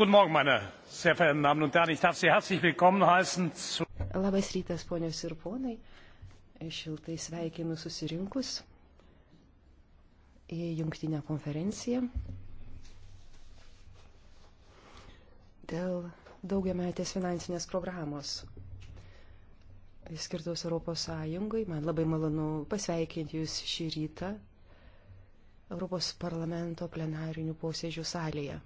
Guten Morgen, meine sehr verehrten Damen und Herren. Ich darf Sie herzlich willkommen heißen zu. Labas rytas, ponios ir ponai. Šiltai sveikinu susirinkus į jungtinę konferenciją dėl daugiametės finansinės programos skirtos Europos Sąjungai. Man labai malonu pasveikinti Jūs šį rytą Europos parlamento plenarinių posėdžių salėje.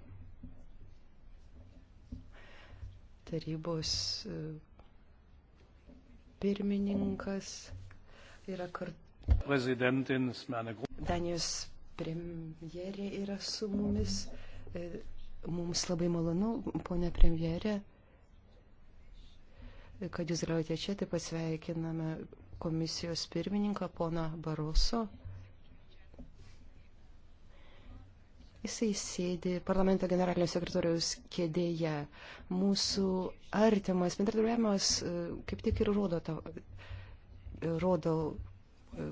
tarybos e, pirmininkas yra kartu. Prezidentinis Menegru. Danijos premjerė yra su mumis. E, mums labai malonu, ponė premjerė, kad jūs raujate čia, taip pasveikiname komisijos pirmininką, poną Baroso. Jisai sėdi parlamento generalinio sekretoriaus kėdėje. Mūsų artimas bendradarbiavimas e, kaip tik ir rodo, to, e, rodo e,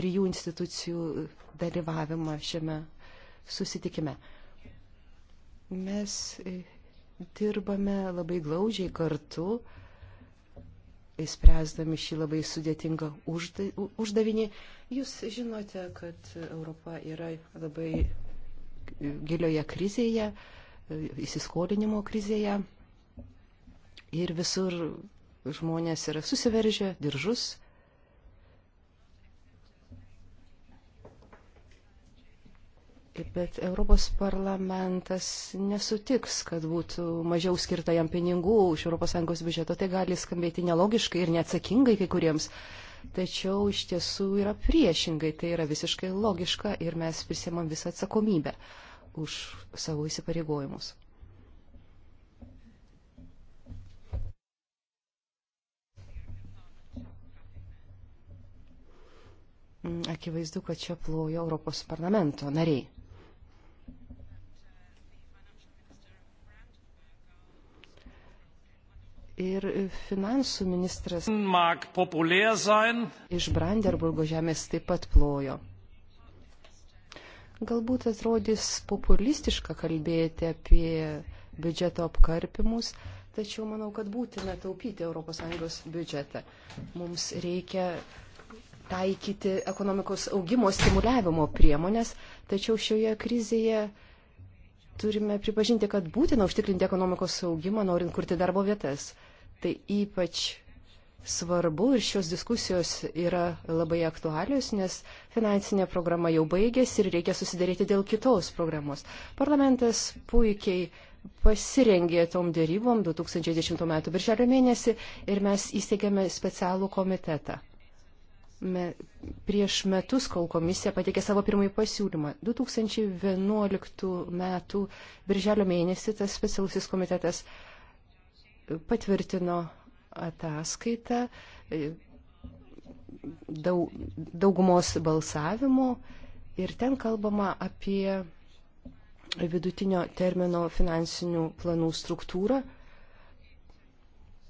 trijų institucijų dalyvavimą šiame susitikime. Mes dirbame labai glaudžiai kartu, spręsdami šį labai sudėtingą uždavinį. Jūs žinote, kad Europa yra labai gilioje krizėje, įsiskolinimo krizėje. Ir visur žmonės yra susiveržę, diržus. Bet Europos parlamentas nesutiks, kad būtų mažiau skirta jam pinigų iš ES biudžeto. Tai gali skambėti nelogiškai ir neatsakingai kai kuriems. Uh, tačiau iš tiesų yra priešingai, tai yra visiškai logiška ir mes prisimam visą atsakomybę už savo įsipareigojimus. Mm, akivaizdu, kad čia plojo Europos parlamento nariai. ir finansų ministras iš Brandenburgo žemės taip pat plojo. Galbūt atrodys populistiška kalbėti apie biudžeto apkarpimus, tačiau manau, kad būtina taupyti ES biudžetą. Mums reikia taikyti ekonomikos augimo stimuliavimo priemonės, tačiau šioje krizėje turime pripažinti, kad būtina užtikrinti ekonomikos augimą, norint kurti darbo vietas tai ypač svarbu ir šios diskusijos yra labai aktualios, nes finansinė programa jau baigėsi ir reikia susidaryti dėl kitos programos. Parlamentas puikiai pasirengė tom dėrybom 2010 m. birželio mėnesį ir mes įsteigėme specialų komitetą. Me, prieš metus, kol komisija pateikė savo pirmąjį pasiūlymą, 2011 m. birželio mėnesį tas specialusis komitetas uh, patvirtino ataskaitą daug, daugumos balsavimo ir ten kalbama apie vidutinio termino finansinių planų struktūrą.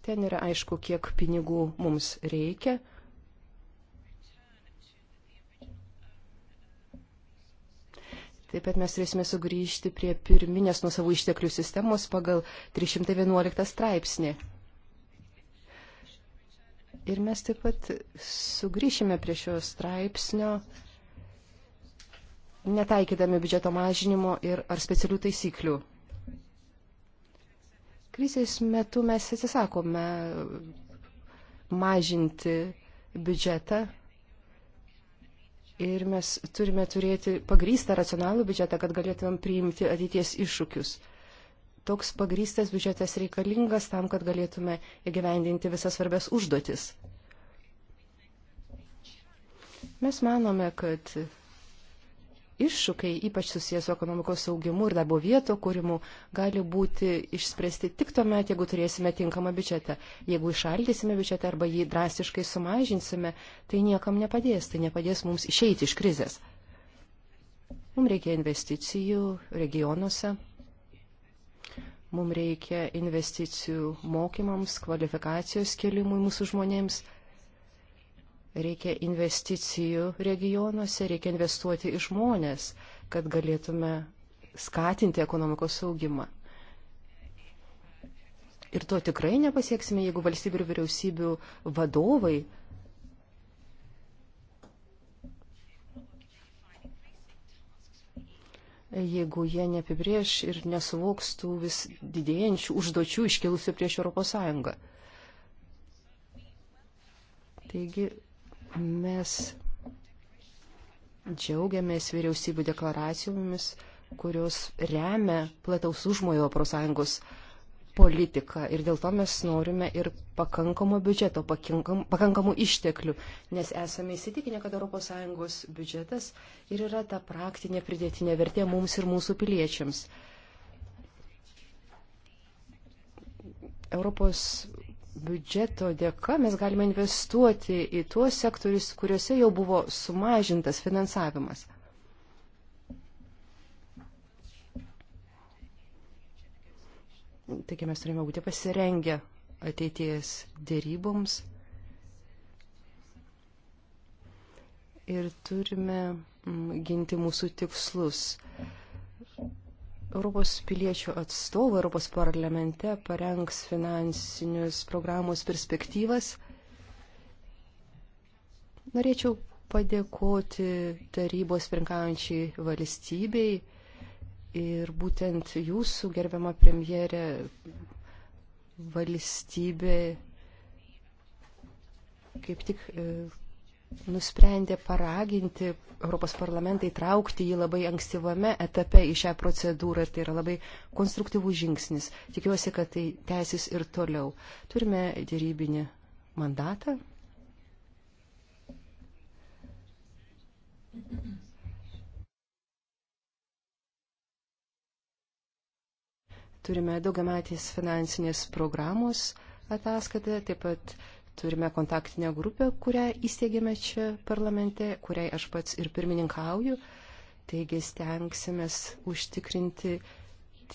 Ten yra aišku, kiek pinigų mums reikia Taip pat mes turėsime sugrįžti prie pirminės nuo savo išteklių sistemos pagal 311 straipsnį. Ir mes taip pat sugrįšime prie šio straipsnio, netaikydami biudžeto mažinimo ir ar specialių taisyklių. Krizės metu mes atsisakome mažinti biudžetą Ir mes turime turėti pagrystą racionalų biudžetą, kad galėtumėm priimti ateities iššūkius. Toks pagrystas biudžetas reikalingas tam, kad galėtume įgyvendinti visas svarbias užduotis. Mes manome, kad iššūkiai, ypač susijęs su ekonomikos augimu ir darbo vieto kūrimu, gali būti išspręsti tik tuomet, jeigu turėsime tinkamą biudžetą. Jeigu išaldysime biudžetą arba jį drastiškai sumažinsime, tai niekam nepadės, tai nepadės mums išeiti iš krizės. Mums reikia investicijų regionuose, mums reikia investicijų mokymams, kvalifikacijos kelimui mūsų žmonėms Reikia investicijų regionuose, reikia investuoti į žmonės, kad galėtume skatinti ekonomikos saugimą. Ir to tikrai nepasieksime, jeigu valstybių ir vyriausybių vadovai jeigu jie neapibrieš ir nesuvoks tų vis didėjančių užduočių iškilusių prieš ES. Taigi Mes džiaugiamės vyriausybių deklaracijomis, kurios remia plataus užmojo prosąjungos politiką ir dėl to mes norime ir pakankamo biudžeto, pakankam, pakankamų išteklių, nes esame įsitikinę, kad ES biudžetas ir yra ta praktinė pridėtinė vertė mums ir mūsų piliečiams. Europos biudžeto dėka mes galime investuoti į tuos sektorius, kuriuose jau buvo sumažintas finansavimas. Taigi mes turime būti pasirengę ateities dėryboms ir turime mm, ginti mūsų tikslus. Uh, Europos piliečių atstovų Europos parlamente parengs finansinius programos perspektyvas. Norėčiau padėkoti tarybos pirkaujančiai valstybei ir būtent jūsų gerbiama premjerė valstybė kaip tik e, nusprendė paraginti Europos parlamentą įtraukti jį labai ankstyvame etape į šią procedūrą ir tai yra labai konstruktyvų žingsnis. Tikiuosi, kad tai tęsis ir toliau. Turime dėrybinį mandatą. Turime daugiamatės finansinės programos ataskaitą, taip pat turime kontaktinę grupę, kurią įsteigėme čia parlamente, kuriai aš pats ir pirmininkauju. Taigi stengsimės užtikrinti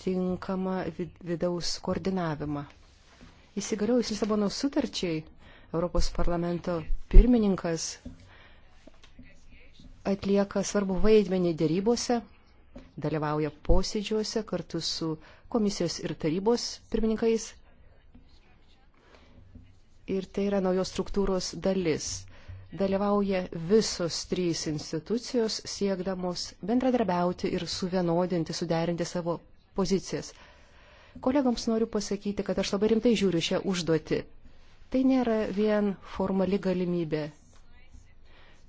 tinkamą vidaus koordinavimą. Įsigaliojus Lisabono sutarčiai, Europos parlamento pirmininkas atlieka svarbu vaidmenį dėrybose, dalyvauja posėdžiuose kartu su komisijos ir tarybos pirmininkais ir tai yra naujos struktūros dalis. Dalyvauja visos trys institucijos siekdamos bendradarbiauti ir suvienodinti, suderinti savo pozicijas. Kolegoms noriu pasakyti, kad aš labai rimtai žiūriu šią užduotį. Tai nėra vien formali galimybė.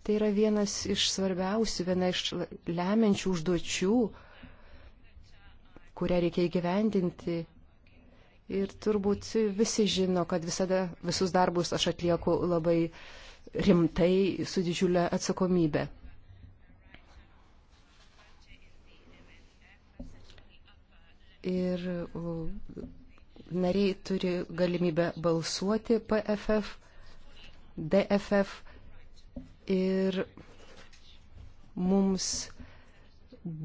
Tai yra vienas iš svarbiausių, viena iš lemiančių užduočių, kurią reikia įgyvendinti Ir turbūt visi žino, kad visada visus darbus aš atlieku labai rimtai, su didžiulė atsakomybė. Ir nariai turi galimybę balsuoti PFF, DFF ir mums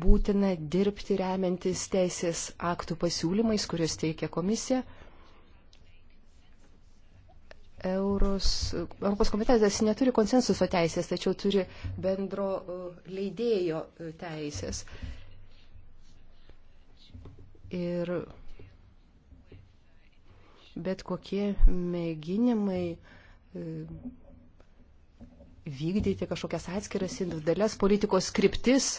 būtina dirbti remiantis teisės aktų pasiūlymais, kuriuos teikia komisija. Euros, Europos komitetas neturi konsensuso teisės, tačiau turi bendro e, leidėjo e, teisės. Ir bet kokie mėginimai e, vykdyti kažkokias atskiras individualias politikos skriptis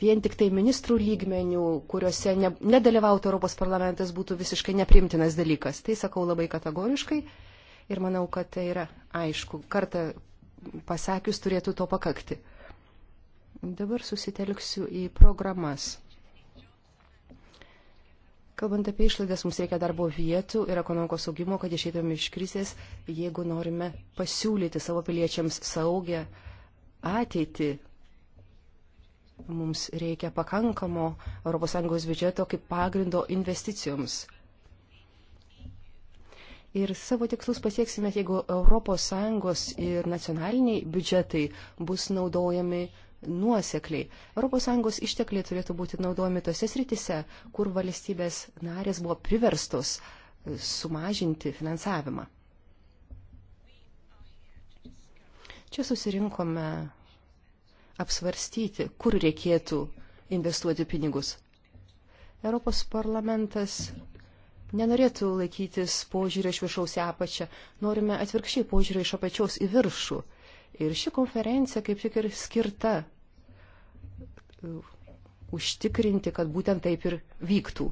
vien tik tai ministrų lygmenių, kuriuose ne, nedalyvautų Europos parlamentas, būtų visiškai neprimtinas dalykas. Tai sakau labai kategoriškai ir manau, kad tai yra aišku. Kartą pasakius turėtų to pakakti. Dabar susitelksiu į programas. Kalbant apie išlaidas, mums reikia darbo vietų ir ekonomikos augimo, kad išeitume iš krizės, jeigu norime pasiūlyti savo piliečiams saugę ateitį, Mums reikia pakankamo ES biudžeto kaip pagrindo investicijoms. Ir savo tikslus pasieksime, jeigu ES ir nacionaliniai biudžetai bus naudojami nuosekliai. ES ištekliai turėtų būti naudojami tose sritise, kur valstybės narės buvo priverstos sumažinti finansavimą. Čia susirinkome apsvarstyti, kur reikėtų investuoti pinigus. Europos parlamentas nenorėtų laikytis požiūrio iš viršaus į apačią, norime atvirkščiai požiūrio iš apačios į viršų. Ir ši konferencija kaip tik ir skirta e, užtikrinti, kad būtent taip ir vyktų.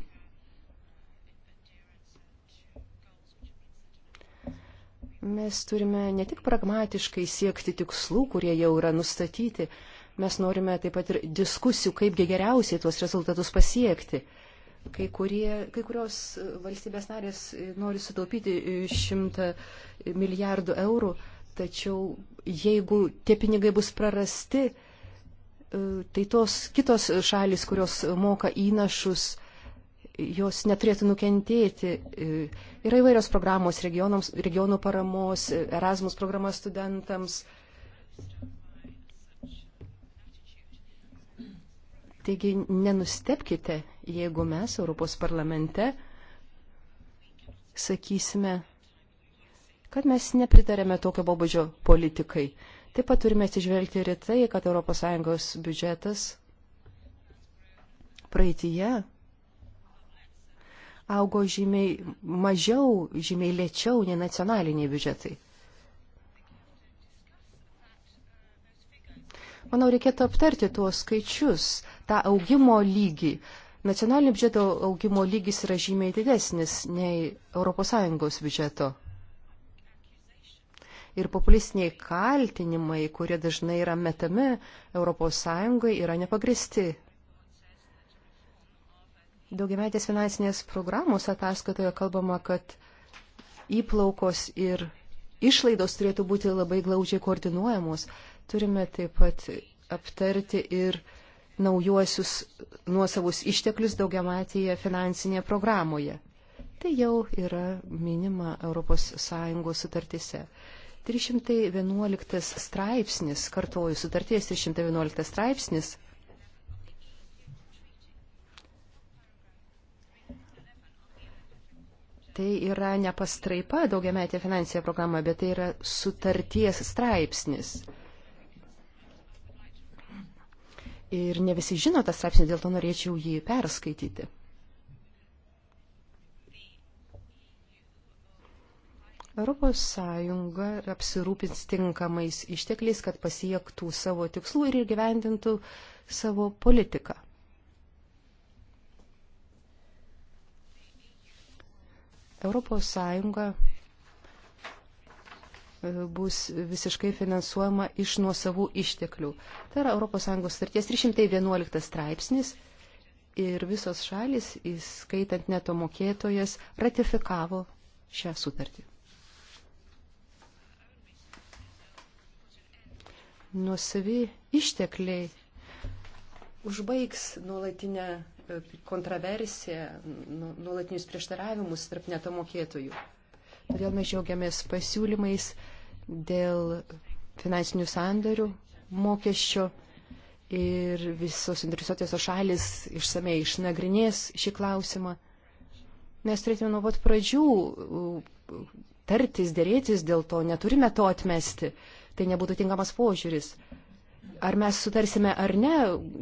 Mes turime ne tik pragmatiškai siekti tikslų, kurie jau yra nustatyti, Mes norime taip pat ir diskusijų, kaipgi geriausiai tuos rezultatus pasiekti. Kai, kurie, kai kurios valstybės narės nori sutaupyti 100 milijardų eurų, tačiau jeigu tie pinigai bus prarasti, e, tai tos kitos šalis, kurios moka įnašus, jos neturėtų nukentėti. E, yra įvairios programos regionų paramos, Erasmus programa studentams. Taigi nenustepkite, jeigu mes Europos parlamente sakysime, kad mes nepritarėme tokio pobūdžio politikai. Taip pat turime atsižvelgti ir į tai, kad ES biudžetas praeitie augo žymiai mažiau, žymiai lėčiau nei nacionaliniai biudžetai. Manau, reikėtų aptarti tuos skaičius, tą augimo lygį. Nacionalinio biudžeto augimo lygis yra žymiai didesnis nei ES biudžeto. Ir populistiniai kaltinimai, kurie dažnai yra metami ES, yra nepagristi. Daugiametės finansinės programos ataskatoje kalbama, kad įplaukos ir išlaidos turėtų būti labai glaudžiai koordinuojamos. Turime taip pat aptarti ir naujuosius nuosavus išteklius daugiamatėje finansinėje programoje. Tai jau yra minima ES sutartise. 311 straipsnis, kartuoju, sutarties 311 straipsnis tai yra ne pastraipa daugiametė finansinė programa, bet tai yra sutarties straipsnis ir ne visi žino tą straipsnį, dėl to norėčiau jį perskaityti. Europos Sąjunga apsirūpins tinkamais ištekliais, kad pasiektų savo tikslų ir įgyvendintų savo politiką. Europos Sąjunga bus visiškai finansuojama iš nuosavų išteklių. Tai yra ES starties 311 straipsnis ir visos šalis, įskaitant neto mokėtojas, ratifikavo šią sutartį. Nuosavi ištekliai užbaigs nuolatinę e, kontroversiją, nu, nuolatinius prieštaravimus tarp neto mokėtojų. Todėl mes džiaugiamės pasiūlymais dėl finansinių sandarių mokesčio ir visos interesuotėsios šalis išsamei išnagrinės šį klausimą. Mes turėtume nuo pat pradžių tartis, dėrėtis dėl to, neturime to atmesti. Tai nebūtų tinkamas požiūris. Ar mes sutarsime ar ne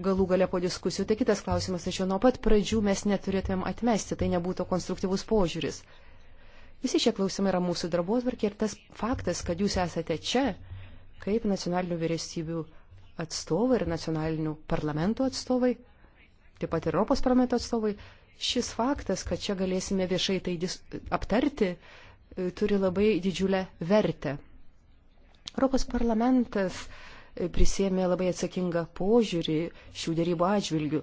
galų gale po diskusijų, tai kitas klausimas, tačiau nuo pat pradžių mes neturėtumėm atmesti, tai nebūtų konstruktyvus požiūris. Visi šie klausimai yra mūsų darbotvarkė ir tas faktas, kad jūs esate čia, kaip nacionalinių vyriausybių atstovai ir nacionalinių parlamentų atstovai, taip pat ir Europos parlamento atstovai, šis faktas, kad čia galėsime viešai tai aptarti, e, turi labai didžiulę vertę. Europos parlamentas e, prisėmė labai atsakingą požiūrį šių dėrybų atžvilgių.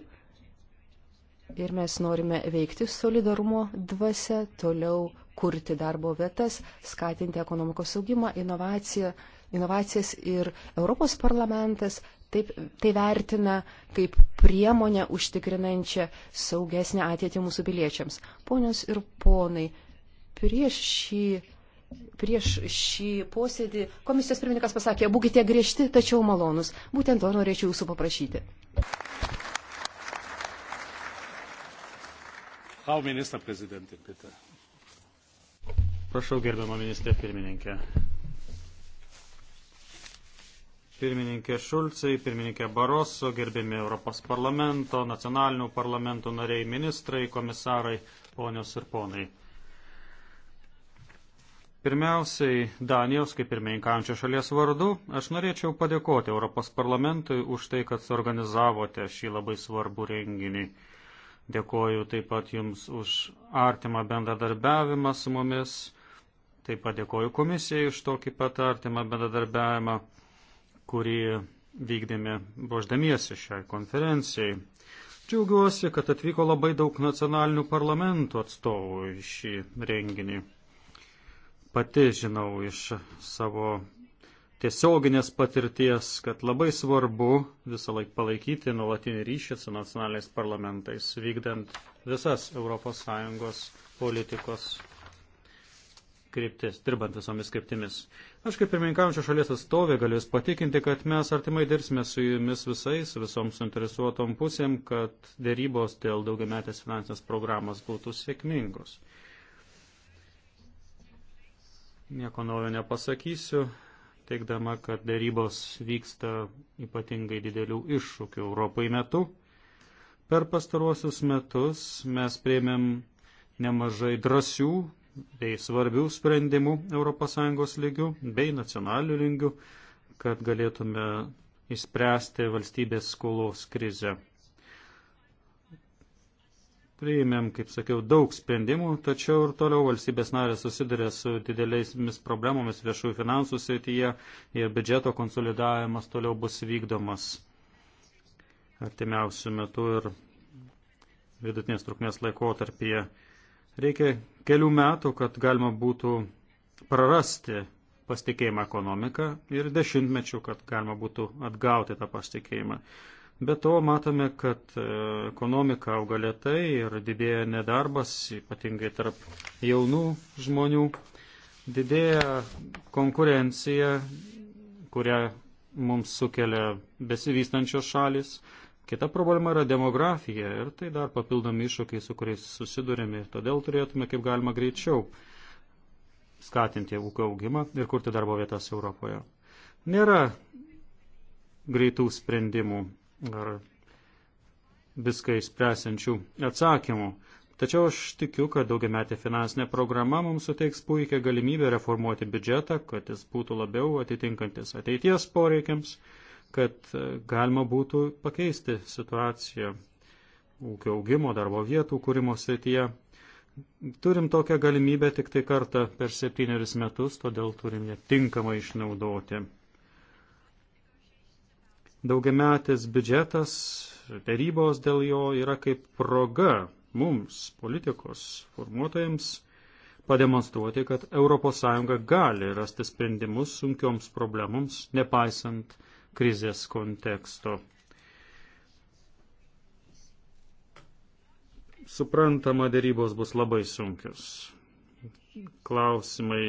Ir mes norime veikti solidarumo dvasia, toliau kurti darbo vietas, skatinti ekonomikos augimą, inovaciją, inovacijas ir Europos parlamentas taip, tai vertina kaip priemonę užtikrinančią saugesnę ateitį mūsų piliečiams. Ponios ir ponai, prieš šį prieš šį posėdį komisijos pirmininkas pasakė, būkite griežti, tačiau malonus. Būtent to norėčiau jūsų paprašyti. Frau Ministerpräsidentin, bitte. Prašau, gerbiamą ministrę pirmininkę. Pirmininkė Šulcai, pirmininkė Baroso, gerbiami Europos parlamento, nacionalinių parlamentų nariai, ministrai, komisarai, ponios ir ponai. Pirmiausiai, Danijos kaip pirmininkaujančio šalies vardu, aš norėčiau padėkoti Europos parlamentui už tai, kad suorganizavote šį labai svarbų renginį. Dėkoju taip pat Jums už artimą bendradarbiavimą su mumis Taip pat dėkoju komisijai už tokį pat artimą bendradarbiavimą, kurį vykdėme boždamiesi šiai konferencijai. Džiaugiuosi, kad atvyko labai daug nacionalinių parlamentų atstovų į šį renginį. Pati žinau iš savo tiesioginės patirties, kad labai svarbu visą laiką palaikyti nuolatinį ryšį su nacionaliniais parlamentais, vykdant visas ES politikos kryptis, dirbant visomis kryptimis. Aš kaip pirmininkaujančio šalies atstovė galiu Jūs patikinti, kad mes artimai dirbsime su Jumis visais, visoms suinteresuotom pusėm, kad dėrybos dėl daugiametės finansinės programos būtų sėkmingos. Nieko naujo nepasakysiu, teikdama, kad dėrybos vyksta ypatingai didelių iššūkių Europai metu. Per pastaruosius metus mes prieimėm nemažai drąsių bei svarbių sprendimų ES lygių bei nacionalių lygių, kad galėtume įspręsti valstybės skolos krizę. Priėmėm, kaip sakiau, daug sprendimų, tačiau ir toliau valstybės narės susiduria su dideliais problemomis viešųjų finansų srityje ir biudžeto konsolidavimas toliau bus vykdomas artimiausių metų ir vidutinės trukmės laikotarpyje. Reikia kelių metų, kad galima būtų prarasti pasitikėjimą ekonomiką ir dešimtmečių, kad galima būtų atgauti tą pasitikėjimą. Be to matome, kad e, ekonomika auga lietai ir didėja nedarbas, ypatingai tarp jaunų žmonių, didėja konkurencija, kurią mums sukelia besivystančios šalis, Kita problema yra demografija ir tai dar papildomi iššūkiai, su kuriais susidurėme ir todėl turėtume kaip galima greičiau skatinti ūkio augimą ir kurti darbo vietas Europoje. Nėra greitų sprendimų ar viską įspręsiančių atsakymų. Tačiau aš tikiu, kad daugiametė finansinė programa mums suteiks puikią galimybę reformuoti biudžetą, kad jis būtų labiau atitinkantis ateities poreikiams kad e, galima būtų pakeisti situaciją ūkio augimo, darbo vietų kūrimo srityje. Turim tokią galimybę tik tai kartą per septynerius metus, todėl turim ją tinkamai išnaudoti. Daugiametis biudžetas, darybos dėl jo yra kaip proga mums, politikos formuotojams, pademonstruoti, kad ES gali rasti sprendimus sunkioms problemams, nepaisant krizės konteksto. Suprantama, dėrybos bus labai sunkios. Klausimai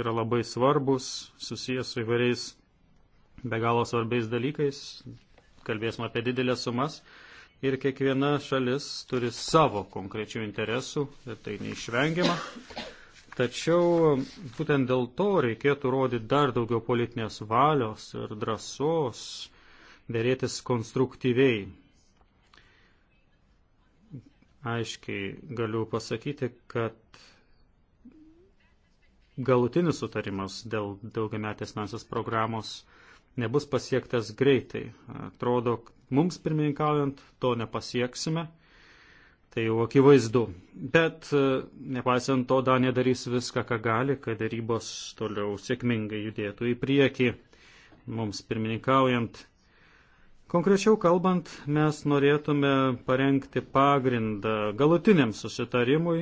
yra labai svarbus, susijęs su įvairiais be galo svarbiais dalykais. Kalbėsime apie didelės sumas ir kiekviena šalis turi savo konkrečių interesų ir tai neišvengiama. Tačiau būtent dėl to reikėtų rodyti dar daugiau politinės valios ir drąsos dėrėtis konstruktyviai. Aiškiai galiu pasakyti, kad galutinis sutarimas dėl daugiametės finansės programos nebus pasiektas greitai. Atrodo, mums pirmininkaujant to nepasieksime. Tai jau akivaizdu. Bet e, nepaisant to, Danija darys viską, ką gali, kad darybos toliau sėkmingai judėtų į priekį, mums pirmininkaujant. Konkrečiau kalbant, mes norėtume parengti pagrindą galutiniam susitarimui,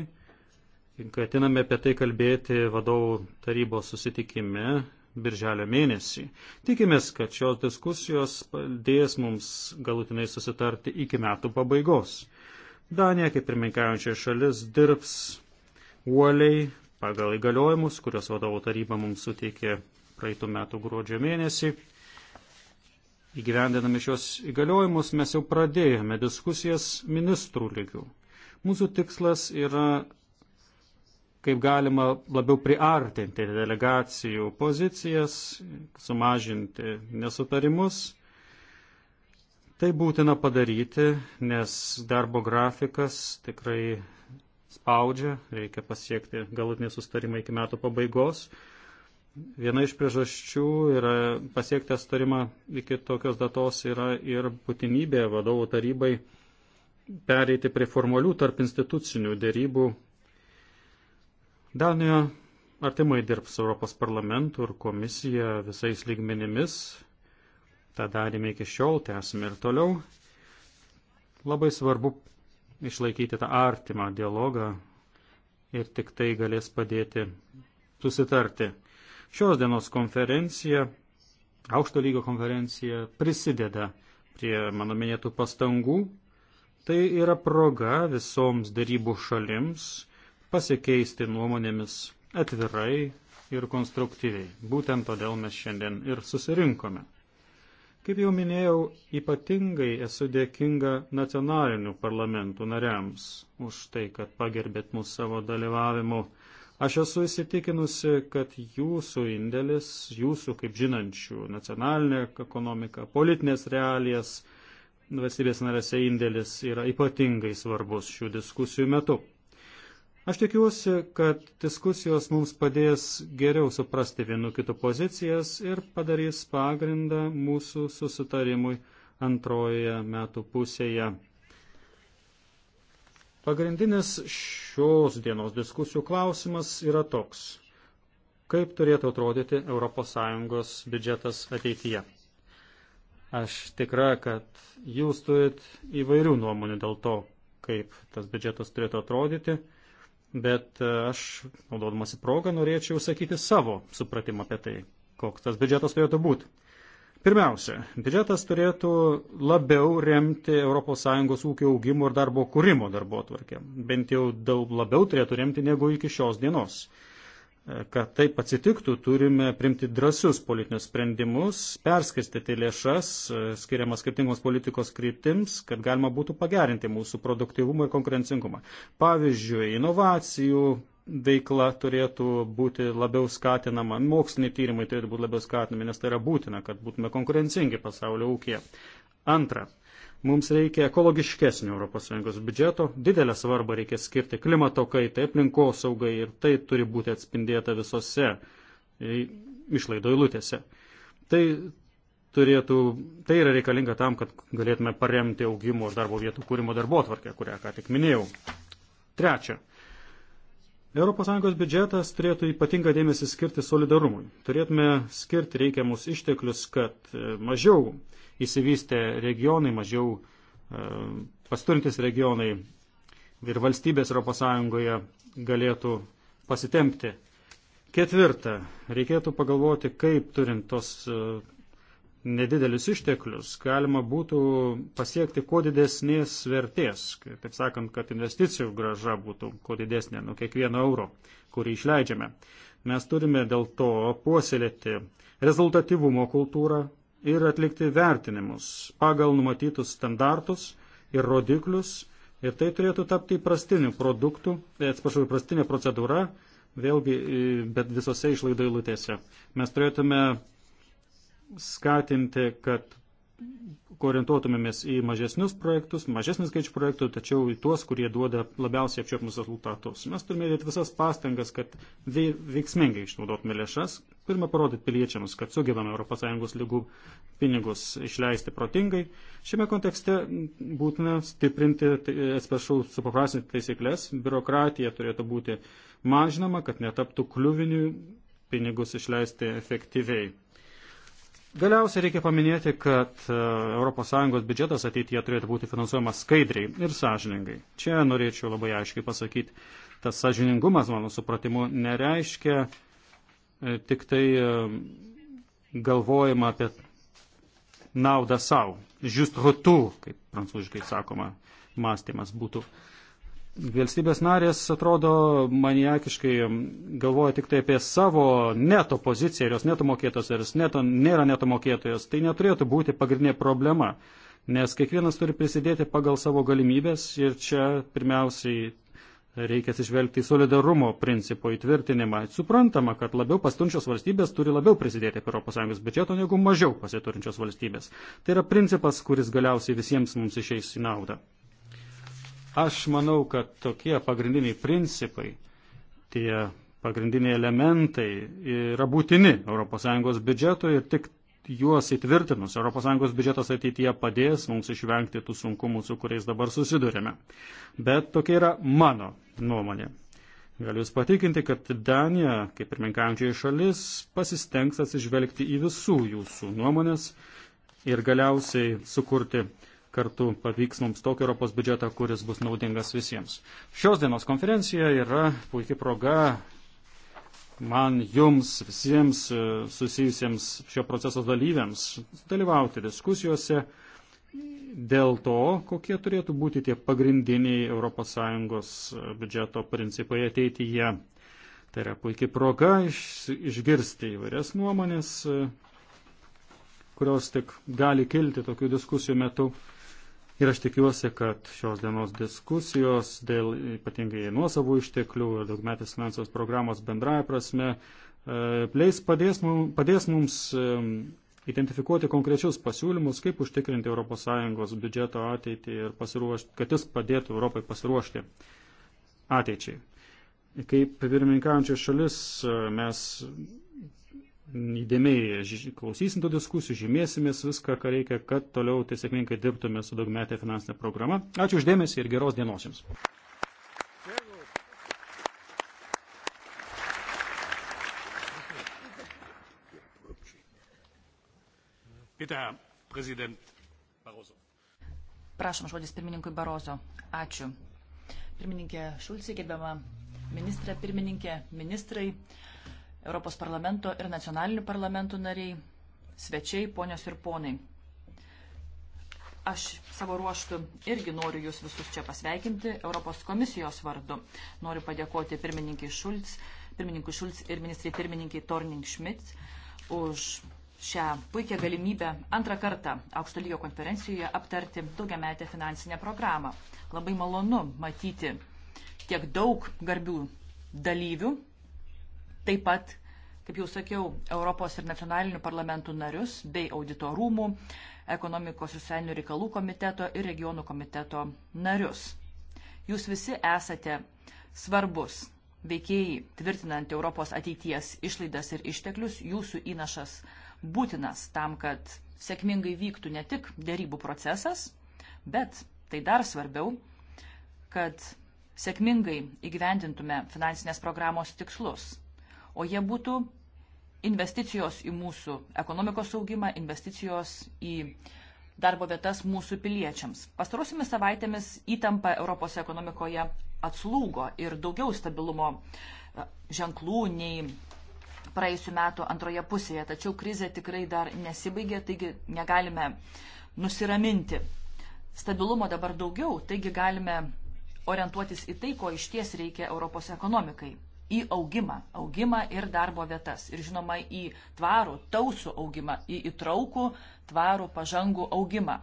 ketiname apie tai kalbėti vadovų tarybos susitikime birželio mėnesį. Tikimės, kad šios diskusijos padės mums galutinai susitarti iki metų pabaigos. Danija, kaip pirmininkaujančia šalis, dirbs uoliai pagal įgaliojimus, kurios vadovų taryba mums suteikė praeitų metų gruodžio mėnesį. Įgyvendinami šios įgaliojimus mes jau pradėjome diskusijas ministrų lygių. Mūsų tikslas yra kaip galima labiau priartinti delegacijų pozicijas, sumažinti nesutarimus Tai būtina padaryti, nes darbo grafikas tikrai spaudžia, reikia pasiekti galutinį sustarimą iki metų pabaigos. Viena iš priežasčių yra pasiekti sustarimą iki tokios datos yra ir būtinybė vadovų tarybai pereiti prie formalių tarp institucinių dėrybų. Danija artimai dirbs Europos parlamentų ir komisija visais lygmenimis, tą darėme iki šiol, tęsime ir toliau. Labai svarbu išlaikyti tą artimą dialogą ir tik tai galės padėti susitarti. Šios dienos konferencija, aukšto lygio konferencija, prisideda prie mano minėtų pastangų. Tai yra proga visoms darybų šalims pasikeisti nuomonėmis atvirai ir konstruktyviai. Būtent todėl mes šiandien ir susirinkome. Kaip jau minėjau, ypatingai esu dėkinga nacionalinių parlamentų nariams už tai, kad pagerbėt mus savo dalyvavimu. Aš esu įsitikinusi, kad jūsų indėlis, jūsų kaip žinančių nacionalinę ekonomiką, politinės realijas, valstybės narėse indėlis yra ypatingai svarbus šių diskusijų metu. Aš tikiuosi, kad diskusijos mums padės geriau suprasti vienu kitų pozicijas ir padarys pagrindą mūsų susitarimui antrojoje metų pusėje. Pagrindinis šios dienos diskusijų klausimas yra toks. Kaip turėtų atrodyti ES biudžetas ateityje? Aš tikra, kad jūs turit įvairių nuomonių dėl to, kaip tas biudžetas turėtų atrodyti bet e, aš, naudodamasi progą, norėčiau sakyti savo supratimą apie tai, koks tas biudžetas turėtų būti. Pirmiausia, biudžetas turėtų labiau remti ES ūkio augimo ir darbo kūrimo darbo atvarkę. Bent jau daug labiau turėtų remti negu iki šios dienos kad taip atsitiktų, turime primti drąsius politinius sprendimus, perskirstyti lėšas e, skiriamas skirtingos politikos kryptims, kad galima būtų pagerinti mūsų produktivumą ir konkurencingumą. Pavyzdžiui, inovacijų veikla turėtų būti labiau skatinama, moksliniai tyrimai turėtų būti labiau skatinami, nes tai yra būtina, kad būtume konkurencingi pasaulio ūkija. Antra, Mums reikia ekologiškesnio ES biudžeto, didelę svarbą reikia skirti klimato kaitai, aplinkosaugai ir tai turi būti atspindėta visose e, išlaido eilutėse. Tai, turėtų, tai yra reikalinga tam, kad galėtume paremti augimo ir darbo vietų kūrimo darbo tvarkę, kurią ką tik minėjau. Trečia. ES biudžetas turėtų ypatingą dėmesį skirti solidarumui. Turėtume skirti reikiamus išteklius, kad e, mažiau įsivystę regionai, mažiau e, pasturintis regionai ir valstybės ES galėtų pasitempti. Ketvirta, reikėtų pagalvoti, kaip turint tos e, nedidelius išteklius galima būtų pasiekti kuo didesnės vertės, taip sakant, kad investicijų graža būtų kuo didesnė nuo kiekvieno euro, kurį išleidžiame. Mes turime dėl to puoselėti rezultatyvumo kultūrą, ir atlikti vertinimus pagal numatytus standartus ir rodiklius. Ir tai turėtų tapti įprastiniu produktu, tai atsiprašau, įprastinė procedūra, vėlgi, e, bet visose išlaidų eilutėse. Mes turėtume skatinti, kad orientuotumėmės į mažesnius projektus, mažesnį skaičių projektų, tačiau į tuos, kurie duoda labiausiai apčiopimus rezultatus. Mes turime dėti visas pastangas, kad veiksmingai išnaudotume lėšas. Pirmą parodyti piliečiams, kad sugebame ES lygų pinigus išleisti protingai. Šiame kontekste būtina stiprinti, tai, atsiprašau, supaprasinti taisyklės. Biurokratija turėtų būti mažinama, kad netaptų kliuvinių pinigus išleisti efektyviai Galiausiai reikia paminėti, kad ES biudžetas ateityje turėtų būti finansuojamas skaidriai ir sąžiningai. Čia norėčiau labai aiškiai pasakyti, tas sąžiningumas, mano supratimu, nereiškia e, tik tai e, galvojama apie naudą savo. Just rotu, kaip prancūziškai sakoma, mąstymas būtų. Uh, Valstybės narės atrodo maniakiškai galvoja tik tai apie savo neto poziciją, ar jos neto mokėtos, ar jos neto, nėra neto mokėtojos. Tai neturėtų būti pagrindinė problema, nes kiekvienas turi prisidėti pagal savo galimybės ir čia pirmiausiai reikia atsižvelgti į solidarumo principo įtvirtinimą. Suprantama, kad labiau pastunčios valstybės turi labiau prisidėti prie ES biudžeto negu mažiau pasiturinčios valstybės. Tai yra principas, kuris galiausiai visiems mums išeis į naudą. Aš manau, kad tokie pagrindiniai principai, tie pagrindiniai elementai yra būtini ES biudžetui ir tik juos įtvirtinus ES biudžetas ateityje padės mums išvengti tų sunkumų, su kuriais dabar susidurėme. Bet tokia yra mano nuomonė. Galiu Jūs patikinti, kad Danija, kaip ir menkaujančiai šalis, pasistengs atsižvelgti į visų Jūsų nuomonės ir galiausiai sukurti kartu pavyks mums tokį Europos biudžetą, kuris bus naudingas visiems. Šios dienos konferencija yra puikia proga man, jums, visiems e, susijusiems šio proceso dalyviams dalyvauti diskusijose dėl to, kokie turėtų būti tie pagrindiniai ES e, biudžeto principai ateityje. Tai yra puikiai proga iš, išgirsti įvairias nuomonės, e, kurios tik gali kilti tokių diskusijų metu. Ir aš tikiuosi, kad šios dienos diskusijos dėl ypatingai nuosavų išteklių ir daugmetės finansinės programos bendraja prasme e, leis padės, mum, padės mums identifikuoti konkrečius pasiūlymus, kaip užtikrinti ES biudžeto ateitį ir pasiruošti, kad jis padėtų Europai pasiruošti ateičiai. Kaip pirmininkaujančios šalis e, mes įdėmiai klausysim tų diskusijų, žymėsimės viską, ką reikia, kad toliau tai sėkmingai dirbtume su daugmetė finansinė programa. Ačiū uždėmesi ir geros dienos Jums. Prašom žodis pirmininkui Barozo. Ačiū. Pirmininkė Šulcija, gerbiama ministrė, pirmininkė, ministrai. Europos parlamento ir nacionalinių parlamentų nariai, svečiai, ponios ir ponai. Aš savo ruoštų irgi noriu jūs visus čia pasveikinti Europos komisijos vardu. Noriu padėkoti pirmininkai Šulc, pirmininkui Šulc ir ministrai pirmininkai Torning Schmidt už šią puikią galimybę antrą kartą aukšto lygio konferencijoje aptarti daugiametę finansinę programą. Labai malonu matyti tiek daug garbių dalyvių taip pat, kaip jau sakiau, Europos ir nacionalinių parlamentų narius bei auditorumų, ekonomikos ir senių reikalų komiteto ir regionų komiteto narius. Jūs visi esate svarbus veikėjai tvirtinant Europos ateities išlaidas ir išteklius, jūsų įnašas būtinas tam, kad sėkmingai vyktų ne tik dėrybų procesas, bet tai dar svarbiau, kad sėkmingai įgyvendintume finansinės programos tikslus o jie būtų investicijos į mūsų ekonomikos augimą, investicijos į darbo vietas mūsų piliečiams. Pastarosiomis savaitėmis įtampa Europos ekonomikoje atslūgo ir daugiau stabilumo e, ženklų nei praėjusiu metu antroje pusėje, tačiau krizė tikrai dar nesibaigė, taigi negalime nusiraminti. Stabilumo dabar daugiau, taigi galime orientuotis į tai, ko iš ties reikia Europos ekonomikai į augimą, augimą ir darbo vietas. Ir žinoma, į tvarų, tausų augimą, į įtraukų, tvarų, pažangų augimą.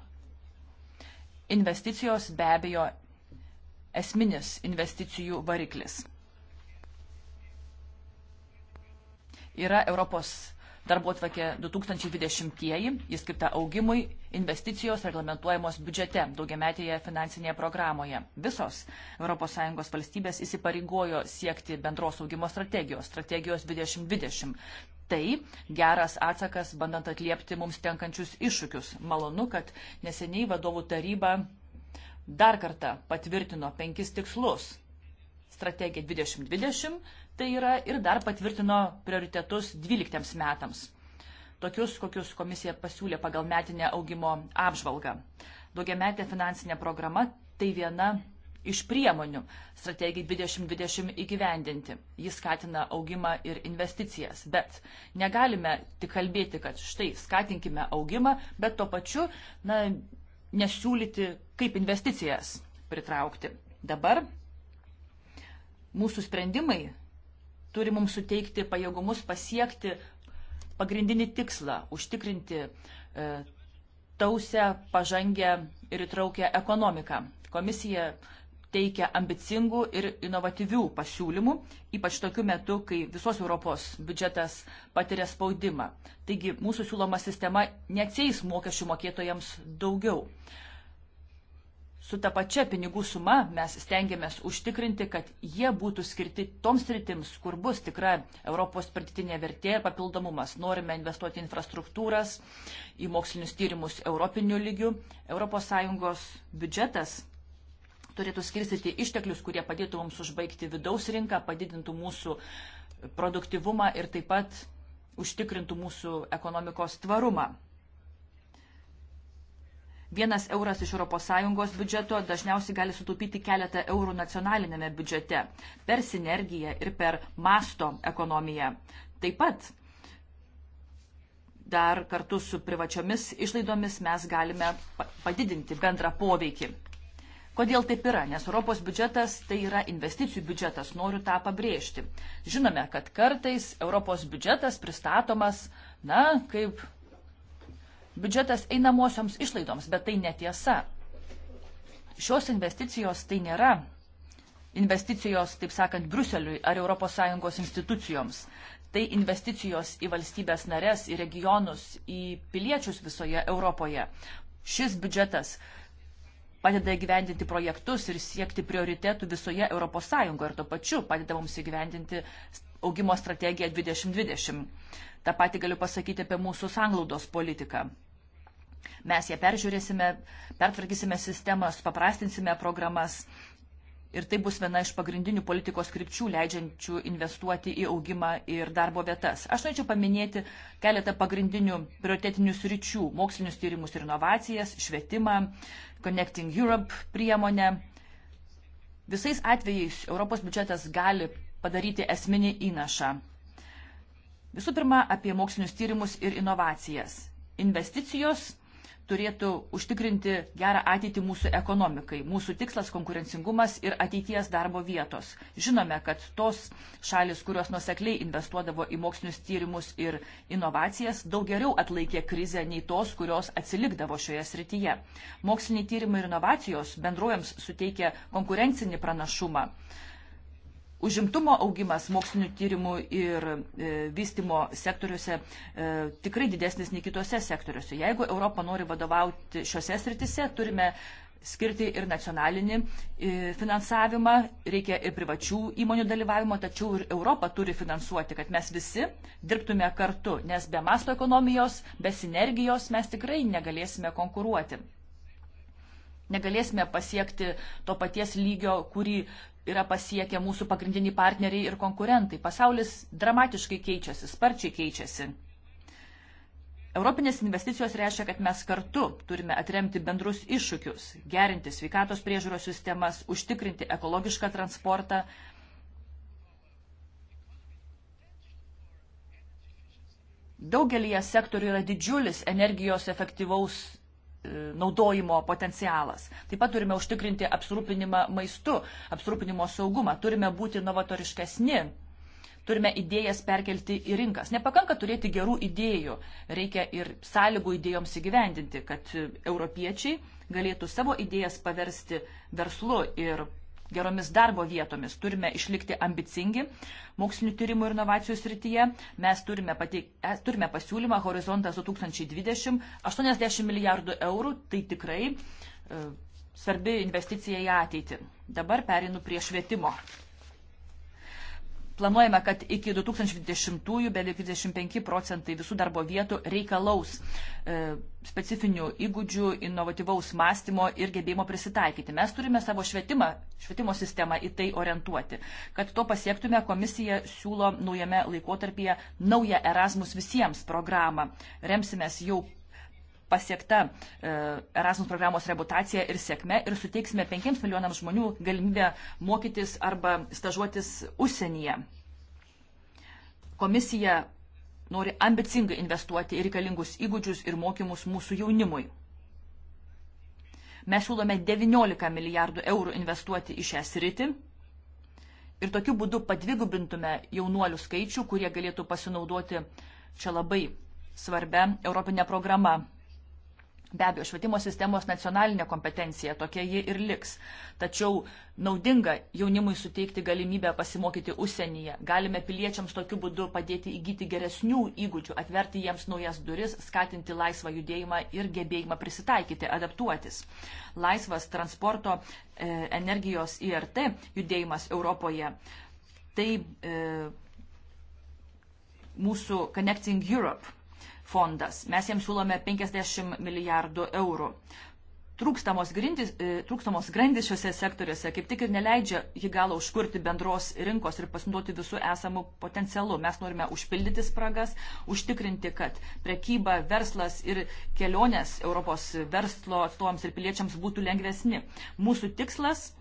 Investicijos be abejo esminis investicijų variklis. Yra Europos darbo atvarkė 2020-ieji, jis skirta augimui, investicijos reglamentuojamos biudžete, daugiametėje finansinėje programoje. Visos ES valstybės įsipareigojo siekti bendros augimo strategijos, strategijos 2020. Tai geras atsakas, bandant atliepti mums tenkančius iššūkius. Malonu, kad neseniai vadovų taryba dar kartą patvirtino penkis tikslus. Strategija 2020 tai yra ir dar patvirtino prioritetus 12 metams, tokius, kokius komisija pasiūlė pagal metinę augimo apžvalgą. Daugiametė finansinė programa tai viena iš priemonių strategijai 2020 įgyvendinti. Jis skatina augimą ir investicijas, bet negalime tik kalbėti, kad štai skatinkime augimą, bet tuo pačiu na, nesiūlyti, kaip investicijas pritraukti. Dabar mūsų sprendimai turi mums suteikti pajėgumus pasiekti pagrindinį tikslą - užtikrinti e, tausę, pažangę ir įtraukę ekonomiką. Komisija teikia ambicingų ir inovatyvių pasiūlymų, ypač tokiu metu, kai visos Europos biudžetas patiria spaudimą. Taigi mūsų siūloma sistema neatsiais mokesčių mokėtojams daugiau su ta pačia pinigų suma mes stengiamės užtikrinti, kad jie būtų skirti toms rytims, kur bus tikra Europos pridėtinė vertė ir papildomumas. Norime investuoti į infrastruktūras, į mokslinius tyrimus europinių lygių. ES biudžetas turėtų skirstyti išteklius, kurie padėtų mums užbaigti vidaus rinką, padidintų mūsų produktivumą ir taip pat užtikrintų mūsų ekonomikos tvarumą. Vienas euras iš ES biudžeto dažniausiai gali sutaupyti keletą eurų nacionalinėme biudžete per sinergiją ir per masto ekonomiją. Taip pat dar kartu su privačiomis išlaidomis mes galime padidinti bendrą poveikį. Kodėl taip yra? Nes Europos biudžetas tai yra investicijų biudžetas, noriu tą pabrėžti. Žinome, kad kartais Europos biudžetas pristatomas, na, kaip biudžetas einamosioms išlaidoms, bet tai netiesa. Šios investicijos tai nėra investicijos, taip sakant, Bruseliui ar ES institucijoms. Tai investicijos į valstybės narės, į regionus, į piliečius visoje Europoje. Šis biudžetas padeda įgyvendinti projektus ir siekti prioritetų visoje ES ir tuo pačiu padeda mums įgyvendinti augimo strategiją 2020. Ta pati galiu pasakyti apie mūsų sanglaudos politiką. Mes ją peržiūrėsime, pertvarkysime sistemą, supaprastinsime programas ir tai bus viena iš pagrindinių politikos krypčių, leidžiančių investuoti į augimą ir darbo vietas. Aš norėčiau paminėti keletą pagrindinių prioritetinių sričių - mokslinius tyrimus ir inovacijas, švietimą, Connecting Europe priemonę. Visais atvejais Europos biudžetas gali padaryti esminį įnašą. Visų pirma, apie mokslinius tyrimus ir inovacijas. Investicijos turėtų užtikrinti gerą ateitį mūsų ekonomikai. Mūsų tikslas - konkurencingumas ir ateities darbo vietos. Žinome, kad tos šalis, kurios nusekliai investuodavo į mokslinius tyrimus ir inovacijas, daug geriau atlaikė krizę nei tos, kurios atsilikdavo šioje srityje. Moksliniai tyrimai ir inovacijos bendruojams suteikia konkurencinį pranašumą. Užimtumo augimas mokslinių tyrimų ir e, vystimo sektoriuose e, tikrai didesnis nei kitose sektoriuose. Jeigu Europa nori vadovauti šiuose sritise, turime skirti ir nacionalinį e, finansavimą, reikia ir privačių įmonių dalyvavimo, tačiau ir Europa turi finansuoti, kad mes visi dirbtume kartu, nes be masto ekonomijos, be sinergijos mes tikrai negalėsime konkuruoti. Negalėsime pasiekti to paties lygio, kurį yra pasiekę mūsų pagrindiniai partneriai ir konkurentai. Pasaulis dramatiškai keičiasi, sparčiai keičiasi. Europinės investicijos reiškia, kad mes kartu turime atremti bendrus iššūkius, gerinti sveikatos priežiūros sistemas, užtikrinti ekologišką transportą. Daugelį sektorių yra didžiulis energijos efektyvaus E, naudojimo potencialas. Taip pat turime užtikrinti apsirūpinimą maistu, apsirūpinimo saugumą, turime būti novatoriškesni, turime idėjas perkelti į rinkas. Nepakanka turėti gerų idėjų, reikia ir sąlygų idėjoms įgyvendinti, kad europiečiai galėtų savo idėjas paversti verslu ir geromis darbo vietomis. Turime išlikti ambicingi mokslinių tyrimų ir inovacijų srityje. Mes turime, pateik, e, turime pasiūlymą Horizontas 2020 80 milijardų eurų. Tai tikrai e, svarbi investicija į ateitį. Dabar perinu prie švietimo. Planuojame, kad iki 2020-ųjų beveik 25 procentai visų darbo vietų reikalaus e, specifinių įgūdžių, inovatyvaus mąstymo ir gebėjimo prisitaikyti. Mes turime savo švietimą, švietimo sistemą į tai orientuoti. Kad to pasiektume, komisija siūlo naujame laikotarpyje naują Erasmus visiems programą. Remsimės jau pasiekta e, Erasmus programos reputacija ir sėkme ir suteiksime 5 milijonams žmonių galimybę mokytis arba stažuotis užsienyje. Komisija nori ambicingai investuoti į reikalingus įgūdžius ir mokymus mūsų jaunimui. Mes siūlome 19 milijardų eurų investuoti į šią sritį ir tokiu būdu padvigubintume jaunuolių skaičių, kurie galėtų pasinaudoti čia labai svarbia Europinė programa Be abejo, švietimo sistemos nacionalinė kompetencija tokia ji ir liks. Tačiau naudinga jaunimui suteikti galimybę pasimokyti užsienyje. Galime piliečiams tokiu būdu padėti įgyti geresnių įgūdžių, atverti jiems naujas duris, skatinti laisvą judėjimą ir gebėjimą prisitaikyti, adaptuotis. Laisvas transporto, e, energijos IRT judėjimas Europoje. Tai e, mūsų Connecting Europe fondas. Mes jiems siūlome 50 milijardų eurų. Trūkstamos, grindis, e, trūkstamos grandis šiuose sektoriuose kaip tik ir neleidžia jį galą užkurti bendros rinkos ir pasinaudoti visų esamų potencialų. Mes norime užpildyti spragas, užtikrinti, kad prekyba, verslas ir kelionės Europos verslo atstovams ir piliečiams būtų lengvesni. Mūsų tikslas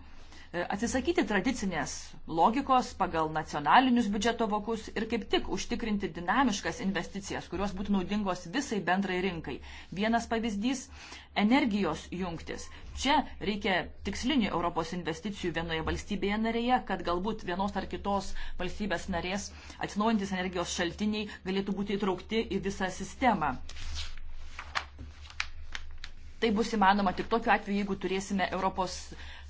E, atsisakyti tradicinės logikos pagal nacionalinius biudžeto vokus ir kaip tik užtikrinti dinamiškas investicijas, kurios būtų naudingos visai bendrai rinkai. Vienas pavyzdys - energijos jungtis. Čia reikia tikslinių Europos investicijų vienoje valstybėje narėje, kad galbūt vienos ar kitos valstybės narės atsinaujantis energijos šaltiniai galėtų būti įtraukti į visą sistemą. Tai bus įmanoma tik tokiu atveju, jeigu turėsime Europos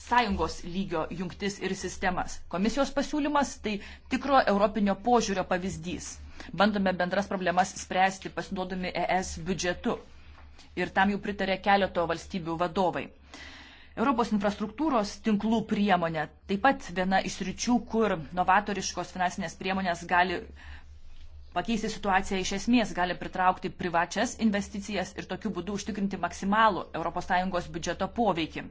sąjungos lygio jungtis ir sistemas. Komisijos pasiūlymas tai tikro europinio požiūrio pavyzdys. Bandome bendras problemas spręsti pasinaudodami ES biudžetu. Ir tam jau pritarė keleto valstybių vadovai. Europos infrastruktūros tinklų priemonė taip pat viena iš ryčių, kur novatoriškos finansinės priemonės gali pakeisti situaciją iš esmės, gali pritraukti privačias investicijas ir tokiu būdu užtikrinti maksimalų ES biudžeto poveikį.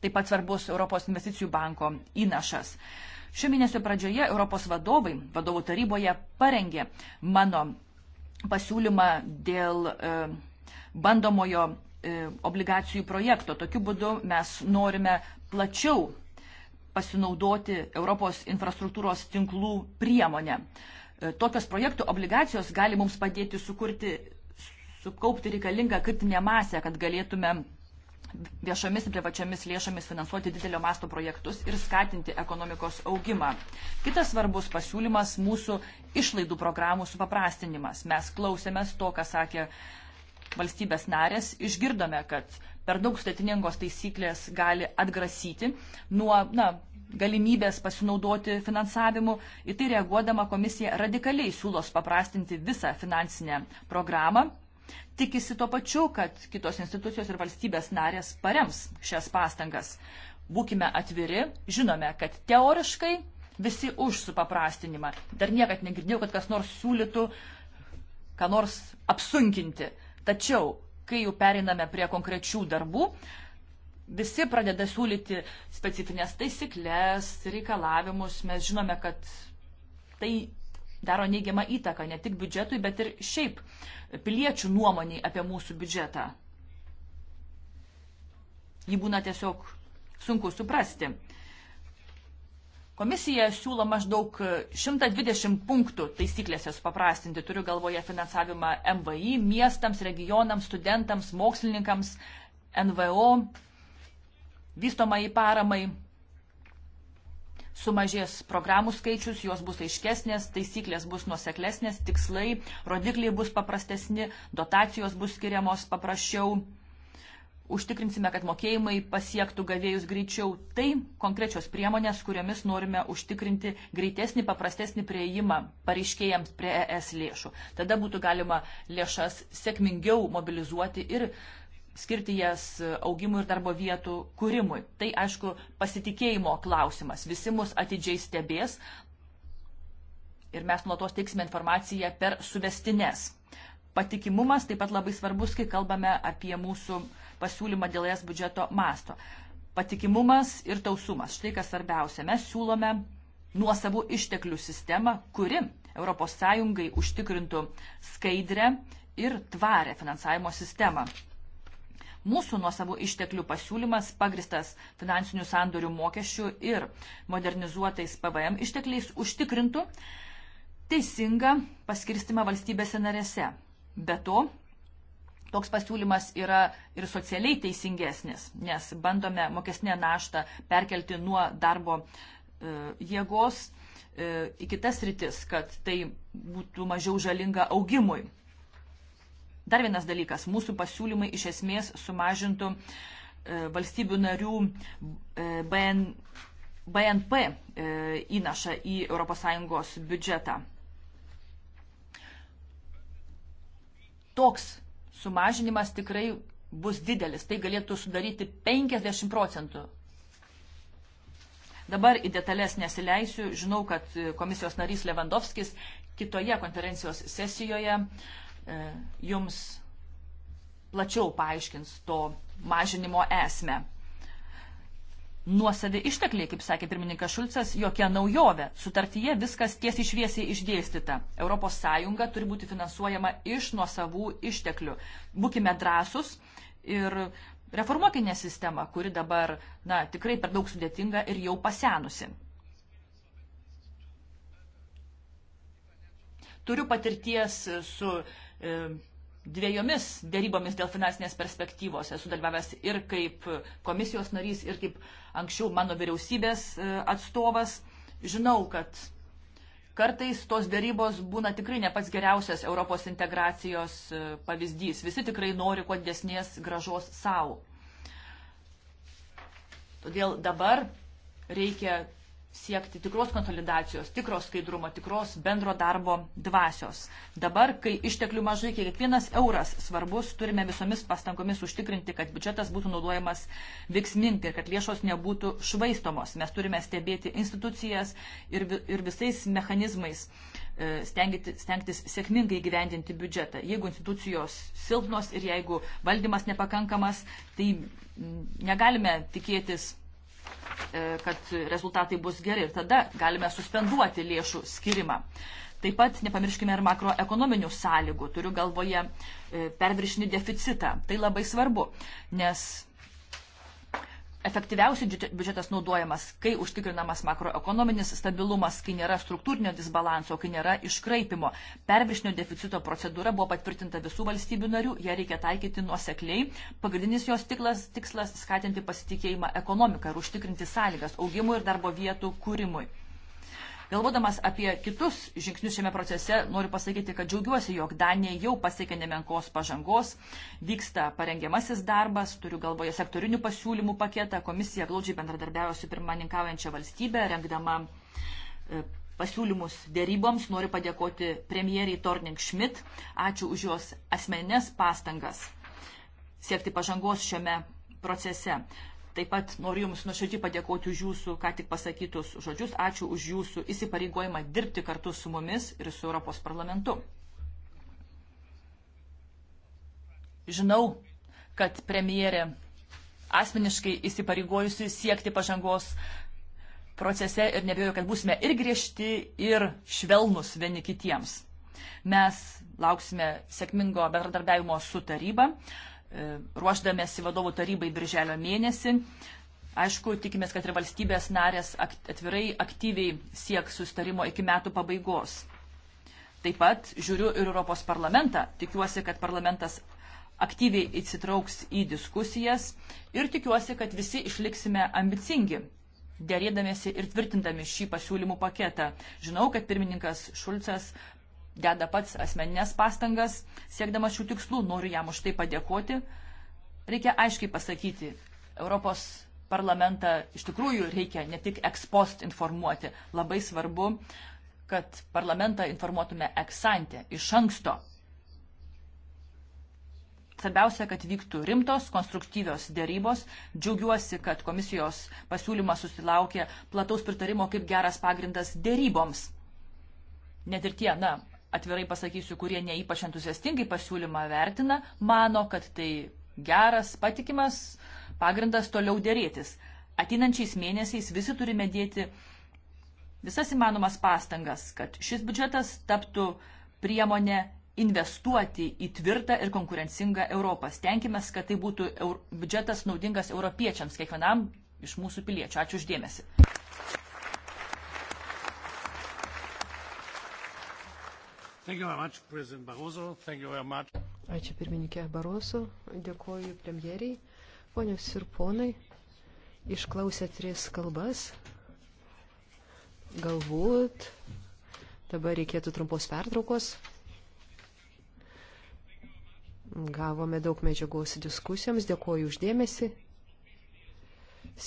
Taip pat svarbus Europos investicijų banko įnašas. Šio mėnesio pradžioje Europos vadovai vadovų taryboje parengė mano pasiūlymą dėl e, bandomojo e, obligacijų projekto. Tokiu būdu mes norime plačiau pasinaudoti Europos infrastruktūros tinklų priemonę. E, tokios projektų obligacijos gali mums padėti sukurti, sukaupti reikalingą kritinę masę, kad galėtume viešomis ir privačiomis lėšomis finansuoti didelio masto projektus ir skatinti ekonomikos augimą. Kitas svarbus pasiūlymas - mūsų išlaidų programų supaprastinimas. Mes klausėmės to, ką sakė valstybės narės, išgirdome, kad per daug statiningos taisyklės gali atgrasyti nuo na, galimybės pasinaudoti finansavimu. Į tai reaguodama komisija radikaliai siūlos paprastinti visą finansinę programą tikisi to pačiu, kad kitos institucijos ir valstybės narės parems šias pastangas. Būkime atviri, žinome, kad teoriškai visi už supaprastinimą. Dar niekad negirdėjau, kad kas nors siūlytų, ką nors apsunkinti. Tačiau, kai jau periname prie konkrečių darbų, visi pradeda siūlyti specifines taisyklės, reikalavimus. Mes žinome, kad tai daro neigiamą įtaką ne tik biudžetui, bet ir šiaip piliečių nuomoniai apie mūsų biudžetą. Jį būna tiesiog sunku suprasti. Komisija siūlo maždaug 120 punktų taisyklėse supaprastinti, turiu galvoje finansavimą MVI, miestams, regionams, studentams, mokslininkams, NVO, vystomai paramai sumažės programų skaičius, jos bus aiškesnės, taisyklės bus nuoseklesnės, tikslai, rodikliai bus paprastesni, dotacijos bus skiriamos paprasčiau, užtikrinsime, kad mokėjimai pasiektų gavėjus greičiau. Tai konkrečios priemonės, kuriomis norime užtikrinti greitesnį, paprastesnį prieimą pareiškėjams prie ES lėšų. Tada būtų galima lėšas sėkmingiau mobilizuoti ir skirti jas augimui ir darbo vietų kūrimui. Tai, aišku, pasitikėjimo klausimas. Visi mus atidžiai stebės ir mes nuolatos teiksime informaciją per suvestinės. Patikimumas taip pat labai svarbus, kai kalbame apie mūsų pasiūlymą dėl jas biudžeto masto. Patikimumas ir tausumas. Štai kas svarbiausia. Mes siūlome nuosavų išteklių sistemą, kuri ES užtikrintų skaidrę ir tvarę finansavimo sistemą. Mūsų nuosavų išteklių pasiūlymas pagristas finansinių sandorių mokesčių ir modernizuotais PVM ištekliais užtikrintų teisingą paskirstimą valstybėse narėse. Be to, toks pasiūlymas yra ir socialiai teisingesnis, nes bandome mokesnę naštą perkelti nuo darbo e, jėgos e, į kitas rytis, kad tai būtų mažiau žalinga augimui. Dar vienas dalykas, mūsų pasiūlymai iš esmės sumažintų e, valstybių narių e, BN, BNP e, įnašą į ES biudžetą. Toks sumažinimas tikrai bus didelis, tai galėtų sudaryti 50 procentų. Dabar į detalės nesileisiu, žinau, kad komisijos narys Levandovskis kitoje konferencijos sesijoje uh, E, jums plačiau paaiškins to mažinimo esmę. Nuosėdi ištekliai, kaip sakė pirmininkas Šulcas, jokia naujovė. Sutartyje viskas tiesiai šviesiai išdėstyta. ES turi būti finansuojama iš nuosavų išteklių. Būkime drąsus ir reformuokime sistemą, kuri dabar na, tikrai per daug sudėtinga ir jau pasenusi. Turiu patirties su E, dviejomis dėrybomis dėl finansinės perspektyvos. Esu dalyvavęs ir kaip komisijos narys, ir kaip anksčiau mano vyriausybės e, atstovas. Žinau, kad kartais tos dėrybos būna tikrai ne pats geriausias Europos integracijos e, pavyzdys. Visi tikrai nori kuo didesnės gražos savo. Todėl dabar reikia siekti tikros konsolidacijos, tikros skaidrumo, tikros bendro darbo dvasios. Dabar, kai išteklių mažai, kiekvienas euras svarbus, turime visomis pastangomis užtikrinti, kad biudžetas būtų naudojamas veiksmingai ir kad lėšos nebūtų švaistomos. Mes turime stebėti institucijas ir, ir visais mechanizmais e, stengtis, stengtis sėkmingai gyvendinti biudžetą. Jeigu institucijos silpnos ir jeigu valdymas nepakankamas, tai negalime tikėtis E, kad rezultatai bus geri ir tada galime suspenduoti lėšų skirimą. Taip pat nepamirškime ir makroekonominių sąlygų, turiu galvoje e, perviršinį deficitą. Tai labai svarbu, nes efektyviausiai biudžetas naudojamas, kai užtikrinamas makroekonominis stabilumas, kai nėra struktūrinio disbalanso, kai nėra iškraipimo. Pervišnio deficito procedūra buvo patvirtinta visų valstybių narių, ją reikia taikyti nuosekliai. Pagrindinis jos tiklas, tikslas - skatinti pasitikėjimą ekonomiką ir užtikrinti sąlygas augimui ir darbo vietų kūrimui. Galvodamas apie kitus žingsnius šiame procese, noriu pasakyti, kad džiaugiuosi, jog Danija jau pasiekė nemenkos pažangos, vyksta parengiamasis darbas, turiu galvoje sektorinių pasiūlymų paketą, komisija glaudžiai bendradarbiavo su pirmaninkaujančia valstybė, rengdama e, pasiūlymus dėryboms. Noriu padėkoti premjeriai Torning Schmidt. Ačiū už jos asmeninės pastangas siekti pažangos šiame procese. Taip pat noriu Jums nuoširdžiai padėkoti už Jūsų ką tik pasakytus žodžius. Ačiū už Jūsų įsipareigojimą dirbti kartu su mumis ir su Europos parlamentu. Žinau, kad premjerė asmeniškai įsipareigojusi siekti pažangos procese ir nebejoju, kad būsime ir griežti, ir švelnus vieni kitiems. Mes lauksime sėkmingo bendradarbiavimo su taryba. E, ruoždamėsi vadovų tarybai birželio mėnesį. Aišku, tikimės, kad ir valstybės narės atvirai aktyviai sieks sustarimo iki metų pabaigos. Taip pat žiūriu ir Europos parlamentą. Tikiuosi, kad parlamentas aktyviai įsitrauks į diskusijas ir tikiuosi, kad visi išliksime ambicingi, dėrėdamėsi ir tvirtindami šį pasiūlymų paketą. Žinau, kad pirmininkas Šulcas deda pats asmeninės pastangas, siekdamas šių tikslų, noriu jam už tai padėkoti. Reikia aiškiai pasakyti, Europos parlamentą iš tikrųjų reikia ne tik ekspost informuoti, labai svarbu, kad parlamentą informuotume eksantę, iš anksto. Svarbiausia, kad vyktų rimtos, konstruktyvios dėrybos. Džiaugiuosi, kad komisijos pasiūlymas susilaukė plataus pritarimo kaip geras pagrindas dėryboms net ir tie, na, atvirai pasakysiu, kurie ne ypač entuziastingai pasiūlymą vertina, mano, kad tai geras, patikimas pagrindas toliau dėrėtis. Ateinančiais mėnesiais visi turime dėti visas įmanomas pastangas, kad šis biudžetas taptų priemonė investuoti į tvirtą ir konkurencingą Europą. Stenkime, kad tai būtų biudžetas naudingas europiečiams, kiekvienam iš mūsų piliečių. Ačiū uždėmesi. Much, Ačiū pirmininkė Baroso, dėkoju premjeriai, ponios ir ponai, išklausė tris kalbas, galbūt dabar reikėtų trumpos pertraukos. Gavome daug medžiagos diskusijoms, dėkoju uždėmesi.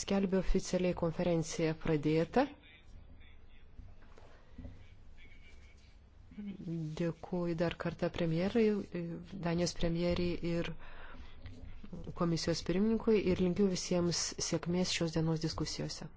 Skelbiu oficialiai konferenciją pradėtą. Dėkuoju dar kartą premjerai, Danijos premjeriai ir komisijos pirmininkui ir linkiu visiems sėkmės šios dienos diskusijose.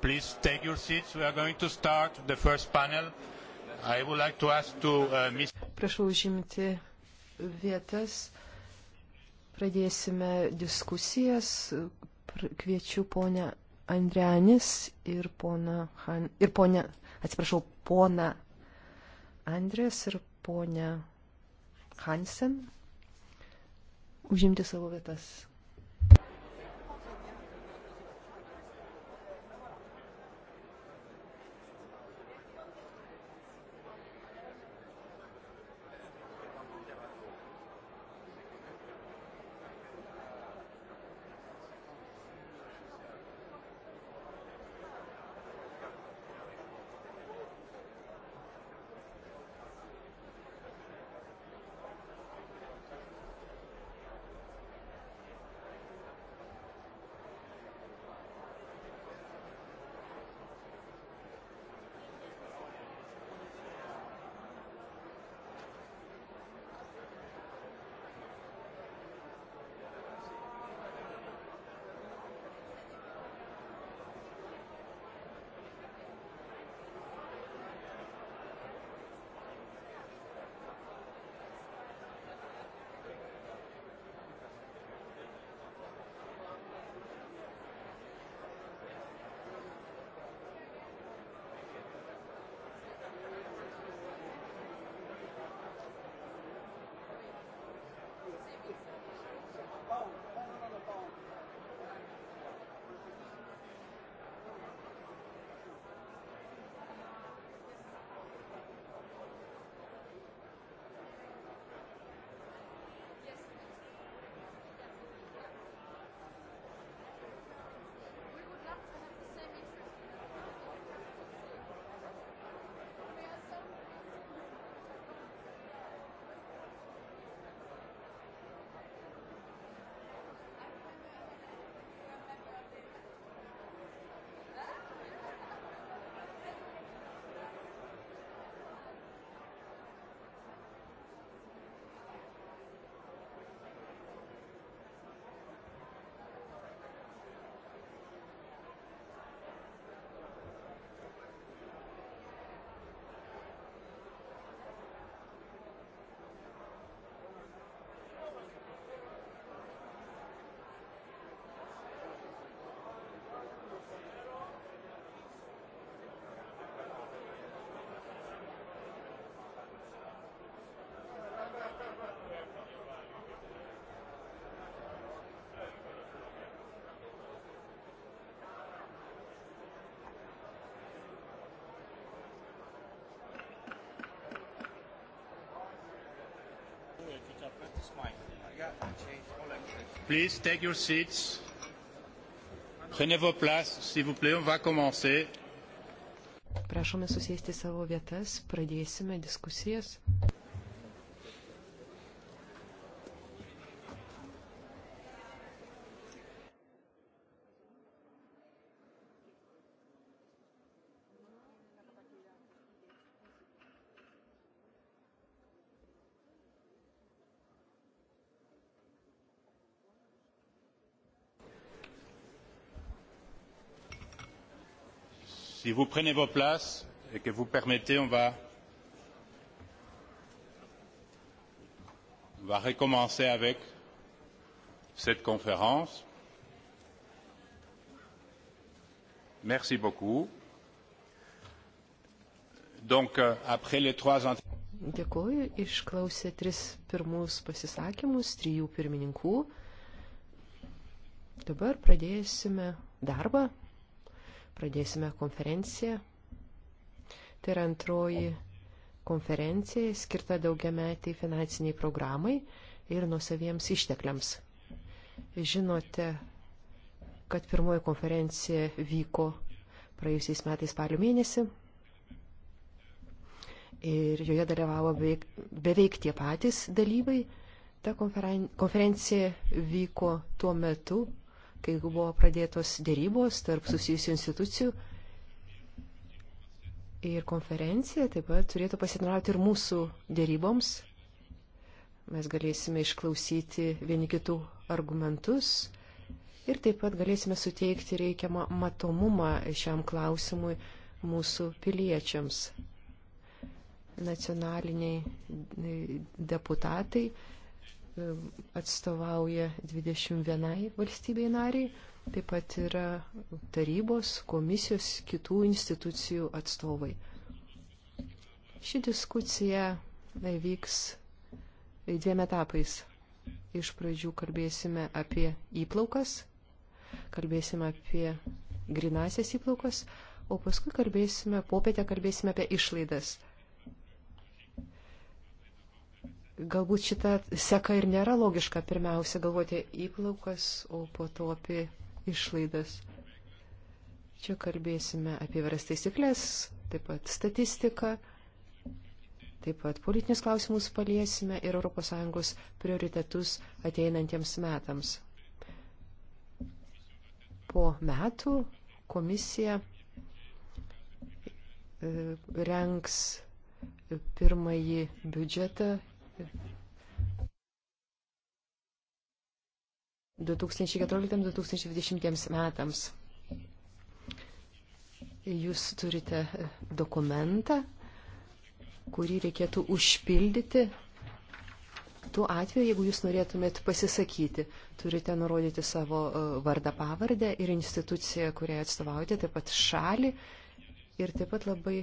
Please take your seats. We are going to start the first panel. I would like to ask to uh, Ms. Prašau užimti vietas. Pradėsime diskusijas. Kviečiu ponę Andrianis ir poną Han... ir ponę, atsiprašau, poną Andrės ir ponę Hansen užimti savo vietas. Please take your seats. Prenez vos places, s'il vous plaît, on va commencer. Prašome susėsti savo vietas, pradėsime diskusijas. prenez vos places et que vous permettez, on va, on va recommencer avec cette conférence. Merci beaucoup. Donc, euh, après les trois Dėkuoju, išklausė tris pirmus pasisakymus, trijų pirmininkų. Dabar pradėsime darbą pradėsime konferenciją. Tai yra antroji konferencija skirta daugiametiai finansiniai programai ir nusaviems ištekliams. Žinote, kad pirmoji konferencija vyko praėjusiais metais spalio mėnesį ir joje dalyvavo beveik, beveik tie patys dalyvai. Ta konferen, konferencija vyko tuo metu, kai buvo pradėtos dėrybos tarp susijusių institucijų. Ir konferencija taip pat turėtų pasitraukti ir mūsų dėryboms. Mes galėsime išklausyti vieni kitų argumentus ir taip pat galėsime suteikti reikiamą matomumą šiam klausimui mūsų piliečiams. Nacionaliniai deputatai E, atstovauja 21 valstybei nariai, taip pat yra tarybos, komisijos, kitų institucijų atstovai. Ši diskusija e, vyks dviem etapais. Iš pradžių kalbėsime apie įplaukas, kalbėsime apie grinasias įplaukas, o paskui kalbėsime, popietę kalbėsime apie išlaidas – Galbūt šita seka ir nėra logiška. Pirmiausia, galvoti įplaukas, o po to apie išlaidas. Čia kalbėsime apie varas taisyklės, taip pat statistiką, taip pat politinius klausimus paliesime ir ES prioritetus ateinantiems metams. Po metų komisija e, renks pirmąjį biudžetą 2014-2020 metams. Jūs turite dokumentą, kurį reikėtų užpildyti tuo atveju, jeigu jūs norėtumėt pasisakyti, turite nurodyti savo e, vardą, pavardę ir instituciją, kurią atstovaujate, taip pat šalį ir taip pat labai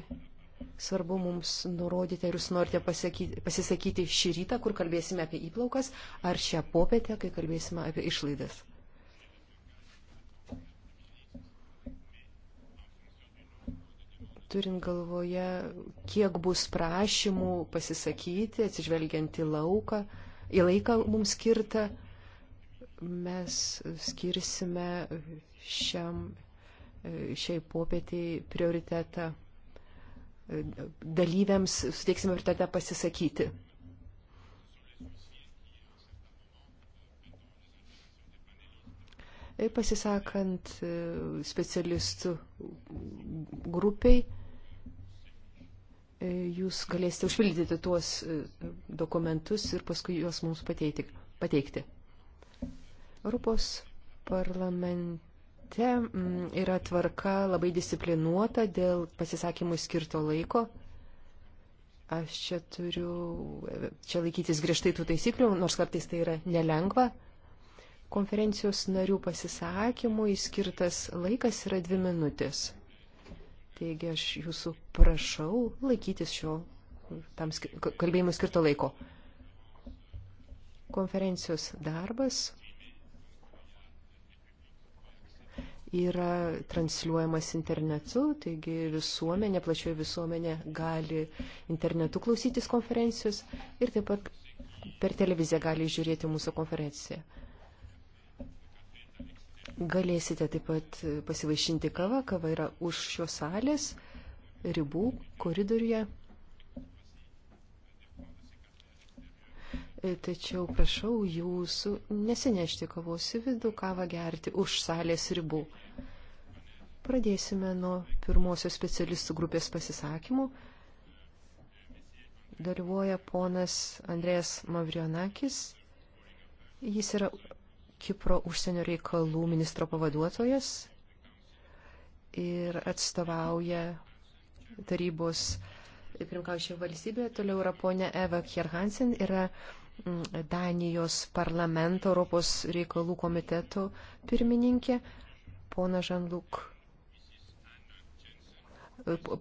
Svarbu mums nurodyti, ar jūs norite pasakyti, pasisakyti šį rytą, kur kalbėsime apie įplaukas, ar šią popietę, kai kalbėsime apie išlaidas. turint galvoje, kiek bus prašymų pasisakyti, atsižvelgiant į lauką, į laiką mums skirtą, mes skirsime šiam, šiai popietiai prioritetą dalyviams suteiksime prioritetą pasisakyti. Pasisakant e, specialistų grupiai, e, jūs galėsite užpildyti tuos e, dokumentus ir paskui juos mums pateikti. pateikti. Europos parlament Parlamente mm, yra tvarka labai disciplinuota dėl pasisakymų skirto laiko. Aš čia turiu, čia laikytis griežtai tų taisyklių, nors kartais tai yra nelengva. Konferencijos narių pasisakymų įskirtas laikas yra dvi minutės. Taigi aš jūsų prašau laikytis šio tam skir kalbėjimui skirto laiko. Konferencijos darbas yra transliuojamas internetu, taigi visuomenė, plačioji visuomenė gali internetu klausytis konferencijos ir taip pat per televiziją gali žiūrėti mūsų konferenciją. Galėsite taip pat pasivaišinti kavą, kava yra už šios salės ribų koridoriuje. E, tačiau prašau jūsų nesinešti kavos į vidų, kavą gerti už salės ribų. Pradėsime nuo pirmosios specialistų grupės pasisakymų. Dalyvoja ponas Andrės Mavrionakis. Jis yra Kipro užsienio reikalų ministro pavaduotojas ir atstovauja tarybos pirmkaučiai valstybė. Toliau yra ponė Eva Kjerhansen, yra Danijos parlamento Europos reikalų komiteto pirmininkė, pona Žanluk.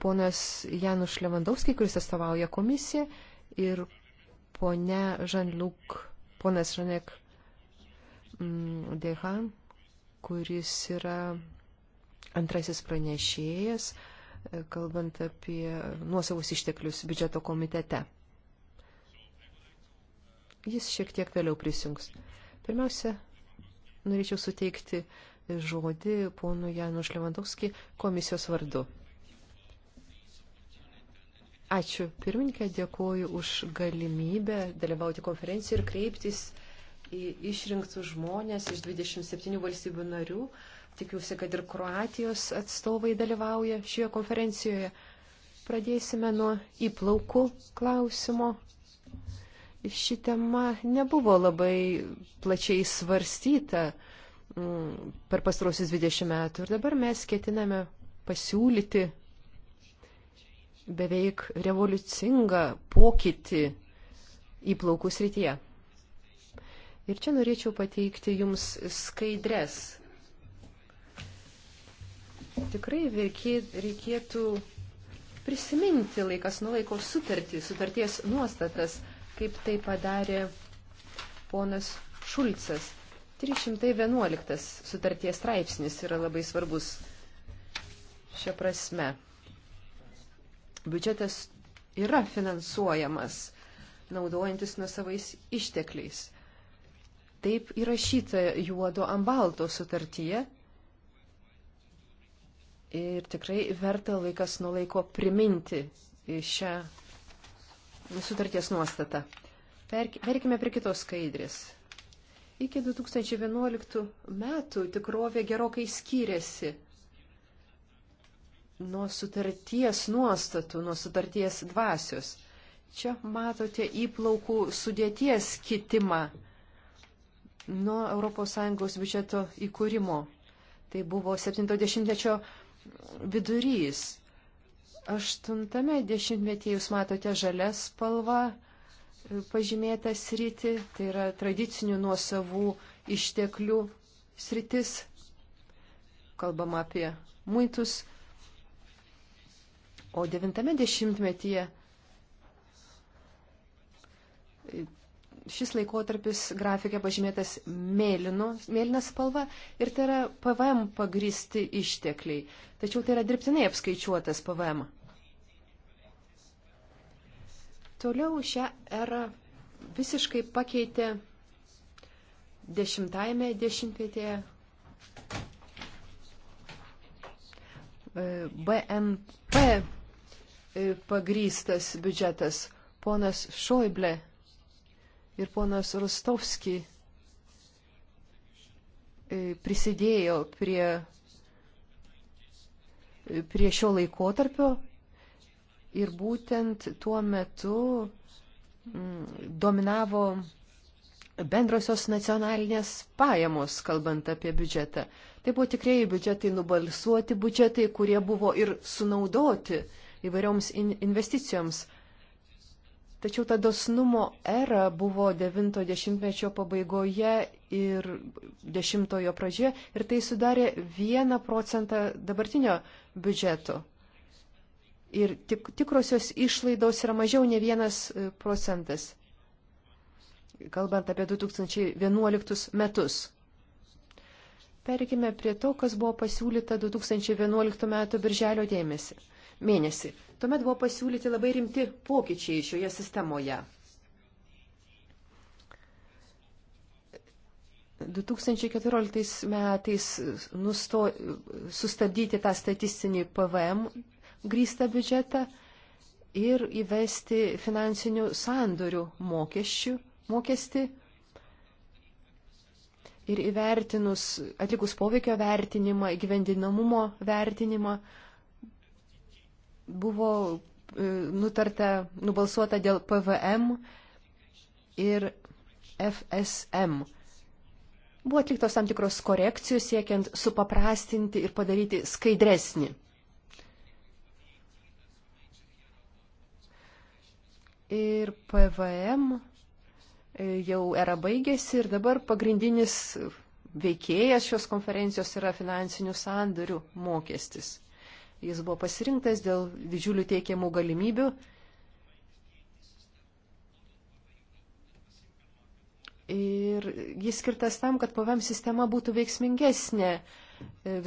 Ponas Janus Levandovskis, kuris atstovauja komisiją, ir ponia Žanluk, ponas Žanek mm, Dehan, kuris yra antrasis pranešėjas, kalbant apie nuosavus išteklius biudžeto komitete. Jis šiek tiek vėliau prisijungs. Pirmiausia, norėčiau suteikti žodį ponui Januš Levandovskį komisijos vardu. Ačiū pirmininkė, dėkuoju už galimybę dalyvauti konferencijoje ir kreiptis į išrinktus žmonės iš 27 valstybių narių. Tikiuosi, kad ir Kroatijos atstovai dalyvauja šioje konferencijoje. Pradėsime nuo įplaukų klausimo ši tema nebuvo labai plačiai svarstyta mm, per pastarosius 20 metų ir dabar mes ketiname pasiūlyti beveik revoliucingą pokytį įplaukų srityje. Ir čia norėčiau pateikti jums skaidres. Tikrai reikėtų prisiminti laikas nuo laiko sutartį, sutarties nuostatas, kaip tai padarė ponas Šulcas. 311 sutarties straipsnis yra labai svarbus šią prasme. Biudžetas yra finansuojamas, naudojantis nuo savais ištekliais. Taip įrašyta juodo ambalto sutartyje ir tikrai verta laikas nuo laiko priminti šią sutarties nuostata. Verkime prie kitos skaidrės. Iki 2011 metų tikrovė gerokai skyrėsi nuo sutarties nuostatų, nuo sutarties dvasios. Čia matote įplaukų sudėties kitimą nuo ES biudžeto įkūrimo. Tai buvo 70-mečio vidurys. Aštuntame dešimtmetyje jūs matote žalę spalvą e, pažymėtą sritį, tai yra tradicinių nuosavų išteklių sritis. Kalbama apie muitus. O devintame dešimtmetyje šis laikotarpis grafikė pažymėtas mėlynu, mėlyna spalva ir tai yra PVM pagristi ištekliai. Tačiau tai yra dirbtinai apskaičiuotas PVM. Toliau šią erą visiškai pakeitė dešimtajame dešimtmetėje BNP pagrystas biudžetas. Ponas Šoible ir ponas Rostovski e, prisidėjo prie, e, prie šio laikotarpio ir būtent tuo metu mm, dominavo bendrosios nacionalinės pajamos, kalbant apie biudžetą. Tai buvo tikrieji biudžetai, nubalsuoti biudžetai, kurie buvo ir sunaudoti įvairioms investicijoms. Tačiau ta dosnumo era buvo 90-mečio pabaigoje ir 10-ojo pradžioje ir tai sudarė 1 procentą dabartinio biudžeto. Ir tik, tikrosios išlaidos yra mažiau ne 1 e, procentas, kalbant apie 2011 metus. Perikime prie to, kas buvo pasiūlyta 2011 m. birželio dėmesį mėnesį. Tuomet buvo pasiūlyti labai rimti pokyčiai šioje sistemoje. 2014 metais nusto, sustabdyti tą statistinį PVM grįstą biudžetą ir įvesti finansinių sandorių mokesčių, mokestį ir įvertinus, atlikus poveikio vertinimą, gyvendinamumo vertinimą, buvo e, nutarta, nubalsuota dėl PVM ir FSM. Buvo atliktos tam tikros korekcijos siekiant supaprastinti ir padaryti skaidresnį. Ir PVM e, jau era baigėsi ir dabar pagrindinis veikėjas šios konferencijos yra finansinių sandorių mokestis. Jis buvo pasirinktas dėl didžiulių teikiamų galimybių. Ir jis skirtas tam, kad PVM sistema būtų veiksmingesnė e,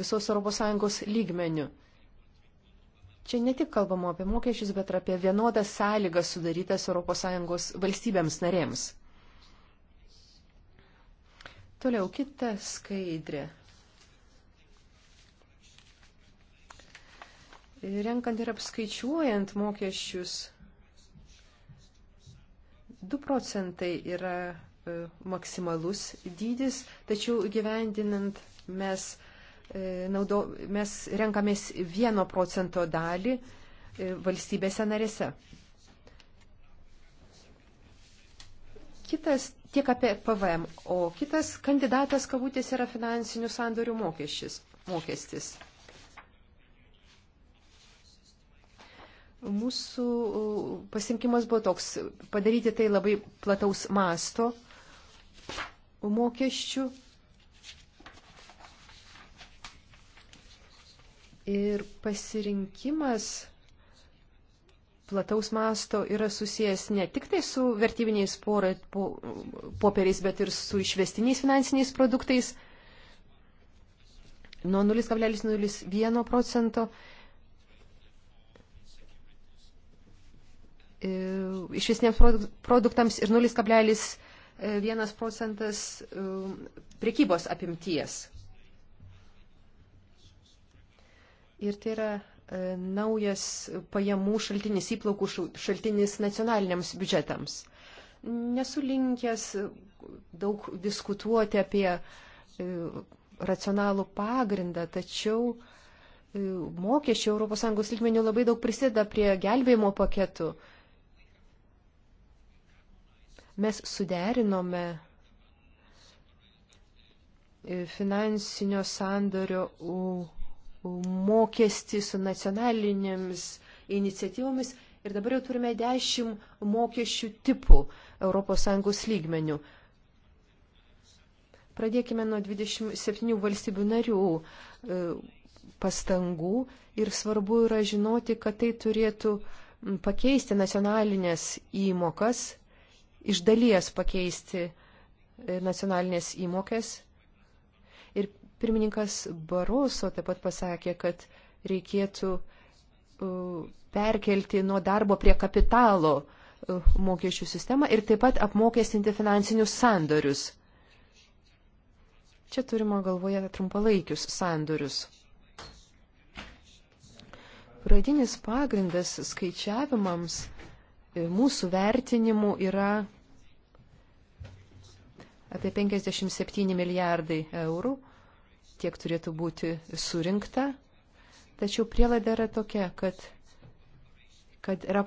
visos ES lygmenių. Čia ne tik kalbama apie mokesčius, bet ir apie vienodas sąlygas sudarytas ES valstybėms narėms. Toliau kita skaidrė. renkant ir apskaičiuojant mokesčius, 2 procentai yra e, maksimalus dydis, tačiau gyvendinant mes, e, naudo, mes renkamės 1 procento dalį e, valstybėse narėse. Kitas tiek apie PVM, o kitas kandidatas kabutės yra finansinių sandorių mokestis. mokestis. Mūsų pasirinkimas buvo toks - padaryti tai labai plataus masto mokesčių ir pasirinkimas plataus masto yra susijęs ne tik tai su vertybiniais porai, po, popieriais, bet ir su išvestiniais finansiniais produktais nuo 0,01 procento E, išvisniems produktams ir 0,1 procentas e, prekybos apimties. Ir tai yra e, naujas pajamų šaltinis, įplaukų šaltinis nacionaliniams biudžetams. Nesu linkęs daug diskutuoti apie racionalų pagrindą, tačiau mokesčių ES lygmenių labai daug prisideda prie gelbėjimo paketų Mes suderinome e, finansinio sandorio mokestį su nacionalinėmis iniciatyvomis ir dabar jau turime dešimt mokesčių tipų ES lygmenių. Pradėkime nuo 27 valstybių narių e, pastangų ir svarbu yra žinoti, kad tai turėtų pakeisti nacionalinės įmokas iš dalies pakeisti e, nacionalinės įmokės. Ir pirmininkas Baroso taip pat pasakė, kad reikėtų e, perkelti nuo darbo prie kapitalo e, mokesčių sistemą ir taip pat apmokestinti finansinius sandorius. Čia turima galvoje trumpalaikius sandorius. Pradinis pagrindas skaičiavimams E, mūsų vertinimu yra apie 57 milijardai eurų, tiek turėtų būti surinkta. Tačiau prielaida yra tokia, kad, kad yra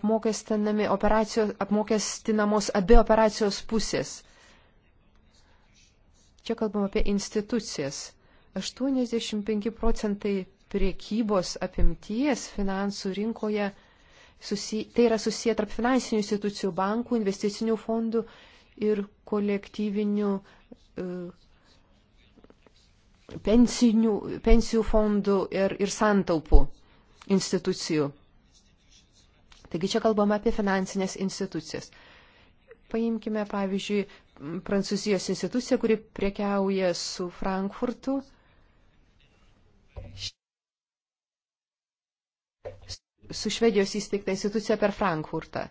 apmokestinamos abi operacijos pusės. Čia kalbam apie institucijas. 85 procentai priekybos apimties finansų rinkoje susi, tai yra susiję tarp finansinių institucijų, bankų, investicinių fondų ir kolektyvinių e, pensinių, pensijų fondų ir, ir santaupų institucijų. Taigi čia kalbama apie finansinės institucijas. Paimkime, pavyzdžiui, Prancūzijos instituciją, kuri priekiauja su Frankfurtu su Švedijos įsteigta institucija per Frankfurtą.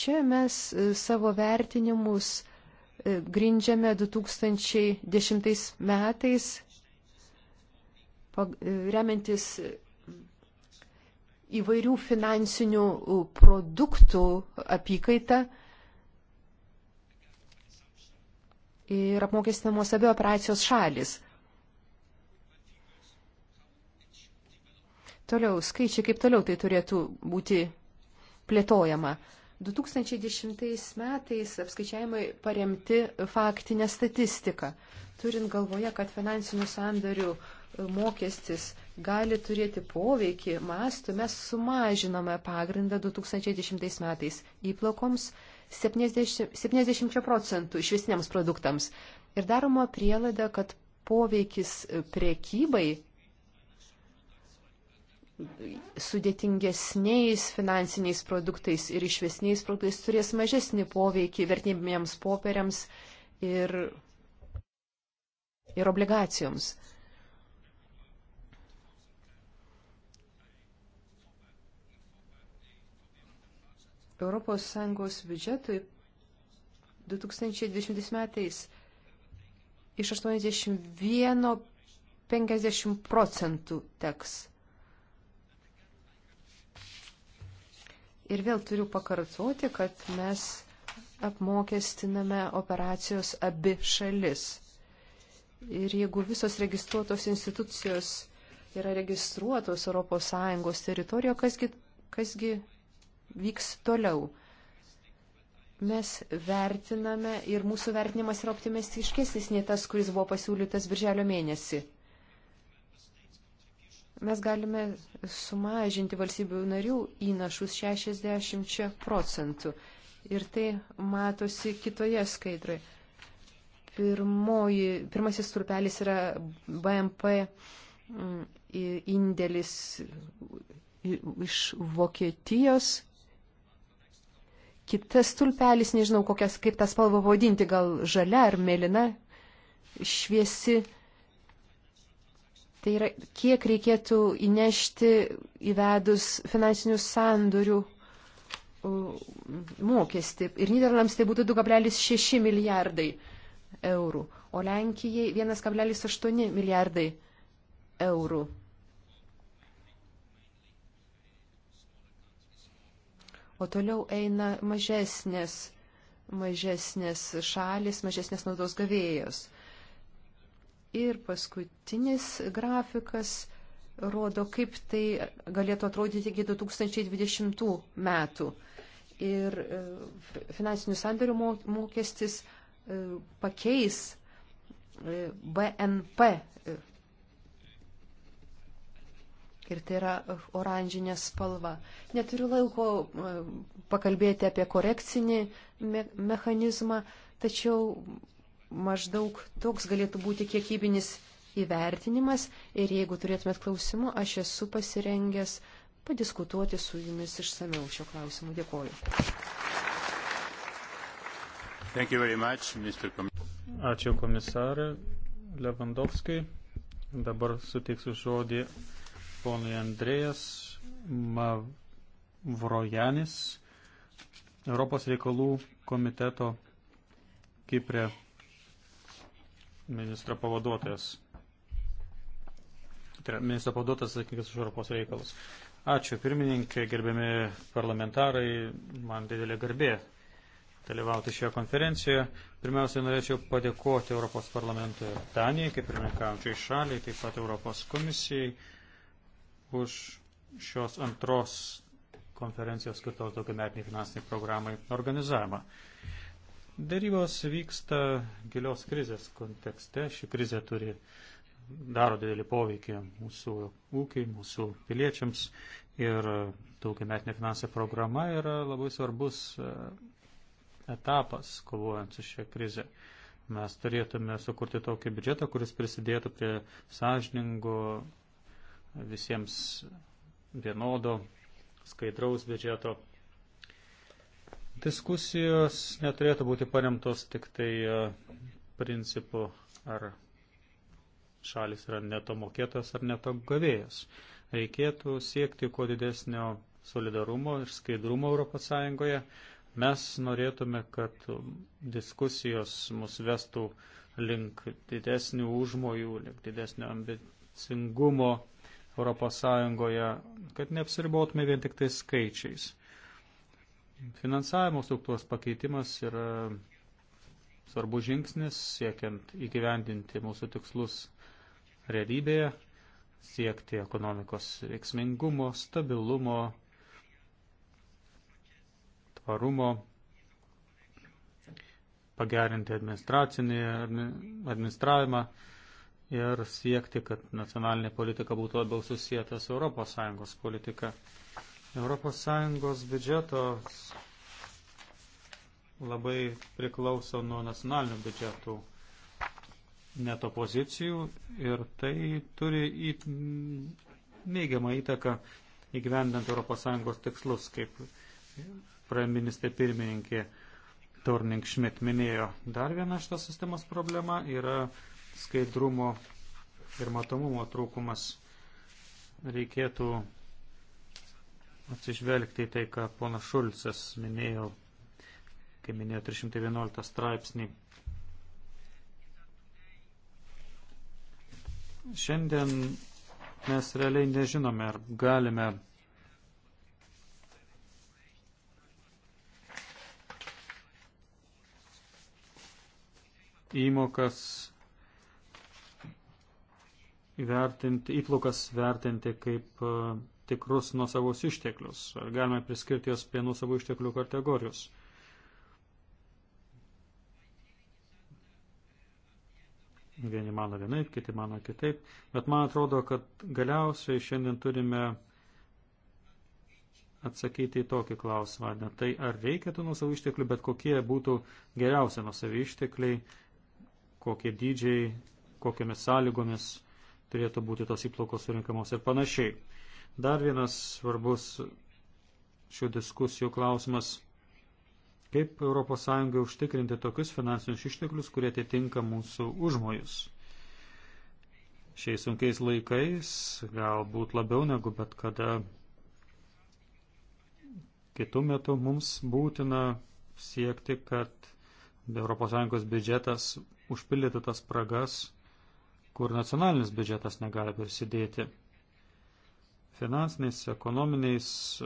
Čia mes e, savo vertinimus e, grindžiame 2010 metais, e, remiantis įvairių finansinių produktų apykaita ir apmokestinamos abi operacijos šalis. Toliau, skaičiai, kaip toliau tai turėtų būti plėtojama. 2010 metais apskaičiavimai paremti faktinę statistiką, turint galvoje, kad finansinių sandarių e, mokestis gali turėti poveikį mastų, mes sumažinome pagrindą 2010 metais įplokoms 70, 70 procentų išvisiniams produktams ir daroma prielaida, kad poveikis e, prekybai sudėtingesniais finansiniais produktais ir išvesniais produktais turės mažesnį poveikį vertybėms popieriams ir, ir obligacijoms. ES biudžetui 2020 metais iš 81 50 procentų teks Ir vėl turiu pakartoti, kad mes apmokestiname operacijos abi šalis. Ir jeigu visos registruotos institucijos yra registruotos ES teritorijoje, kasgi, kasgi vyks toliau. Mes vertiname ir mūsų vertinimas yra optimistiškesnis nei tas, kuris buvo pasiūlytas birželio mėnesį mes galime sumažinti valstybių narių įnašus 60 procentų. Ir tai matosi kitoje skaidroje. Pirmoji, pirmasis trupelis yra BMP mm, indėlis iš Vokietijos. Kitas tulpelis, nežinau, kokias, kaip tą spalvą vadinti, gal žalia ar mėlyna, šviesi Tai yra, kiek reikėtų įnešti įvedus finansinių sandorių mokestį. Ir Niderlandams tai būtų 2,6 milijardai eurų, o Lenkijai 1,8 milijardai eurų. O toliau eina mažesnės, mažesnės šalis, mažesnės naudos gavėjos. Ir paskutinis grafikas rodo, kaip tai galėtų atrodyti iki 2020 metų. Ir e, finansinių sandarių mokestis e, pakeis e, BNP. Ir tai yra oranžinė spalva. Neturiu laiko pakalbėti apie korekcinį me mechanizmą, tačiau maždaug toks galėtų būti kiekybinis įvertinimas ir jeigu turėtumėt klausimų, aš esu pasirengęs padiskutuoti su jumis išsameu šio klausimu. Dėkoju. Much, Ačiū komisarė Levandovskai. Dabar suteiksiu žodį ponui Andrėjas Mavrojanis, Europos reikalų komiteto Kiprė ministro pavaduotojas. Tai yra ministro pavaduotojas atsakingas už Europos reikalus. Ačiū pirmininkė, gerbiami parlamentarai, man didelė garbė dalyvauti šioje konferencijoje. Pirmiausia, norėčiau padėkoti Europos parlamentui ir Danijai, kaip pirmininkaujančiai šaliai, taip pat Europos komisijai už šios antros konferencijos skirtos daugiametiniai finansiniai programai organizavimą. Darybos vyksta gilios krizės kontekste. Ši krizė turi daro didelį poveikį mūsų ūkiai, mūsų piliečiams ir daugiametinė finansė programa yra labai svarbus e, etapas kovojant su šia krize. Mes turėtume sukurti tokį biudžetą, kuris prisidėtų prie sąžiningo, visiems vienodo, skaidraus biudžeto Diskusijos neturėtų būti paremtos tik tai e, principu, ar šalis yra neto mokėtojas ar neto gavėjas. Reikėtų siekti kuo didesnio solidarumo ir skaidrumo ES. Mes norėtume, kad diskusijos mus vestų link didesnių užmojų, link didesnio ambicingumo ES, kad neapsiribotume vien tik tai skaičiais. Finansavimo struktūros pakeitimas yra svarbus žingsnis siekiant įgyvendinti mūsų tikslus realybėje, siekti ekonomikos veiksmingumo, stabilumo, tvarumo, pagerinti administracinį administravimą ir siekti, kad nacionalinė politika būtų labiau susijęta su ES politika. ES biudžeto labai priklauso nuo nacionalinių biudžetų neto pozicijų ir tai turi į, neigiamą įtaką įgyvendant ES tikslus, kaip praeministė pirmininkė Torning Schmidt minėjo. Dar viena šitos sistemos problema yra skaidrumo ir matomumo trūkumas. Reikėtų atsižvelgti į tai, ką ponas Šulcas minėjo, kai minėjo 311 straipsnį. Šiandien mes realiai nežinome, ar galime įmokas vertinti, įplukas vertinti kaip tikrus nuosavus išteklius, ar galime priskirti jas prie nuosavų išteklių kategorijos. Vieni mano vienaip, kiti mano kitaip, bet man atrodo, kad galiausiai šiandien turime atsakyti į tokį klausimą, ne tai ar reikia tų nusavų išteklių, bet kokie būtų geriausia nusavi ištekliai, kokie dydžiai, kokiamis sąlygomis turėtų būti tos įplaukos surinkamos ir panašiai. Dar vienas svarbus šių diskusijų klausimas - kaip ES užtikrinti tokius finansinius išteklius, kurie atitinka mūsų užmojus. Šiais sunkiais laikais galbūt labiau negu bet kada kitų metų mums būtina siekti, kad ES biudžetas užpildytų tas spragas, kur nacionalinis biudžetas negali prisidėti finansiniais, ekonominiais e,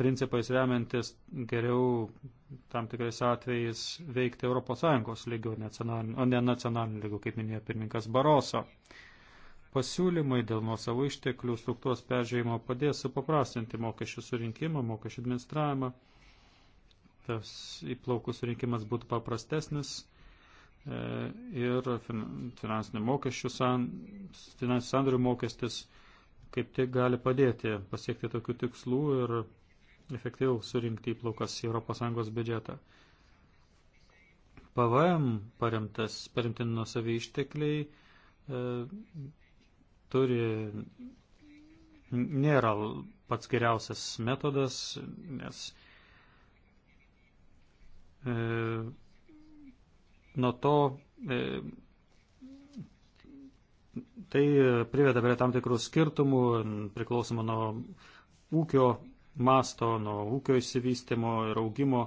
principais remiantis geriau tam tikrais atvejais veikti ES lygių, o ne nacionalinių lygių, kaip minėjo pirmininkas Baroso. Pasiūlymai dėl nuosavų išteklių struktūros peržiūrėjimo padės supaprastinti mokesčių surinkimą, mokesčių administravimą. Tas įplaukų surinkimas būtų paprastesnis, E, ir finansinių mokesčių, finansinių sandorių mokestis kaip tik gali padėti pasiekti tokių tikslų ir efektyviau surinkti įplaukas į ES biudžetą. PVM paremtas, paremti nuosavį ištekliai e, turi, nėra pats geriausias metodas, nes e, nuo to e, tai priveda prie tam tikrų skirtumų, priklausomų nuo ūkio masto, nuo ūkio įsivystimo ir augimo,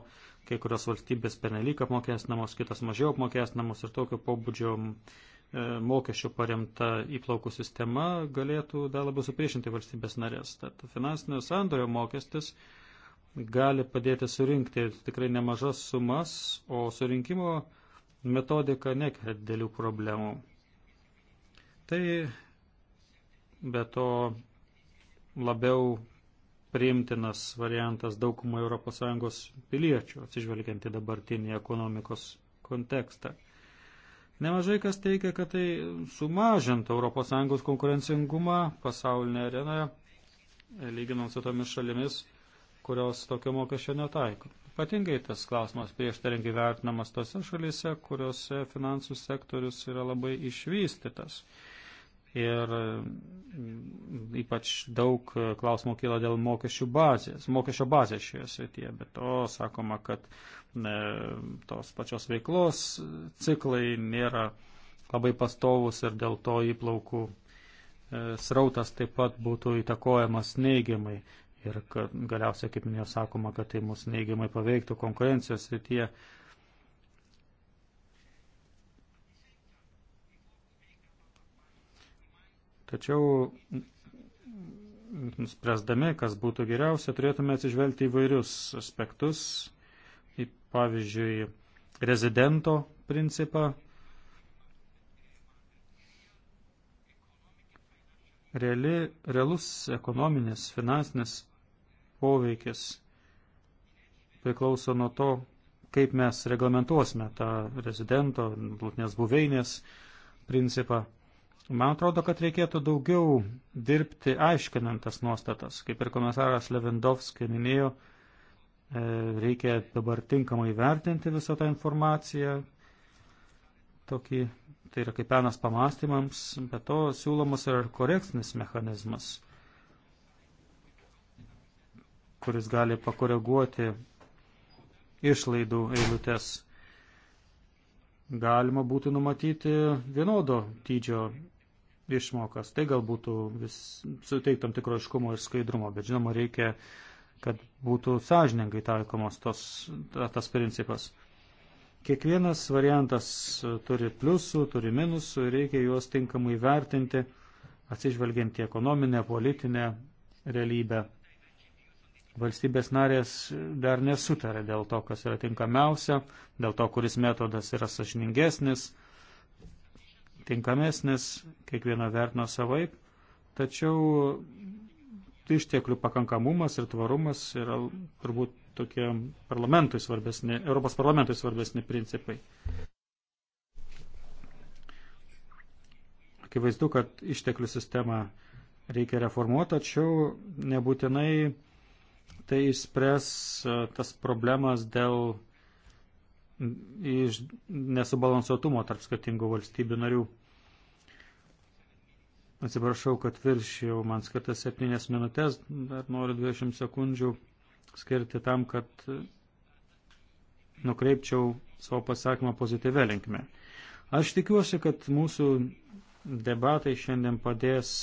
kai kurios valstybės pernelyg apmokestinamos, kitos mažiau apmokestinamos ir tokio pobūdžio e, mokesčių paremta įplaukų sistema galėtų dar labiau supriešinti valstybės narės. Tad finansinio sandorio mokestis gali padėti surinkti tikrai nemažas sumas, o surinkimo metodika nekelia dėlių problemų. Tai be to labiau priimtinas variantas daugumai ES piliečių, atsižvelgiant į dabartinį ekonomikos kontekstą. Nemažai kas teigia, kad tai sumažintų ES konkurencingumą pasaulinėje arenoje, lyginant su tomis šalimis, kurios tokio mokesčio netaiko. Patingai tas klausimas prieštaringai vertinamas tose šalyse, kuriuose finansų sektorius yra labai išvystytas. Ir mm, ypač daug klausimų kyla dėl mokesčių bazės, mokesčio bazės šioje srityje, bet to sakoma, kad ne, tos pačios veiklos ciklai nėra labai pastovus ir dėl to įplaukų e, srautas taip pat būtų įtakojamas neigiamai ir kad galiausiai, kaip minėjau, sakoma, kad tai mus neigiamai paveiktų konkurencijos srityje. Tačiau, spręsdami, kas būtų geriausia, turėtume atsižvelgti įvairius aspektus, į, pavyzdžiui, rezidento principą, reali, realus ekonominis, finansinis poveikis priklauso nuo to, kaip mes reglamentuosime tą rezidento, būtinės buveinės principą. Man atrodo, kad reikėtų daugiau dirbti aiškinant tas nuostatas. Kaip ir komisaras Levendovskis minėjo, e, reikia dabar tinkamai vertinti visą tą informaciją. Tokį, tai yra kaip penas pamastymams, bet to siūlomas ir korekcinis mechanizmas kuris gali pakoreguoti išlaidų eilutes. Galima būtų numatyti vienodo dydžio išmokas. Tai gal būtų vis suteiktam tikro iškumo ir skaidrumo, bet žinoma, reikia, kad būtų sąžiningai taikomos tos, tas principas. Kiekvienas variantas turi pliusų, turi minusų ir reikia juos tinkamai vertinti, atsižvelgiant į ekonominę, politinę realybę valstybės narės dar nesutarė dėl to, kas yra tinkamiausia, dėl to, kuris metodas yra sažiningesnis, tinkamesnis, kiekvieno vertino savaip, tačiau išteklių pakankamumas ir tvarumas yra turbūt tokie parlamentui svarbesni, Europos parlamentui svarbesni principai. Akivaizdu, kad išteklių sistemą reikia reformuoti, tačiau nebūtinai Tai išspręs e, tas problemas dėl nesubalansuotumo tarp skirtingų valstybių narių. Atsiprašau, kad viršėjau man skirtas 7 minutės, dar noriu 20 sekundžių skirti tam, kad nukreipčiau savo pasakymą pozityvę linkme. Aš tikiuosi, kad mūsų debatai šiandien padės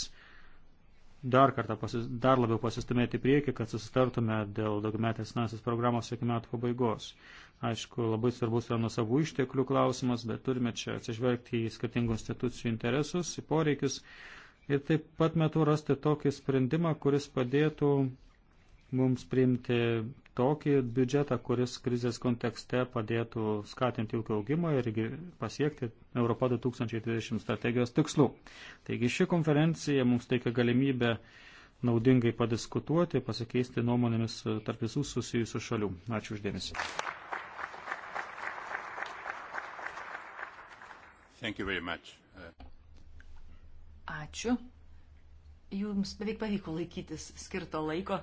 dar kartą pasis, dar labiau pasistumėti į priekį, kad susitartume dėl daugmetės finansinės programos iki metų pabaigos. Aišku, labai svarbus yra nusavų išteklių klausimas, bet turime čia atsižvelgti į skirtingų institucijų interesus, į poreikius ir taip pat metu rasti tokį sprendimą, kuris padėtų mums priimti tokį biudžetą, kuris krizės kontekste padėtų skatinti ūkio augimą ir pasiekti Europą 2020 strategijos tikslų. Taigi ši konferencija mums teikia galimybę naudingai padiskutuoti, pasikeisti nuomonėmis tarp visų susijusių šalių. Ačiū uždėmesi. Ačiū. Jums beveik pavyko laikytis skirto laiko.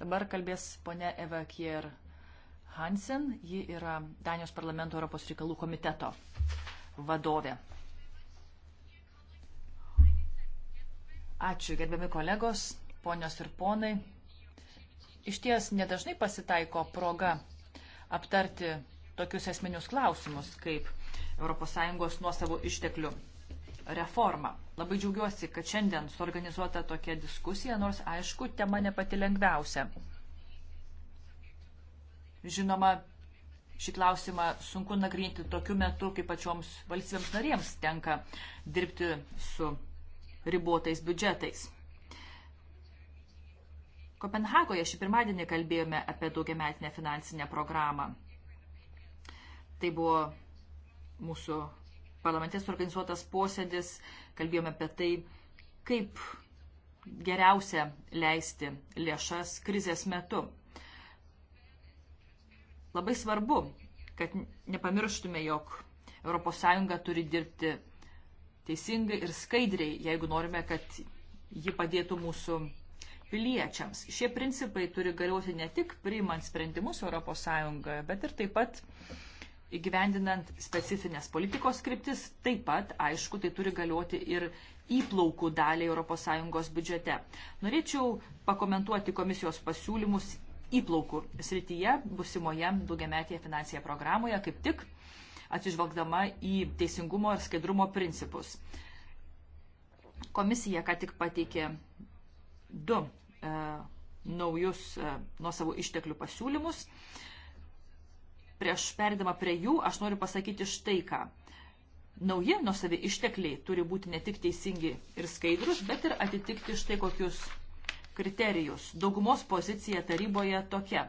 Dabar kalbės ponia Eva Kier Hansen, ji yra Danijos parlamento Europos reikalų komiteto vadovė. Ačiū, gerbiami kolegos, ponios ir ponai. Iš ties nedažnai pasitaiko proga aptarti tokius esminius klausimus kaip ES nuosavų išteklių reformą. Labai džiaugiuosi, kad šiandien suorganizuota tokia diskusija, nors aišku, tema ne pati lengviausia. Žinoma, šį klausimą sunku nagrinti tokiu metu, kai pačioms valstybėms narėms tenka dirbti su ribotais biudžetais. Kopenhagoje šį pirmadienį kalbėjome apie daugiametinę finansinę programą. Tai buvo mūsų parlamentės organizuotas posėdis, kalbėjome apie tai, kaip geriausia leisti lėšas krizės metu. Labai svarbu, kad nepamirštume, jog ES turi dirbti teisingai ir skaidriai, jeigu norime, kad ji padėtų mūsų piliečiams. Šie principai turi galioti ne tik priimant sprendimus ES, bet ir taip pat įgyvendinant specifines politikos skriptis, taip pat, aišku, tai turi galioti ir įplaukų daliai ES biudžete. Norėčiau pakomentuoti komisijos pasiūlymus įplaukų srityje, busimoje daugiametėje finansinėje programoje, kaip tik atsižvelgdama į teisingumo ir skaidrumo principus. Komisija ką tik pateikė du e, naujus e, nuo savo išteklių pasiūlymus. E, prieš perdama prie jų, aš noriu pasakyti štai ką. Nauji nusavi ištekliai turi būti ne tik teisingi ir skaidrus, bet ir atitikti štai kokius kriterijus. Daugumos pozicija taryboje tokia.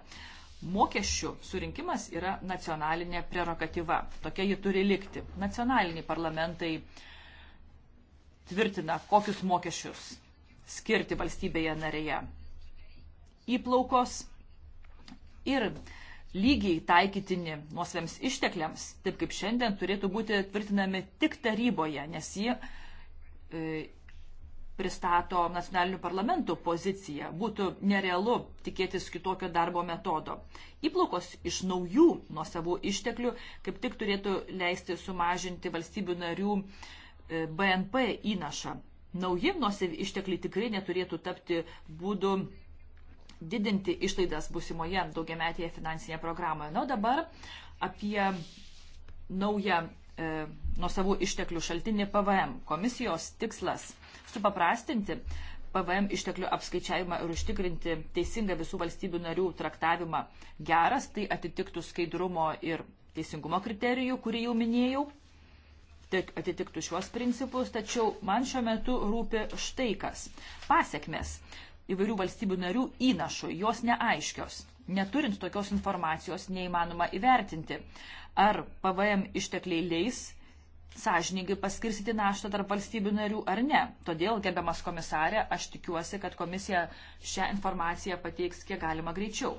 Mokesčių surinkimas yra nacionalinė prerogatyva. Tokia ji turi likti. Nacionaliniai parlamentai tvirtina, kokius mokesčius skirti valstybėje narėje. Įplaukos ir lygiai taikytini nuosvėms ištekliams, taip kaip šiandien, turėtų būti tvirtinami tik taryboje, nes jie e, pristato nacionalinių parlamentų poziciją. Būtų nerealu tikėtis kitokio darbo metodo. Įplaukos iš naujų nuosavų išteklių kaip tik turėtų leisti sumažinti valstybių narių e, BNP įnašą. Nauji nuosavi ištekliai tikrai neturėtų tapti būdu didinti išlaidas būsimoje daugiametėje finansinėje programoje. Na, dabar apie naują e, nuosavų išteklių šaltinį PVM. Komisijos tikslas - supaprastinti PVM išteklių apskaičiavimą ir užtikrinti teisingą visų valstybių narių traktavimą geras, tai atitiktų skaidrumo ir teisingumo kriterijų, kurį jau minėjau, tik atitiktų šiuos principus, tačiau man šiuo metu rūpi štai kas - pasiekmes įvairių valstybių narių įnašų, jos neaiškios. Neturint tokios informacijos neįmanoma įvertinti, ar PVM ištekliai leis sąžiningai paskirstyti naštą tarp valstybių narių ar ne. Todėl, gerbiamas komisarė, aš tikiuosi, kad komisija šią informaciją pateiks kiek galima greičiau.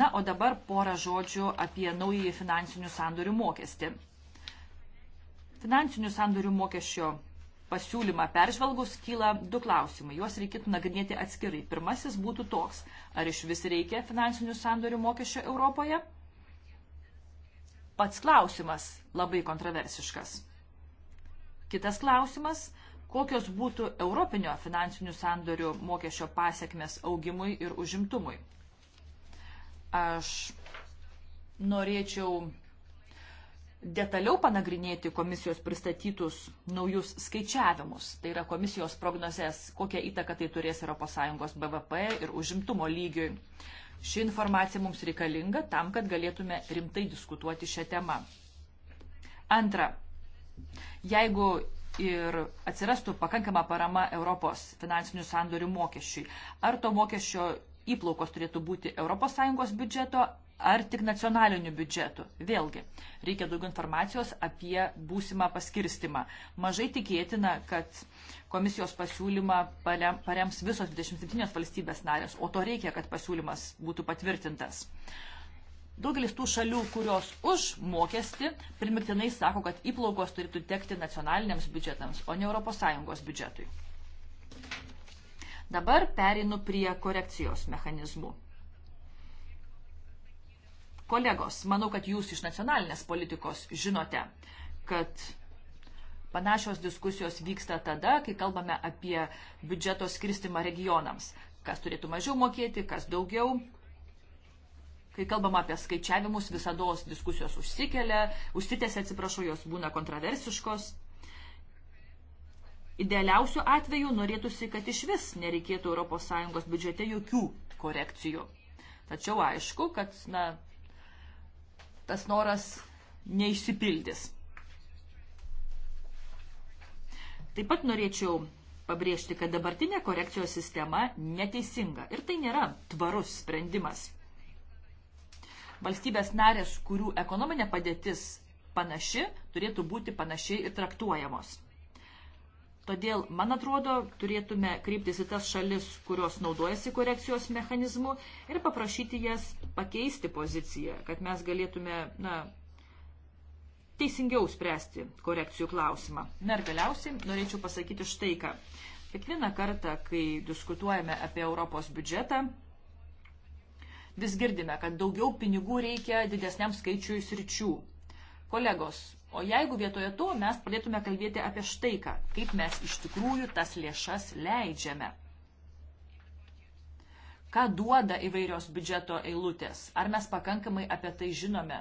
Na, o dabar porą žodžių apie naująjį finansinių sandorių mokestį. Finansinių sandorių mokesčio pasiūlymą peržvelgus kyla du klausimai. Juos reikėtų nagrinėti atskirai. Pirmasis būtų toks, ar iš vis reikia finansinių sandorių mokesčio Europoje? Pats klausimas labai kontroversiškas. Kitas klausimas, kokios būtų europinio finansinių sandorių mokesčio pasiekmes augimui ir užimtumui. Aš norėčiau detaliau panagrinėti komisijos pristatytus naujus skaičiavimus, tai yra komisijos prognozes, kokią įtaką tai turės ES BVP ir užimtumo lygiui. Ši informacija mums reikalinga tam, kad galėtume rimtai diskutuoti šią temą. Antra, jeigu ir atsirastų pakankama parama Europos finansinių sandorių mokesčiui, ar to mokesčio įplaukos turėtų būti ES biudžeto ar tik nacionaliniu biudžetu. Vėlgi, reikia daugiau informacijos apie būsimą paskirstimą. Mažai tikėtina, kad komisijos pasiūlymą parems visos 27 valstybės narės, o to reikia, kad pasiūlymas būtų patvirtintas. Daugelis tų šalių, kurios už mokestį, primiktinai sako, kad įplaukos turėtų tekti nacionaliniams biudžetams, o ne ES biudžetui. Dabar perinu prie korekcijos mechanizmų. Kolegos, manau, kad jūs iš nacionalinės politikos žinote, kad panašios diskusijos vyksta tada, kai kalbame apie biudžeto skirstimą regionams. Kas turėtų mažiau mokėti, kas daugiau. Kai kalbama apie skaičiavimus, visada diskusijos užsikelia, užsitęsia, atsiprašau, jos būna kontroversiškos. Idealiausių atvejų norėtųsi, kad iš vis nereikėtų ES biudžete jokių korekcijų. Tačiau aišku, kad na, tas noras neišsipildys. Taip pat norėčiau pabrėžti, kad dabartinė korekcijos sistema neteisinga ir tai nėra tvarus sprendimas. Valstybės narės, kurių ekonominė padėtis panaši, turėtų būti panašiai ir traktuojamos. Todėl, man atrodo, turėtume kryptis į tas šalis, kurios naudojasi korekcijos mechanizmu ir paprašyti jas pakeisti poziciją, kad mes galėtume na, teisingiau spręsti korekcijų klausimą. Na ir galiausiai norėčiau pasakyti štai ką. Kiekvieną kartą, kai diskutuojame apie Europos biudžetą, vis girdime, kad daugiau pinigų reikia didesniam skaičiui sričių. Kolegos, O jeigu vietoje to mes pradėtume kalbėti apie štai ką, kaip mes iš tikrųjų tas lėšas leidžiame. Ką duoda įvairios biudžeto eilutės? Ar mes pakankamai apie tai žinome?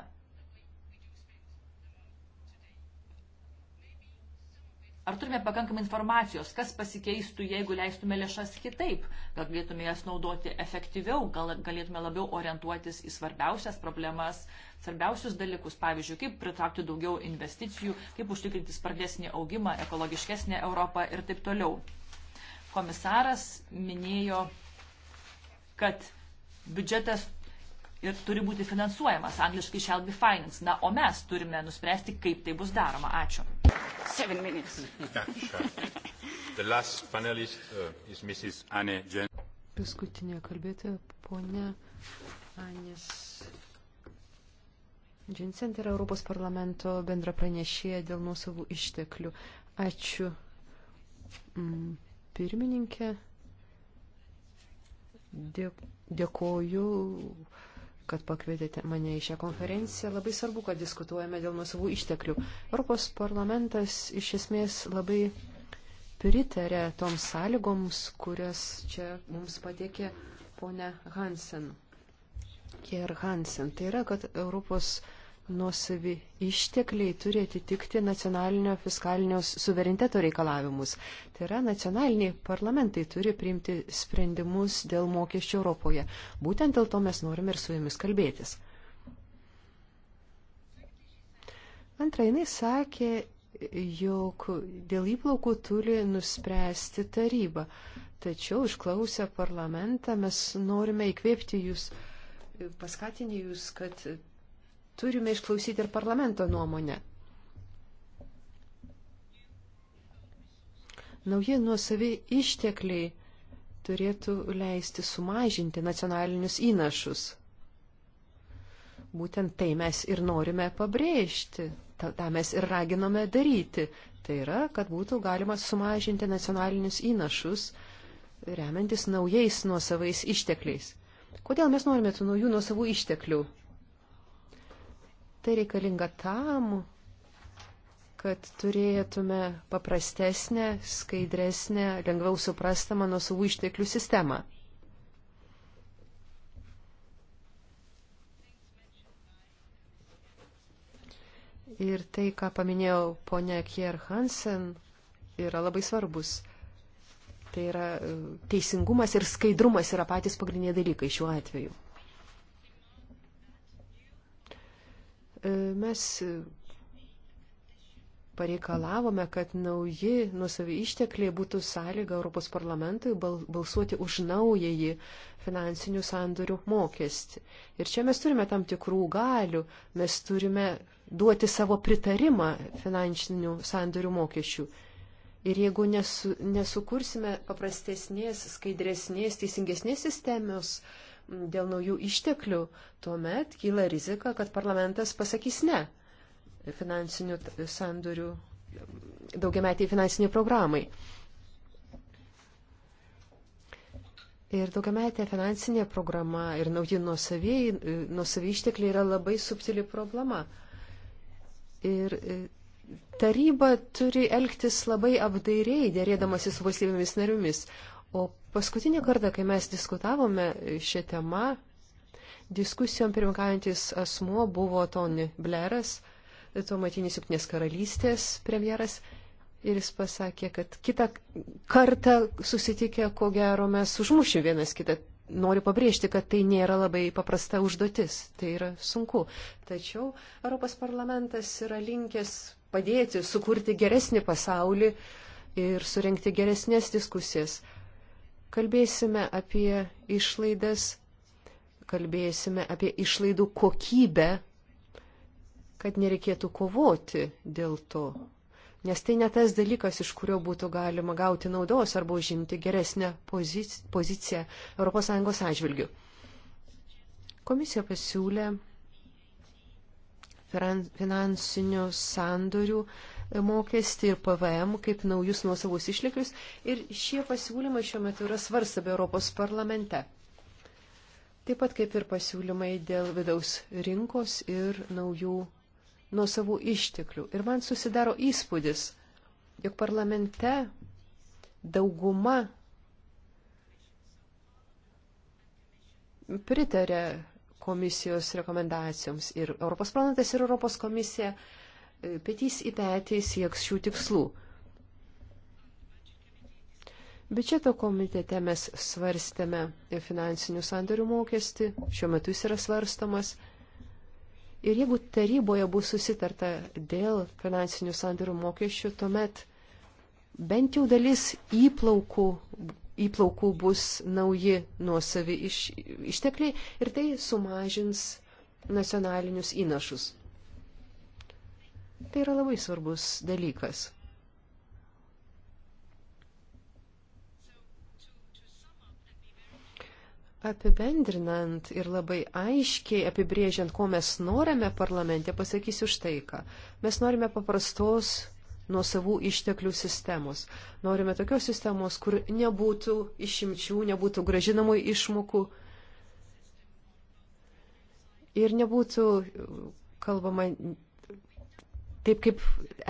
Ar turime pakankamai informacijos, kas pasikeistų, jeigu leistume lėšas kitaip? Gal galėtume jas naudoti efektyviau, gal galėtume labiau orientuotis į svarbiausias problemas, svarbiausius dalykus, pavyzdžiui, kaip pritraukti daugiau investicijų, kaip užtikrinti spardesnį augimą, ekologiškesnį Europą ir taip toliau. Komisaras minėjo, kad biudžetas ir turi būti finansuojamas, angliškai shall be financed. Na, o mes turime nuspręsti, kaip tai bus daroma. Ačiū. Seven minutes. yeah, sure. The last panelist uh, is Mrs. Anne Jen. Paskutinė kalbėtoja, ponia Anės Džinsent tai yra Europos parlamento bendra pranešėja dėl nuosavų išteklių. Ačiū. Mm, pirmininkė, dėkoju. Dė kad pakvietėte mane į šią konferenciją. Labai svarbu, kad diskutuojame dėl nusavų išteklių. Europos parlamentas iš esmės labai pritarė toms sąlygoms, kurias čia mums patikė ponia Hansen. Ir Hansen. Tai yra, kad Europos nuosavi ištekliai turi atitikti nacionalinio fiskalinio suvereniteto reikalavimus. Tai yra nacionaliniai parlamentai turi priimti sprendimus dėl mokesčių Europoje. Būtent dėl to mes norime ir su jumis kalbėtis. Antra, jinai sakė, jog dėl įplaukų turi nuspręsti taryba. Tačiau išklausę parlamentą mes norime įkvėpti jūs paskatinti jūs, kad turime išklausyti ir parlamento nuomonę. Nauji nuosavi ištekliai turėtų leisti sumažinti nacionalinius įnašus. Būtent tai mes ir norime pabrėžti, tą mes ir raginome daryti. Tai yra, kad būtų galima sumažinti nacionalinius įnašus, remiantis naujais nuosavais ištekliais. Kodėl mes norime tų naujų nuosavų išteklių? Tai reikalinga tam, kad turėtume paprastesnę, skaidresnę, lengviau suprastamą nuo savų išteklių sistemą. Ir tai, ką paminėjau ponia Kier Hansen, yra labai svarbus. Tai yra e, teisingumas ir skaidrumas yra patys pagrindiniai dalykai šiuo atveju. E, mes pareikalavome, kad nauji nusavi ištekliai būtų sąlyga Europos parlamentui balsuoti už naująjį finansinių sandorių mokestį. Ir čia mes turime tam tikrų galių, mes turime duoti savo pritarimą finansinių sandorių mokesčių. Ir jeigu nesu, nesukursime paprastesnės, skaidresnės, teisingesnės sistemos, uh, dėl naujų išteklių, tuomet kyla rizika, kad parlamentas pasakys ne finansinių sandorių, daugiametiai finansiniai programai. Ir daugiametė finansinė programa ir nauji nuosavy ištekliai yra labai subtili problema. Ir e, taryba turi elgtis labai apdairiai, dėrėdamasi su valstybėmis nariumis. O paskutinį kartą, kai mes diskutavome šią temą, diskusijom pirmkaujantis asmuo buvo Tony Blairas, tuometinis Junktinės karalystės premjeras. Ir jis pasakė, kad kitą kartą susitikę, ko gero, mes užmušim vienas kitą. Noriu pabrėžti, kad tai nėra labai paprasta užduotis, tai yra sunku. Tačiau Europos parlamentas yra linkęs padėti sukurti geresnį pasaulį ir surenkti geresnės diskusijas. Kalbėsime apie išlaidas, kalbėsime apie išlaidų kokybę, kad nereikėtų kovoti dėl to. Nes tai ne tas dalykas, iš kurio būtų galima gauti naudos arba užimti geresnę poziciją ES atžvilgių. Komisija pasiūlė finansinių sandorių mokestį ir PVM kaip naujus nuosavus išlikius. Ir šie pasiūlymai šiuo metu yra svarstami Europos parlamente. Taip pat kaip ir pasiūlymai dėl vidaus rinkos ir naujų nuosavų išteklių. Ir man susidaro įspūdis, jog parlamente dauguma pritarė komisijos rekomendacijoms ir Europos planetas ir Europos komisija uh, petys į petį sieks šių tikslų. Biudžeto komitete mes svarstėme finansinių sandorių mokestį, šiuo metu jis yra svarstamas. Ir jeigu taryboje bus susitarta dėl finansinių sandorių mokesčių, tuomet bent jau dalis įplaukų, įplaukų bus nauji nuosavi iš, ištekliai ir tai sumažins nacionalinius įnašus. Tai yra labai svarbus dalykas. Apibendrinant ir labai aiškiai apibrėžiant, ko mes norime parlamente, pasakysiu štai ką. Mes norime paprastos nuo savų išteklių sistemos. Norime tokios sistemos, kur nebūtų išimčių, nebūtų gražinamų išmokų ir nebūtų kalbama taip kaip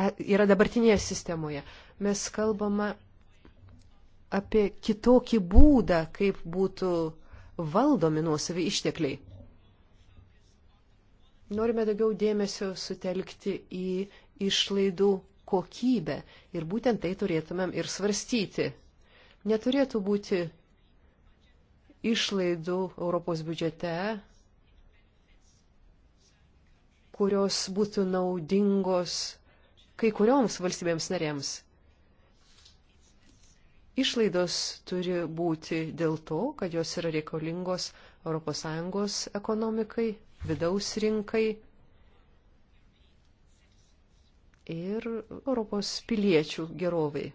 e, yra dabartinėje sistemoje. Mes kalbame apie kitokį būdą, kaip būtų valdomi nuosavi ištekliai. Norime daugiau dėmesio sutelkti į išlaidų kokybę ir būtent tai turėtumėm ir svarstyti. Neturėtų būti išlaidų Europos biudžete kurios būtų naudingos kai kurioms valstybėms narėms. Išlaidos turi būti dėl to, kad jos yra reikalingos ES ekonomikai, vidaus rinkai ir Europos piliečių gerovai.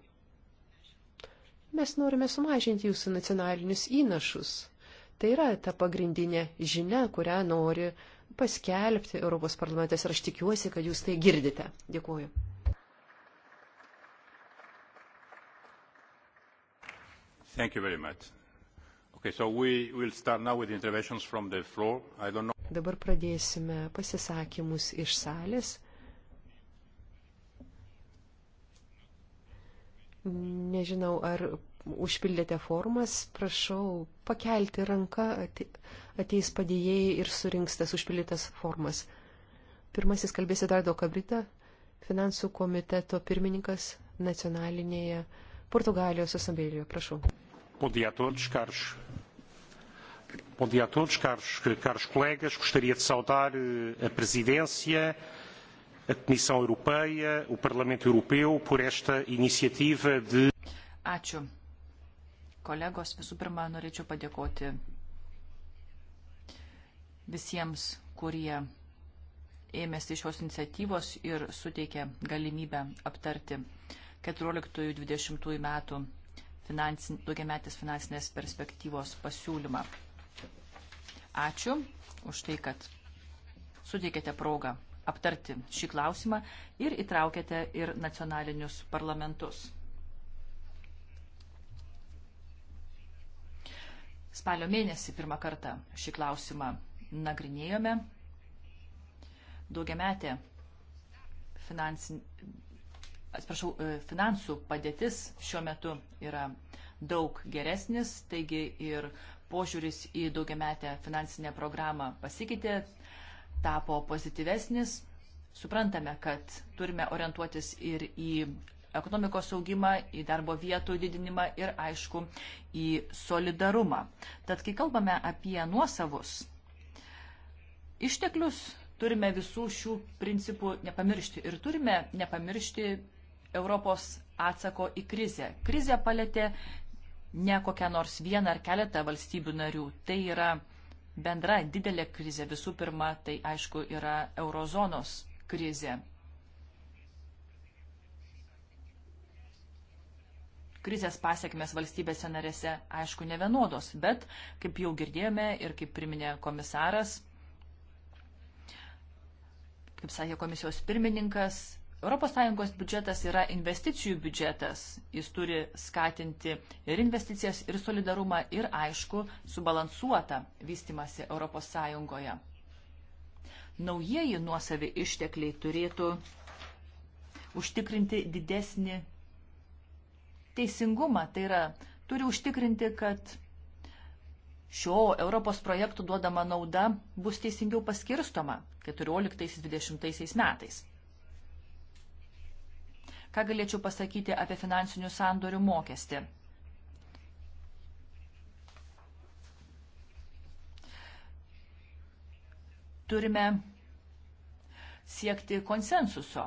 Mes norime sumažinti jūsų nacionalinius įnašus. Tai yra ta pagrindinė žinia, kurią nori paskelbti Europos parlamentas ir aš tikiuosi, kad jūs tai girdite. Dėkuoju. Thank you very much. Okay, so we will start now with interventions from the floor. I don't know. Dabar pradėsime pasisakymus iš salės. Nežinau, ar užpildėte formas, prašau pakelti ranką ateis padėjėjai ir surinks tas užpildytas formas. Pirmasis kalbės Eduardo Kabrita, finansų komiteto pirmininkas nacionalinėje Portugalijos asamblėjoje. Prašau. Bom dia a todos, caros, caros colegas. Gostaria de saudar eh, a Presidência, a Comissão Europeia, o Parlamento Europeu por esta iniciativa de. Ačiū. Kolegos, visų pirma, norėčiau padėkoti visiems, kurie ėmėsi šios iniciatyvos ir suteikė galimybę aptarti 14-20 metų finansin, daugiametės finansinės perspektyvos pasiūlymą. Ačiū už tai, kad suteikėte progą aptarti šį klausimą ir įtraukėte ir nacionalinius parlamentus. Spalio mėnesį pirmą kartą šį klausimą nagrinėjome daugiametė finansin... Atsiprašau, e, finansų padėtis šiuo metu yra daug geresnis, taigi ir požiūris į daugiametę finansinę programą pasikeitė, tapo pozityvesnis. Suprantame, kad turime orientuotis ir į ekonomikos augimą, į darbo vietų didinimą ir, aišku, į solidarumą. Tad, kai kalbame apie nuosavus išteklius, turime visų šių principų nepamiršti ir turime nepamiršti Europos atsako į krizę. Krizė palėtė ne kokią nors vieną ar keletą valstybių narių. Tai yra bendra didelė krizė. Visų pirma, tai aišku yra eurozonos krizė. Krizės pasiekmes valstybėse narėse, aišku, nevienodos, bet, kaip jau girdėjome ir kaip priminė komisaras, Kaip sakė komisijos pirmininkas, ES biudžetas yra investicijų biudžetas. Jis turi skatinti ir investicijas, ir solidarumą, ir aišku, subalansuotą vystimasi ES. Naujieji nuosavi ištekliai turėtų užtikrinti didesnį teisingumą. Tai yra, turi užtikrinti, kad šio Europos projektų duodama nauda bus teisingiau paskirstoma 14-20 metais. Ką galėčiau pasakyti apie finansinių sandorių mokestį? Turime siekti konsensuso.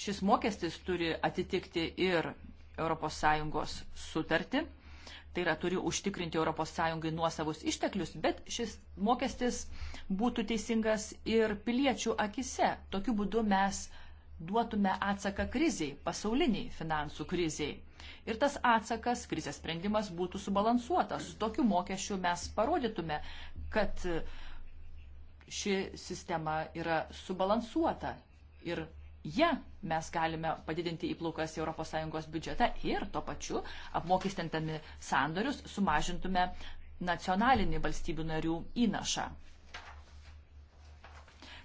Šis mokestis turi atitikti ir ES sutartį tai yra turi užtikrinti ES nuosavus išteklius, bet šis mokestis būtų teisingas ir piliečių akise. Tokiu būdu mes duotume atsaką kriziai, pasauliniai finansų kriziai. Ir tas atsakas, krizės sprendimas būtų subalansuotas. Tokiu mokesčiu mes parodytume, kad ši sistema yra subalansuota ir ja mes galime padidinti įplaukas į ES biudžetą ir tuo pačiu apmokestintami sandorius sumažintume nacionalinį valstybių narių įnašą.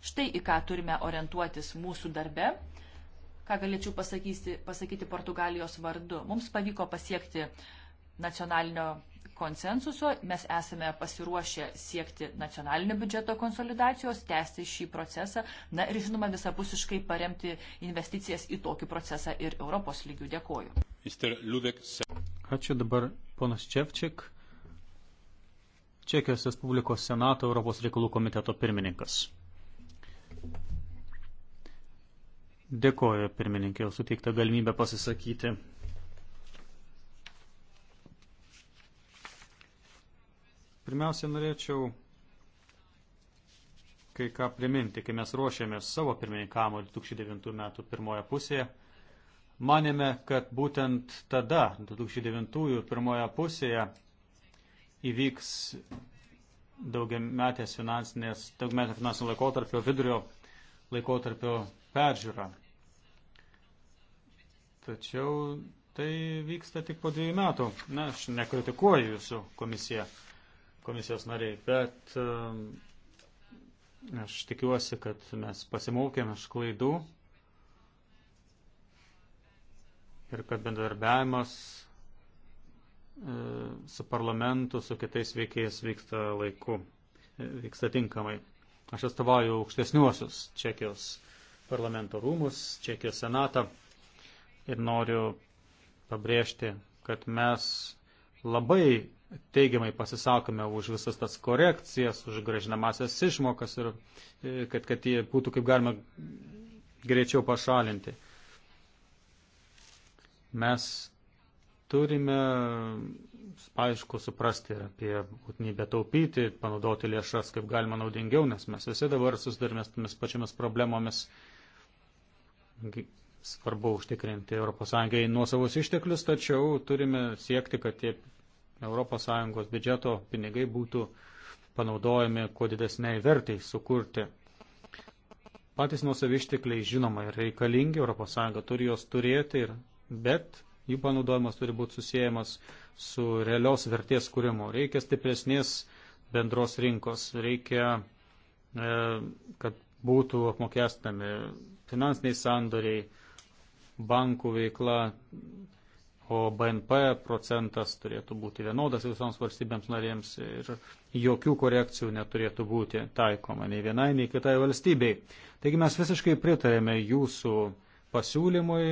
Štai į ką turime orientuotis mūsų darbe, ką galėčiau pasakyti, pasakyti Portugalijos vardu. Mums pavyko pasiekti nacionalinio konsensuso, mes esame pasiruošę siekti nacionalinio biudžeto konsolidacijos, tęsti šį procesą, na ir žinoma visapusiškai paremti investicijas į tokį procesą ir Europos lygių. Dėkoju. Ačiū dabar ponas Čevčik, Čekijos Respublikos Senato Europos reikalų komiteto pirmininkas. Dėkoju pirmininkė, jau suteikta galimybė pasisakyti. Pirmiausia, norėčiau kai ką priminti, kai mes ruošėmės savo pirmininkamo 2009 metų pirmoje pusėje. Manėme, kad būtent tada, 2009 pirmoje pusėje, įvyks daugiametės finansinės, daugiametės finansinio laikotarpio vidurio laikotarpio peržiūra. Tačiau tai vyksta tik po dviejų metų. Na, aš nekritikuoju jūsų komisiją komisijos nariai, bet um, aš tikiuosi, kad mes pasimokėme iš klaidų ir kad bendarbiavimas e, su parlamentu, su kitais veikėjais vyksta laiku, e, vyksta tinkamai. Aš atstovauju aukštesniuosius Čekijos parlamento rūmus, Čekijos senatą ir noriu pabrėžti, kad mes labai teigiamai pasisakome už visas tas korekcijas, už gražinamasias išmokas ir e, kad, kad jie būtų kaip galima greičiau pašalinti. Mes turime, aišku, suprasti ir apie būtinybę taupyti, panaudoti lėšas kaip galima naudingiau, nes mes visi dabar susidarėme tomis pačiamis problemomis. Svarbu užtikrinti ES nuosavus išteklius, tačiau turime siekti, kad tie ES biudžeto pinigai būtų panaudojami kuo didesniai vertai sukurti. Patys nuosavi ištekliai žinoma yra reikalingi, ES turi juos turėti, ir, bet jų panaudojimas turi būti susijęs su realios vertės kūrimu. Reikia stipresnės bendros rinkos, reikia, e, kad būtų apmokestami finansiniai sandoriai, bankų veikla, o BNP procentas turėtų būti vienodas visoms valstybėms narėms ir jokių korekcijų neturėtų būti taikoma nei vienai, nei kitai valstybei. Taigi mes visiškai pritarėme jūsų pasiūlymui,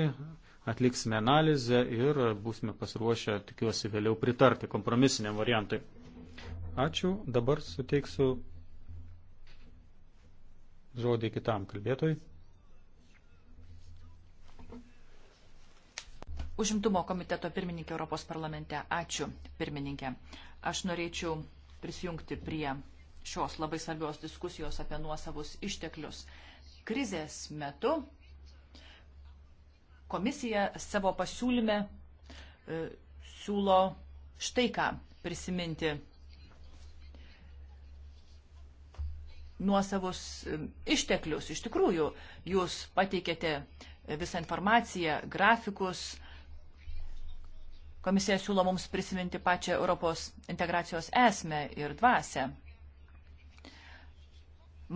atliksime analizę ir būsime pasiruošę, tikiuosi, vėliau pritarti kompromisiniam variantui. Ačiū, dabar suteiksiu žodį kitam kalbėtojui. užimtumo komiteto pirmininkė Europos parlamente. Ačiū, pirmininkė. Aš norėčiau prisijungti prie šios labai svarbios diskusijos apie nuosavus išteklius. Krizės metu komisija savo pasiūlyme e, siūlo štai ką prisiminti nuosavus e, išteklius. Iš tikrųjų, jūs pateikėte visą informaciją, grafikus, Komisija siūlo mums prisiminti pačią Europos integracijos esmę ir dvasę.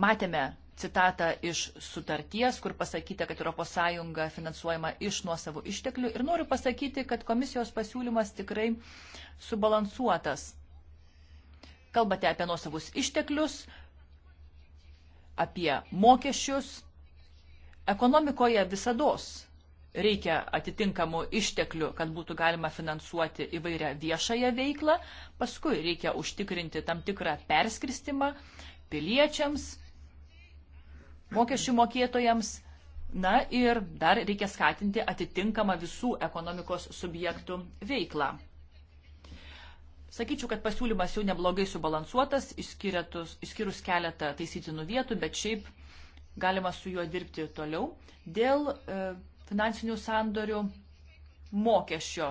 Matėme citatą iš sutarties, kur pasakyta, kad ES finansuojama iš nuosavų išteklių. Ir noriu pasakyti, kad komisijos pasiūlymas tikrai subalansuotas. Kalbate apie nuosavus išteklius, apie mokesčius. Ekonomikoje visados reikia atitinkamų išteklių, kad būtų galima finansuoti įvairią viešąją veiklą, paskui reikia užtikrinti tam tikrą perskristimą piliečiams, mokesčių mokėtojams, na ir dar reikia skatinti atitinkamą visų ekonomikos subjektų veiklą. Sakyčiau, kad pasiūlymas jau neblogai subalansuotas, išskyrus keletą taisytinų vietų, bet šiaip galima su juo dirbti toliau. Dėl e, finansinių sandorių mokesčio.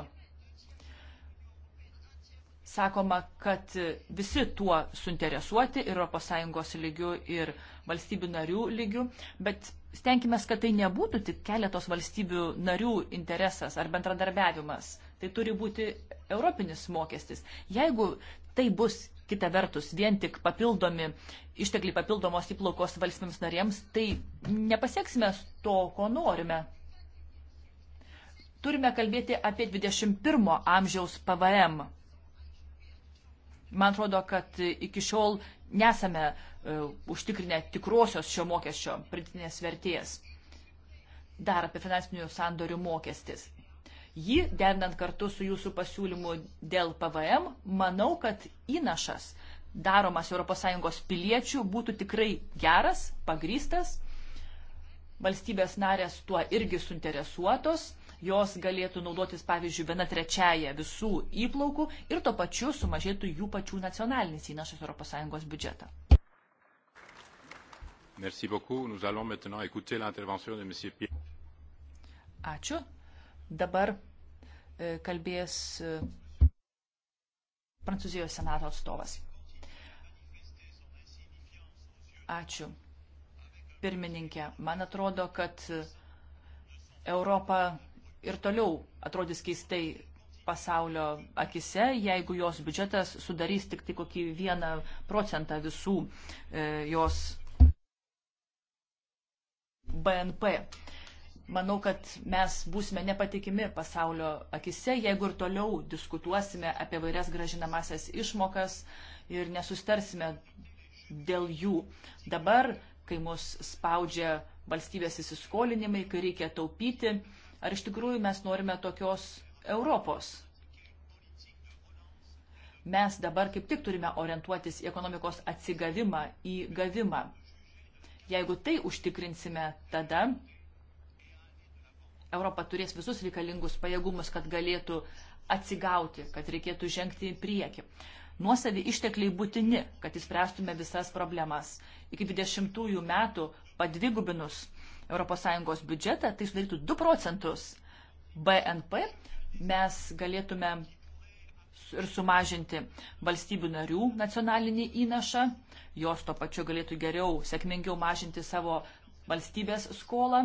Sakoma, kad visi tuo suinteresuoti ir ES lygių, ir valstybių narių lygių, bet stenkime, kad tai nebūtų tik keletos valstybių narių interesas ar bendradarbiavimas. Tai turi būti europinis mokestis. Jeigu tai bus kita vertus vien tik papildomi ištekliai papildomos įplaukos valstybėms narėms, tai nepasieksime to, ko norime turime kalbėti apie 21 amžiaus PVM. Man atrodo, kad iki šiol nesame uh, užtikrinę tikrosios šio mokesčio pridėtinės vertės. Dar apie finansinių sandorių mokestis. Jį, dernant kartu su jūsų pasiūlymu dėl PVM, manau, kad įnašas daromas ES piliečių būtų tikrai geras, pagrystas. Valstybės narės tuo irgi suinteresuotos jos galėtų naudotis, pavyzdžiui, viena trečiaja visų įplaukų ir to pačiu sumažėtų jų pačių nacionalinis įnašas ES biudžetą. Merci beaucoup. Nous allons maintenant écouter l'intervention de M. Pierre. Ačiū. Dabar e, kalbės e, Prancūzijos senato atstovas. Ačiū. Pirmininkė, man atrodo, kad Europa ir toliau atrodys keistai pasaulio akise, jeigu jos biudžetas sudarys tik tai kokį vieną procentą visų e, jos BNP. Manau, kad mes būsime nepatikimi pasaulio akise, jeigu ir toliau diskutuosime apie vairias gražinamasias išmokas ir nesustarsime dėl jų. Dabar, kai mus spaudžia valstybės įsiskolinimai, kai reikia taupyti, Ar iš tikrųjų mes norime tokios Europos? Mes dabar kaip tik turime orientuotis į ekonomikos atsigavimą, į gavimą. Jeigu tai užtikrinsime, tada Europa turės visus reikalingus pajėgumus, kad galėtų atsigauti, kad reikėtų žengti į priekį. Nuosavi ištekliai būtini, kad įspręstume visas problemas. Iki 20 metų padvigubinus ES biudžetą, tai sudarytų 2 procentus BNP, mes galėtume ir sumažinti valstybių narių nacionalinį įnašą, jos to pačiu galėtų geriau, sėkmingiau mažinti savo valstybės skolą.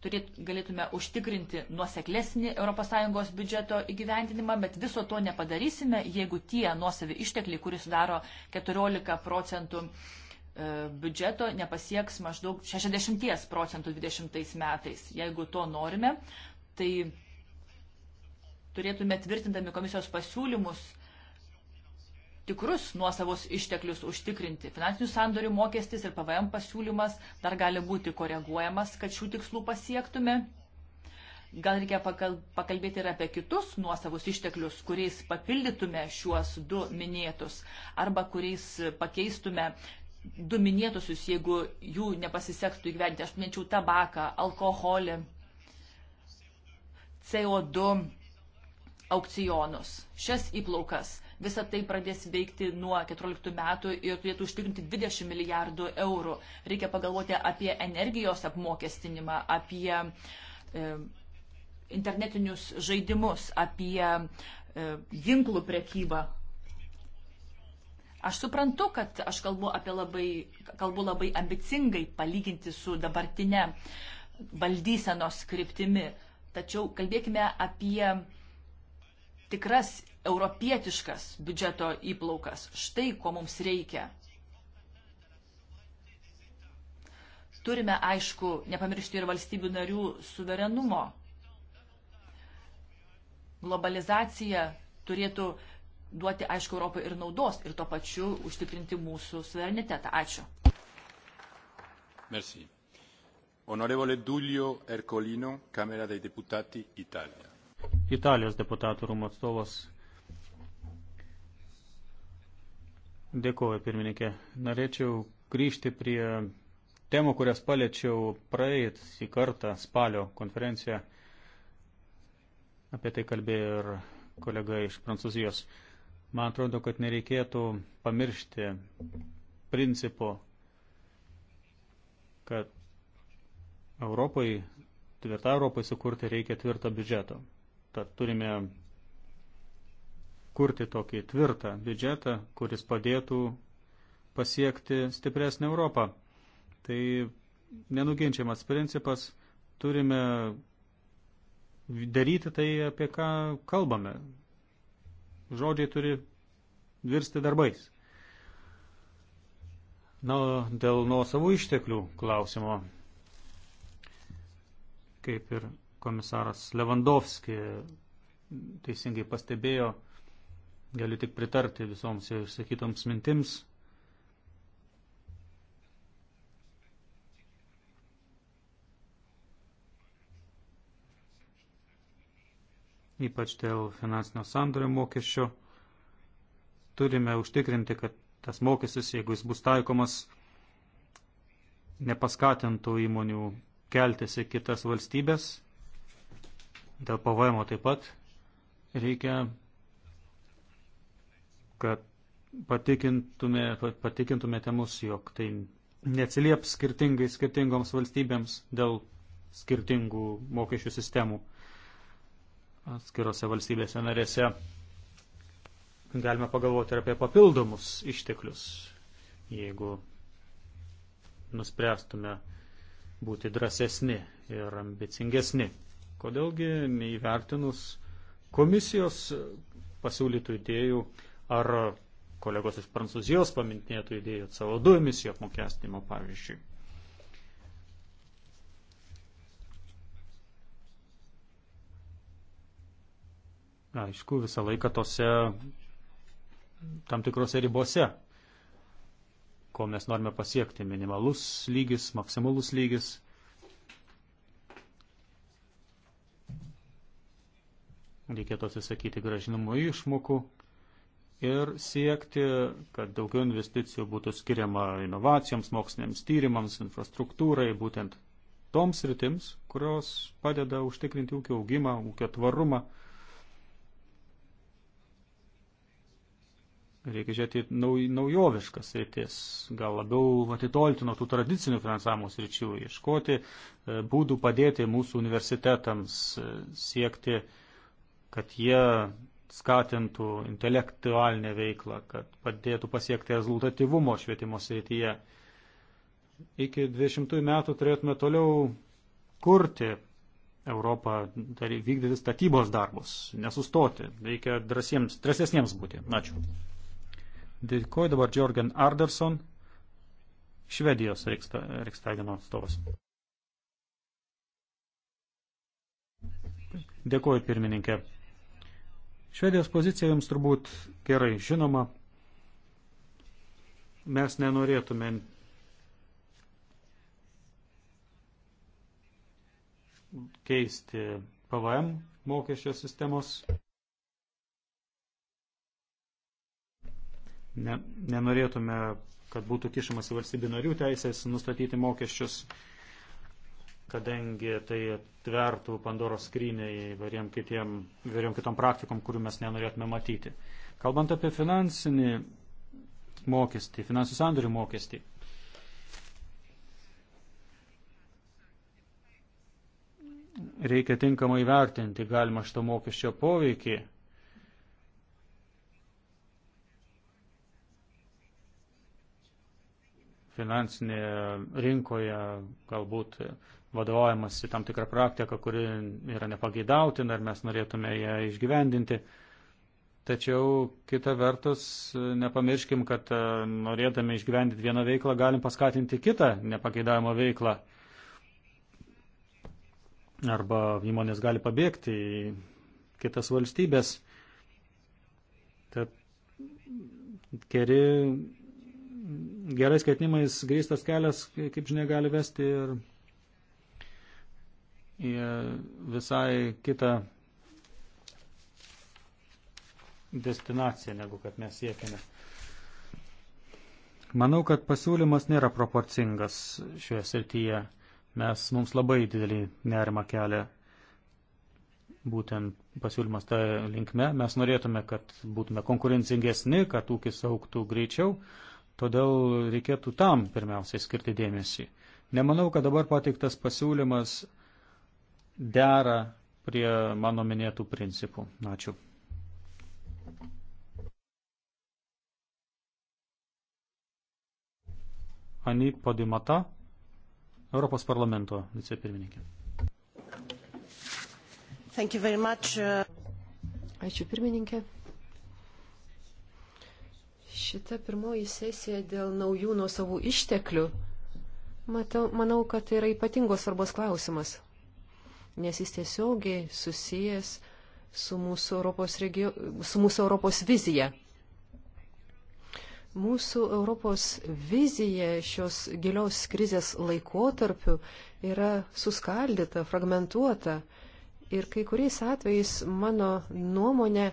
Turėt, galėtume užtikrinti nuoseklesnį ES biudžeto įgyvendinimą, bet viso to nepadarysime, jeigu tie nuosavi ištekliai, kuris sudaro 14 procentų uh, E, biudžeto nepasieks maždaug 60 procentų 20 metais. Jeigu to norime, tai turėtume tvirtindami komisijos pasiūlymus tikrus nuosavos išteklius užtikrinti. Finansinių sandorių mokestis ir PVM pasiūlymas dar gali būti koreguojamas, kad šių tikslų pasiektume. Gal reikia pakalbėti ir apie kitus nuosavus išteklius, kuriais papildytume šiuos du minėtus arba kuriais pakeistume du minėtusius, jeigu jų nepasisektų įgyventi. Aš minėčiau tabaką, alkoholį, CO2 aukcionus. Šias įplaukas visą tai pradės veikti nuo 14 metų ir turėtų užtikrinti 20 milijardų eurų. Reikia pagalvoti apie energijos apmokestinimą, apie e, internetinius žaidimus, apie e, ginklų prekybą Aš suprantu, kad aš kalbu, labai, kalbu labai ambicingai palyginti su dabartinė valdysenos kryptimi, tačiau kalbėkime apie tikras europietiškas biudžeto įplaukas. Štai ko mums reikia. Turime, aišku, nepamiršti ir valstybių narių suverenumo. Globalizacija turėtų duoti, aišku, Europai ir naudos ir tuo pačiu užtikrinti mūsų suverenitetą. Ačiū. Merci. Onorevole Duglio Ercolino, Camera dei Deputati, Italija. Italijos deputatų rūmų atstovas. Dėkuoju, pirmininkė. Norėčiau grįžti prie temų, kurias paliečiau praeitį kartą spalio konferenciją. Apie tai kalbėjo ir kolega iš Prancūzijos. Man atrodo, kad nereikėtų pamiršti principo, kad Europai, tvirtą Europai sukurti reikia tvirtą biudžetą. Tad turime kurti tokį tvirtą biudžetą, kuris padėtų pasiekti stipresnę Europą. Tai nenuginčiamas principas, turime daryti tai, apie ką kalbame žodžiai turi virsti darbais. Na, dėl nuosavų išteklių klausimo, kaip ir komisaras Levandovski teisingai pastebėjo, galiu tik pritarti visoms išsakytoms mintims. ypač dėl finansinio sandorio mokesčio. Turime užtikrinti, kad tas mokestis, jeigu jis bus taikomas, nepaskatintų įmonių keltis į kitas valstybės. Dėl pavojimo taip pat reikia, kad patikintume, patikintumėte mus, jog tai neatsilieps skirtingai skirtingoms valstybėms dėl skirtingų mokesčių sistemų atskirose valstybėse narėse. Galime pagalvoti ir apie papildomus išteklius, jeigu nuspręstume būti drąsesni ir ambicingesni. Kodėlgi neįvertinus komisijos pasiūlytų idėjų ar kolegos iš Prancūzijos paminėtų idėjų CO2 emisijų apmokestinimo pavyzdžiui. Aišku, visą laiką tose tam tikrose ribose, ko mes norime pasiekti. Minimalus lygis, maksimalus lygis. Reikėtų atsisakyti gražinimo išmokų ir siekti, kad daugiau investicijų būtų skiriama inovacijoms, moksliniams tyrimams, infrastruktūrai, būtent toms rytims, kurios padeda užtikrinti ūkio augimą, ūkio tvarumą. Reikia žiūrėti nauj, naujoviškas sritis, gal labiau atitolti nuo tų tradicinių finansavimo sričių, ieškoti e, būdų padėti mūsų universitetams, e, siekti, kad jie skatintų intelektualinę veiklą, kad padėtų pasiekti rezultatyvumo švietimo srityje. Iki 20 metų turėtume toliau kurti Europą vykdyti statybos darbus, nesustoti. Reikia drąsiems, drąsesniems būti. Ačiū. Dėkuoju dabar Jorgen Arderson, Švedijos Rikstageno atstovas. Dėkuoju pirmininkė. Švedijos pozicija jums turbūt gerai žinoma. Mes nenorėtume keisti PVM mokesčio sistemos. ne, nenorėtume, kad būtų kišamas į valstybių narių teisės nustatyti mokesčius, kadangi tai atvertų Pandoros skrynę įvairiam kitiem, įvairiam kitom praktikom, kurių mes nenorėtume matyti. Kalbant apie finansinį mokestį, finansų sandorių mokestį. Reikia tinkamai vertinti galima šito mokesčio poveikį finansinėje rinkoje galbūt vadovaujamas į tam tikrą praktiką, kuri yra nepageidautina ir mes norėtume ją išgyvendinti. Tačiau kita vertus, nepamirškim, kad e, norėdami išgyvendinti vieną veiklą, galim paskatinti kitą nepageidaujamą veiklą. Arba įmonės gali pabėgti į kitas valstybės. Tad geri gerais ketinimais grįstas kelias, kaip žinia, gali vesti ir į e, visai kitą destinaciją, negu kad mes siekime. Manau, kad pasiūlymas nėra proporcingas šioje srityje, nes mums labai didelį nerimą kelia būtent pasiūlymas tą linkme. Mes norėtume, kad būtume konkurencingesni, kad ūkis auktų greičiau, Todėl reikėtų tam pirmiausiai skirti dėmesį. Nemanau, kad dabar pateiktas pasiūlymas dera prie mano minėtų principų. Ačiū. Ani Podimata, Europos parlamento vicepirmininkė. Uh, Ačiū pirmininkė. Šita pirmoji sesija dėl naujų nuo savų išteklių, matau, manau, kad tai yra ypatingos svarbos klausimas, nes jis tiesiogiai susijęs su mūsų Europos, regio, su mūsų Europos vizija. Mūsų Europos vizija šios gilios krizės laikotarpiu yra suskaldyta, fragmentuota Ir kai kuriais atvejais, mano nuomonė,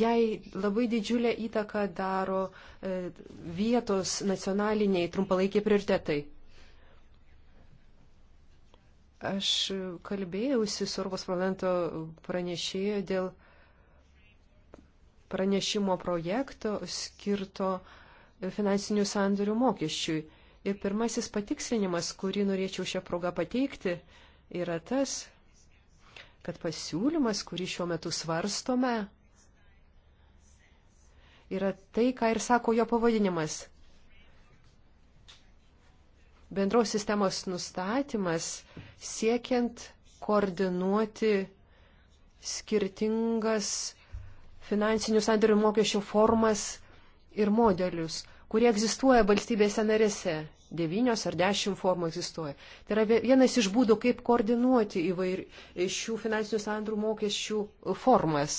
jai labai didžiulę įtaką daro e, vietos nacionaliniai trumpalaikiai prioritetai. Aš kalbėjausi su Europos parlamento pranešėjo dėl pranešimo projekto skirto finansinių sandorių mokesčiui. Ir pirmasis patikslinimas, kurį norėčiau šią progą pateikti, yra tas, kad pasiūlymas, kurį šiuo metu svarstome, yra tai, ką ir sako jo pavadinimas. Bendros sistemos nustatymas siekiant koordinuoti skirtingas finansinių sandarių mokesčių formas ir modelius, kurie egzistuoja valstybėse narėse devynios ar dešimt formų egzistuoja. Tai yra vienas iš būdų, kaip koordinuoti įvairių šių finansinių sandrų mokesčių formas.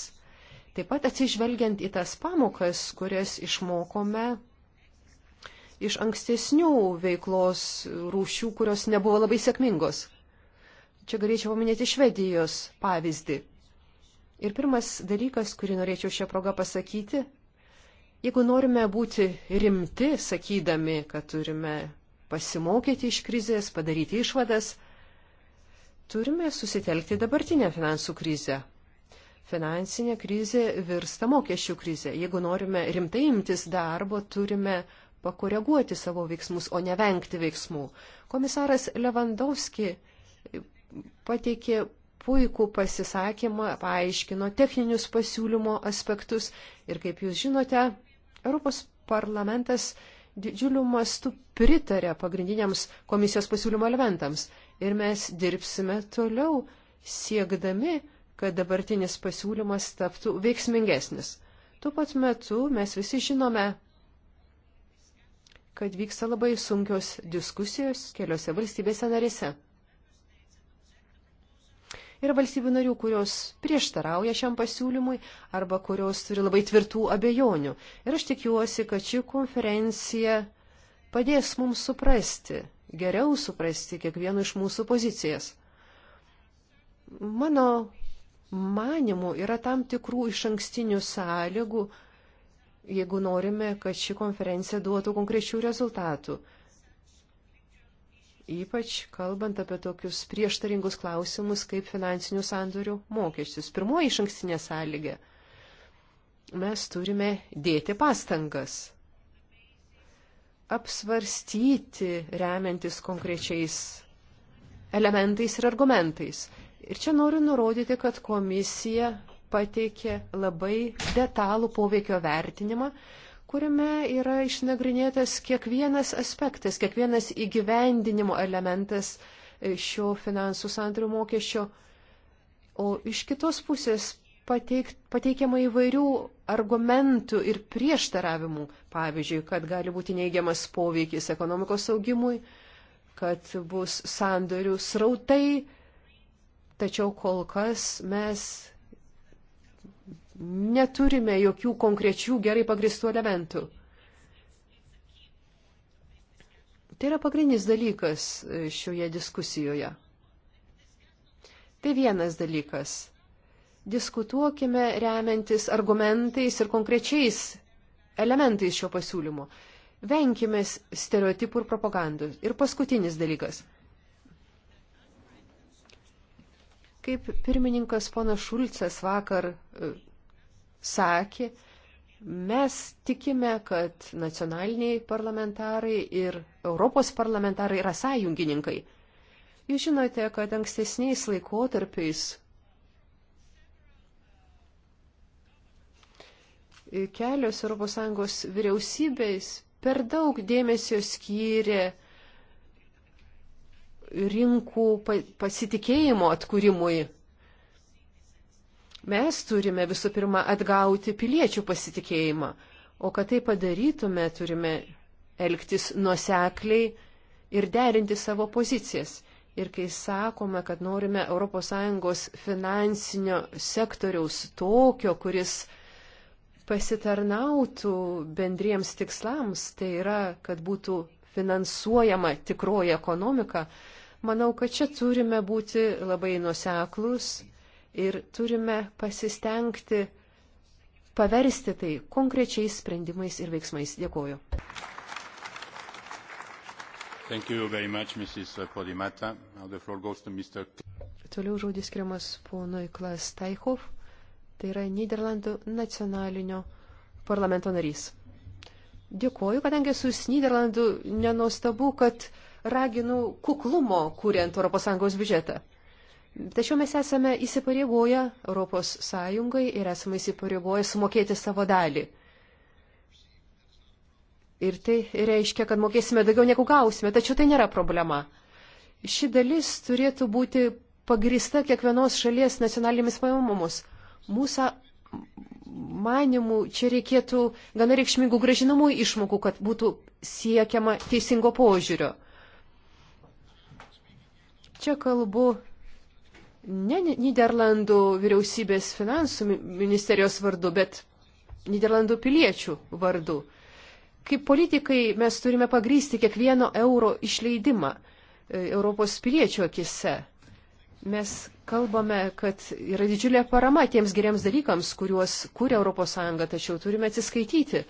Taip pat atsižvelgiant į tas pamokas, kurias išmokome iš ankstesnių veiklos rūšių, kurios nebuvo labai sėkmingos. Čia galėčiau paminėti Švedijos pavyzdį. Ir pirmas dalykas, kurį norėčiau šią progą pasakyti, jeigu norime būti rimti, sakydami, kad turime pasimokyti iš krizės, padaryti išvadas, turime susitelkti dabartinę finansų krizę. Finansinė krizė virsta mokesčių krizė. Jeigu norime rimtai imtis darbo, turime pakoreguoti savo veiksmus, o ne vengti veiksmų. Komisaras Levandovski pateikė puikų pasisakymą, paaiškino techninius pasiūlymo aspektus ir, kaip jūs žinote, Europos parlamentas didžiuliu mastu pritarė pagrindiniams komisijos pasiūlymo elementams ir mes dirbsime toliau siekdami, kad dabartinis pasiūlymas taptų veiksmingesnis. Tuo pat metu mes visi žinome, kad vyksta labai sunkios diskusijos keliose valstybėse narėse. Yra valstybių narių, kurios prieštarauja šiam pasiūlymui arba kurios turi labai tvirtų abejonių. Ir aš tikiuosi, kad ši konferencija padės mums suprasti, geriau suprasti kiekvieno iš mūsų pozicijas. Mano manimu yra tam tikrų iš ankstinių sąlygų, jeigu norime, kad ši konferencija duotų konkrečių rezultatų ypač kalbant apie tokius prieštaringus klausimus kaip finansinių sandorių mokesčius. Pirmoji iš ankstinė sąlyga - mes turime dėti pastangas, apsvarstyti remiantis konkrečiais elementais ir argumentais. Ir čia noriu nurodyti, kad komisija pateikė labai detalų poveikio vertinimą, kuriame yra išnagrinėtas kiekvienas aspektas, kiekvienas įgyvendinimo elementas e, šio finansų santrių mokesčio. O iš kitos pusės pateik, pateikiama įvairių argumentų ir prieštaravimų, pavyzdžiui, kad gali būti neigiamas poveikis ekonomikos augimui, kad bus sandorių srautai, tačiau kol kas mes neturime jokių konkrečių gerai pagristų elementų. Tai yra pagrindinis dalykas e, šioje diskusijoje. Tai vienas dalykas. Diskutuokime remiantis argumentais ir konkrečiais elementais šio pasiūlymo. Venkime stereotipų ir propagandos. Ir paskutinis dalykas. Kaip pirmininkas ponas Šulcas vakar e, sakė, mes tikime, kad nacionaliniai parlamentarai ir Europos parlamentarai yra sąjungininkai. Jūs žinote, kad ankstesniais laikotarpiais kelios ES vyriausybės per daug dėmesio skyrė rinkų pasitikėjimo atkūrimui Mes turime visų pirma atgauti piliečių pasitikėjimą, o kad tai padarytume, turime elgtis nuosekliai ir derinti savo pozicijas. Ir kai sakome, kad norime ES finansinio sektoriaus tokio, kuris pasitarnautų bendriems tikslams, tai yra, kad būtų finansuojama tikroji ekonomika, manau, kad čia turime būti labai nuseklus ir turime pasistengti paversti tai konkrečiais sprendimais ir veiksmais. Dėkuoju. Much, Toliau žodis skiriamas ponui Klas Taichov, tai yra Niderlandų nacionalinio parlamento narys. Dėkuoju, kadangi esu iš Niderlandų, nenostabu, kad raginu kuklumo, kuriant ES biudžetą. Tačiau mes esame įsipareigoję Europos Sąjungai ir esame įsipareigoję sumokėti savo dalį. Ir tai reiškia, kad mokėsime daugiau negu gausime, tačiau tai nėra problema. Ši dalis turėtų būti pagrista kiekvienos šalies nacionalinėmis pajamomis. Mūsų manimų čia reikėtų gana reikšmingų gražinamų išmokų, kad būtų siekiama teisingo požiūrio. Čia kalbu ne Niderlandų vyriausybės finansų ministerijos vardu, bet Niderlandų piliečių vardu. Kaip politikai mes turime pagrysti kiekvieno euro išleidimą e, Europos piliečių akise. Mes kalbame, kad yra didžiulė parama tiems geriems dalykams, kuriuos kūrė ES, tačiau turime atsiskaityti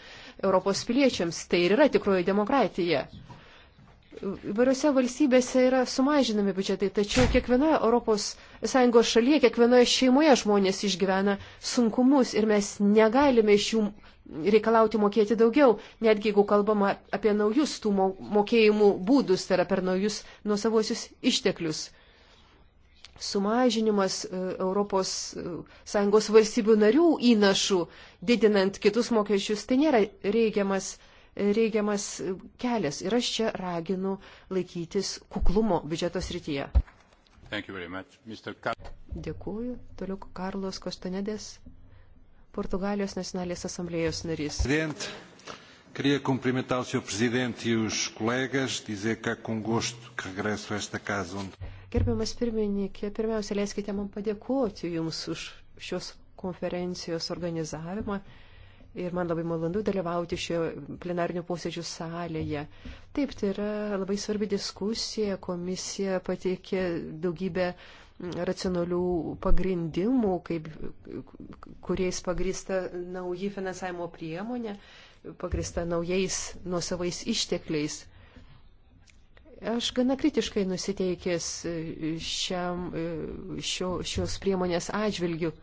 Europos piliečiams. Tai ir yra tikroji demokratija. Įvairiose valstybėse yra sumažinami biudžetai, tačiau kiekvienoje ES šalyje, kiekvienoje šeimoje žmonės išgyvena sunkumus ir mes negalime iš jų reikalauti mokėti daugiau, netgi jeigu kalbama apie naujus tų mokėjimų būdus, tai yra per naujus nuosavosius išteklius. Sumažinimas ES e, valstybių narių įnašų, didinant kitus mokesčius, tai nėra reikiamas reikiamas kelias. Ir aš čia raginu laikytis kuklumo biudžeto srityje. Dėkuoju. Toliau Karlos Kostanedės, Portugalijos nacionalinės asamblėjos narys. Presidente. Queria cumprimentar o Sr. Presidente e os colegas, dizer que há com gosto que regresso a esta casa onde. Gerbiamas pirmininkė, pirmiausia, leiskite man padėkoti Jums už šios konferencijos organizavimą. Uh, ir man labai malonu dalyvauti šio plenarnių posėdžių salėje. Taip, tai yra labai svarbi diskusija, komisija pateikė daugybę racionalių pagrindimų, kaip, kuriais pagrįsta nauji finansavimo priemonė, pagrįsta naujais nuosavais ištekliais. Aš gana kritiškai nusiteikęs šiam, šio, šios priemonės atžvilgiu.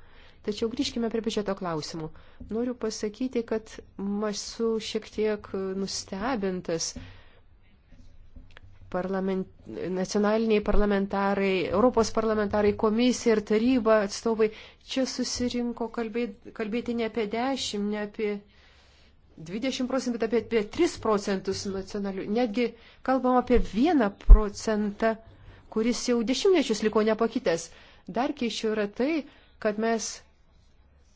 Tačiau grįžkime prie biudžeto klausimų. Noriu pasakyti, kad esu šiek tiek nustebintas. Parlament, nacionaliniai parlamentarai, Europos parlamentarai, komisija ir taryba atstovai čia susirinko kalbėti, kalbėti ne apie 10, ne apie 20 procentų, bet apie, apie 3 procentus nacionalių. Netgi kalbam apie 1 procentą, kuris jau dešimtmečius liko nepakitęs. Dar keiščiau yra tai, kad mes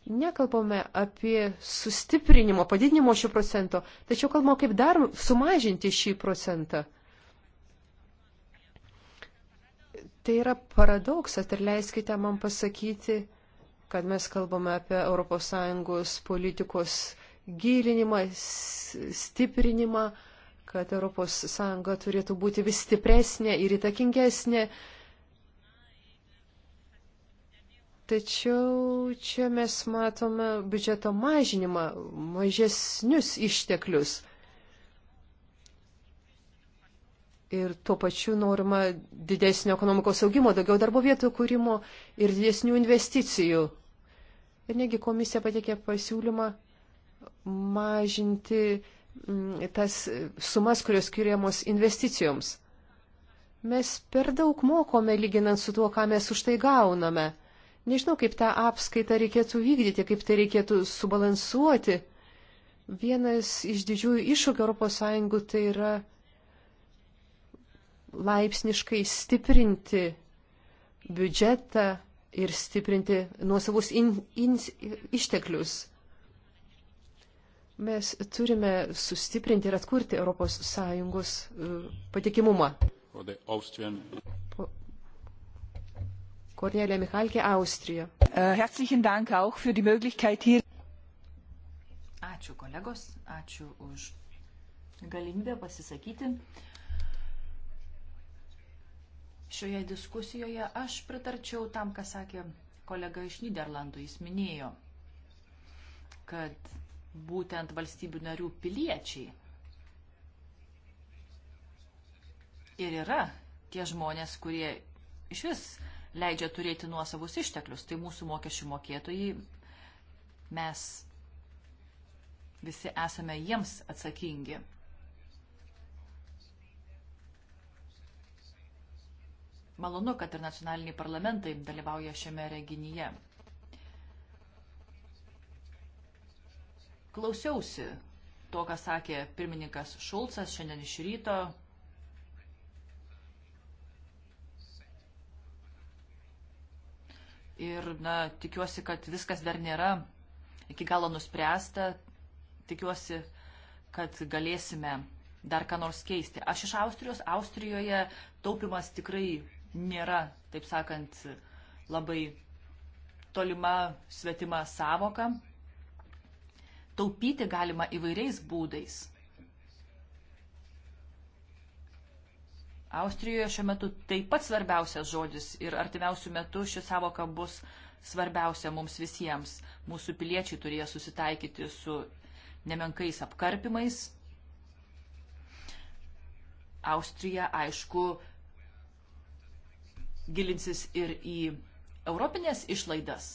nekalbame apie sustiprinimo, padidinimo šio procento, tačiau kalbame, kaip dar sumažinti šį procentą. Tai yra paradoksas ir tai leiskite man pasakyti, kad mes kalbame apie ES politikos gilinimą, stiprinimą, kad ES turėtų būti vis stipresnė ir įtakingesnė. Tačiau čia mes matome biudžeto mažinimą, mažesnius išteklius. Ir tuo pačiu norima didesnio ekonomikos augimo, daugiau darbo vietų kūrimo ir didesnių investicijų. Ir negi komisija patikė pasiūlymą mažinti mm, tas sumas, kurios skiriamos investicijoms. Mes per daug mokome lyginant su tuo, ką mes už tai gauname. Nežinau, kaip tą apskaitą reikėtų vykdyti, kaip tai reikėtų subalansuoti. Vienas iš didžiųjų iššūkių ES tai yra laipsniškai stiprinti biudžetą ir stiprinti nuosavus in, in, išteklius. Mes turime sustiprinti ir atkurti ES e, patikimumą. Po Kornelija Michalkė, Austrija. Äh, ačiū kolegos, ačiū už galimybę pasisakyti. Šioje diskusijoje aš pritarčiau tam, ką sakė kolega iš Niderlandų. Jis minėjo, kad būtent valstybių narių piliečiai ir yra tie žmonės, kurie iš vis leidžia turėti nuosavus išteklius. Tai mūsų mokesčių mokėtojai, mes visi esame jiems atsakingi. Malonu, kad ir nacionaliniai parlamentai dalyvauja šiame reginyje. Klausiausi to, ką sakė pirmininkas Šulcas šiandien iš ryto ir na, tikiuosi, kad viskas dar nėra iki galo nuspręsta. Tikiuosi, kad galėsime dar ką nors keisti. Aš iš Austrijos. Austrijoje taupimas tikrai nėra, taip sakant, labai tolima svetima savoka. Taupyti galima įvairiais būdais. Austrijoje šiuo metu taip pat svarbiausias žodis ir artimiausių metų ši savoka bus svarbiausia mums visiems. Mūsų piliečiai turėjo susitaikyti su nemenkais apkarpimais. Austrija, aišku, gilinsis ir į europinės išlaidas,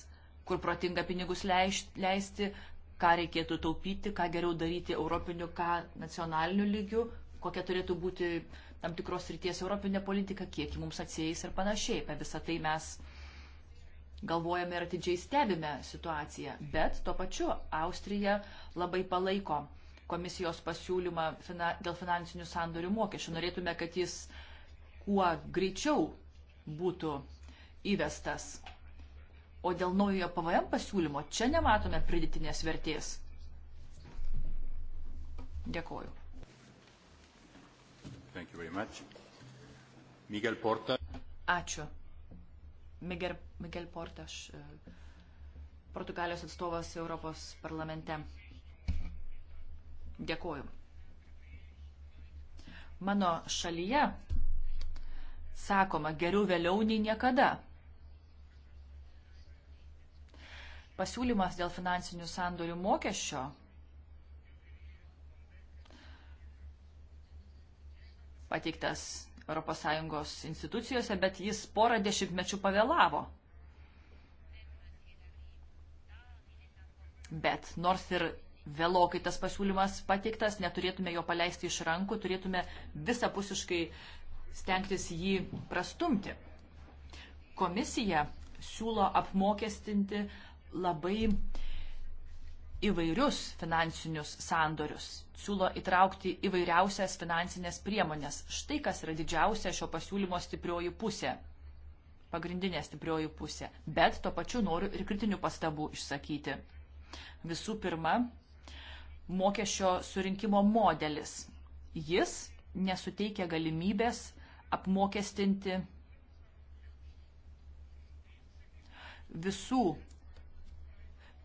kur protinga pinigus leisti, ką reikėtų taupyti, ką geriau daryti europiniu, ką nacionaliniu lygiu, kokia turėtų būti uh, tam tikros ryties europinė politika, kiek ji mums atsieis ir panašiai. Apie visą tai mes galvojame ir atidžiai stebime situaciją, bet tuo pačiu Austrija labai palaiko komisijos pasiūlymą fina, dėl finansinių sandorių mokesčių. Norėtume, kad jis kuo greičiau būtų įvestas. O dėl naujojo PVM pasiūlymo čia nematome pridėtinės vertės. Dėkoju. Thank you very much. Miguel Porta. Ačiū. Miguel, Miguel Portas, e, Portugalijos atstovas Europos parlamente. Dėkuoju. Mano šalyje sakoma geriau vėliau nei niekada. Pasiūlymas dėl finansinių sandorių mokesčio pateiktas ES institucijose, bet jis porą dešimtmečių pavėlavo. Bet nors ir vėlokai tas pasiūlymas pateiktas, neturėtume jo paleisti iš rankų, turėtume visapusiškai stengtis jį prastumti. Komisija siūlo apmokestinti labai uh, įvairius finansinius sandorius, siūlo įtraukti įvairiausias finansinės priemonės. Štai kas yra didžiausia šio pasiūlymo stiprioji pusė, pagrindinė stiprioji pusė. Bet tuo pačiu noriu ir kritinių pastabų išsakyti. Visų pirma, mokesčio surinkimo modelis. Jis nesuteikia galimybės apmokestinti visų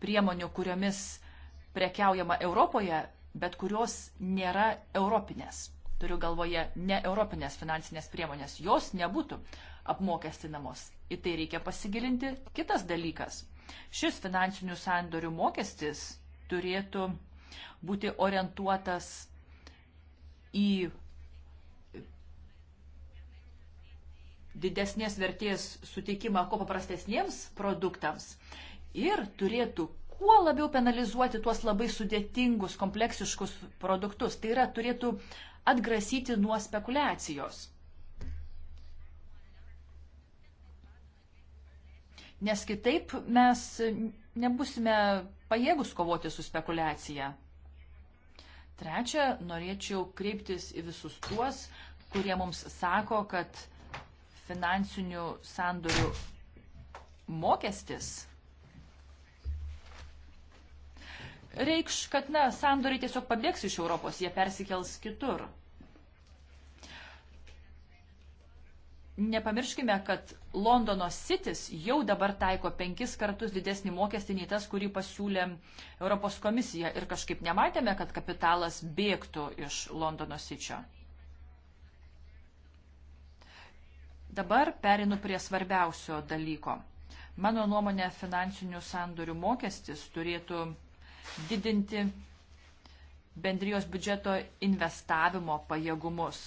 priemonių, kuriomis prekiaujama Europoje, bet kurios nėra europinės. Turiu galvoje ne europinės finansinės priemonės, jos nebūtų apmokestinamos. Į tai reikia pasigilinti. Kitas dalykas. Šis finansinių sandorių mokestis turėtų būti orientuotas į didesnės vertės suteikimą ko paprastesniems produktams ir turėtų kuo labiau penalizuoti tuos labai sudėtingus, kompleksiškus produktus. Tai yra, turėtų atgrasyti nuo spekulacijos. Nes kitaip mes nebusime pajėgus kovoti su spekulacija. Trečia, norėčiau kreiptis į visus tuos, kurie mums sako, kad finansinių sandorių mokestis reikš, kad na, sandoriai tiesiog pabėgs iš Europos, jie persikels kitur. Nepamirškime, kad Londono sitis jau dabar taiko penkis kartus didesnį mokestį nei tas, kurį pasiūlė Europos komisija ir kažkaip nematėme, kad kapitalas bėgtų iš Londono sičio. Dabar perinu prie svarbiausio dalyko. Mano nuomonė, finansinių sandorių mokestis turėtų didinti bendrijos biudžeto investavimo pajėgumus.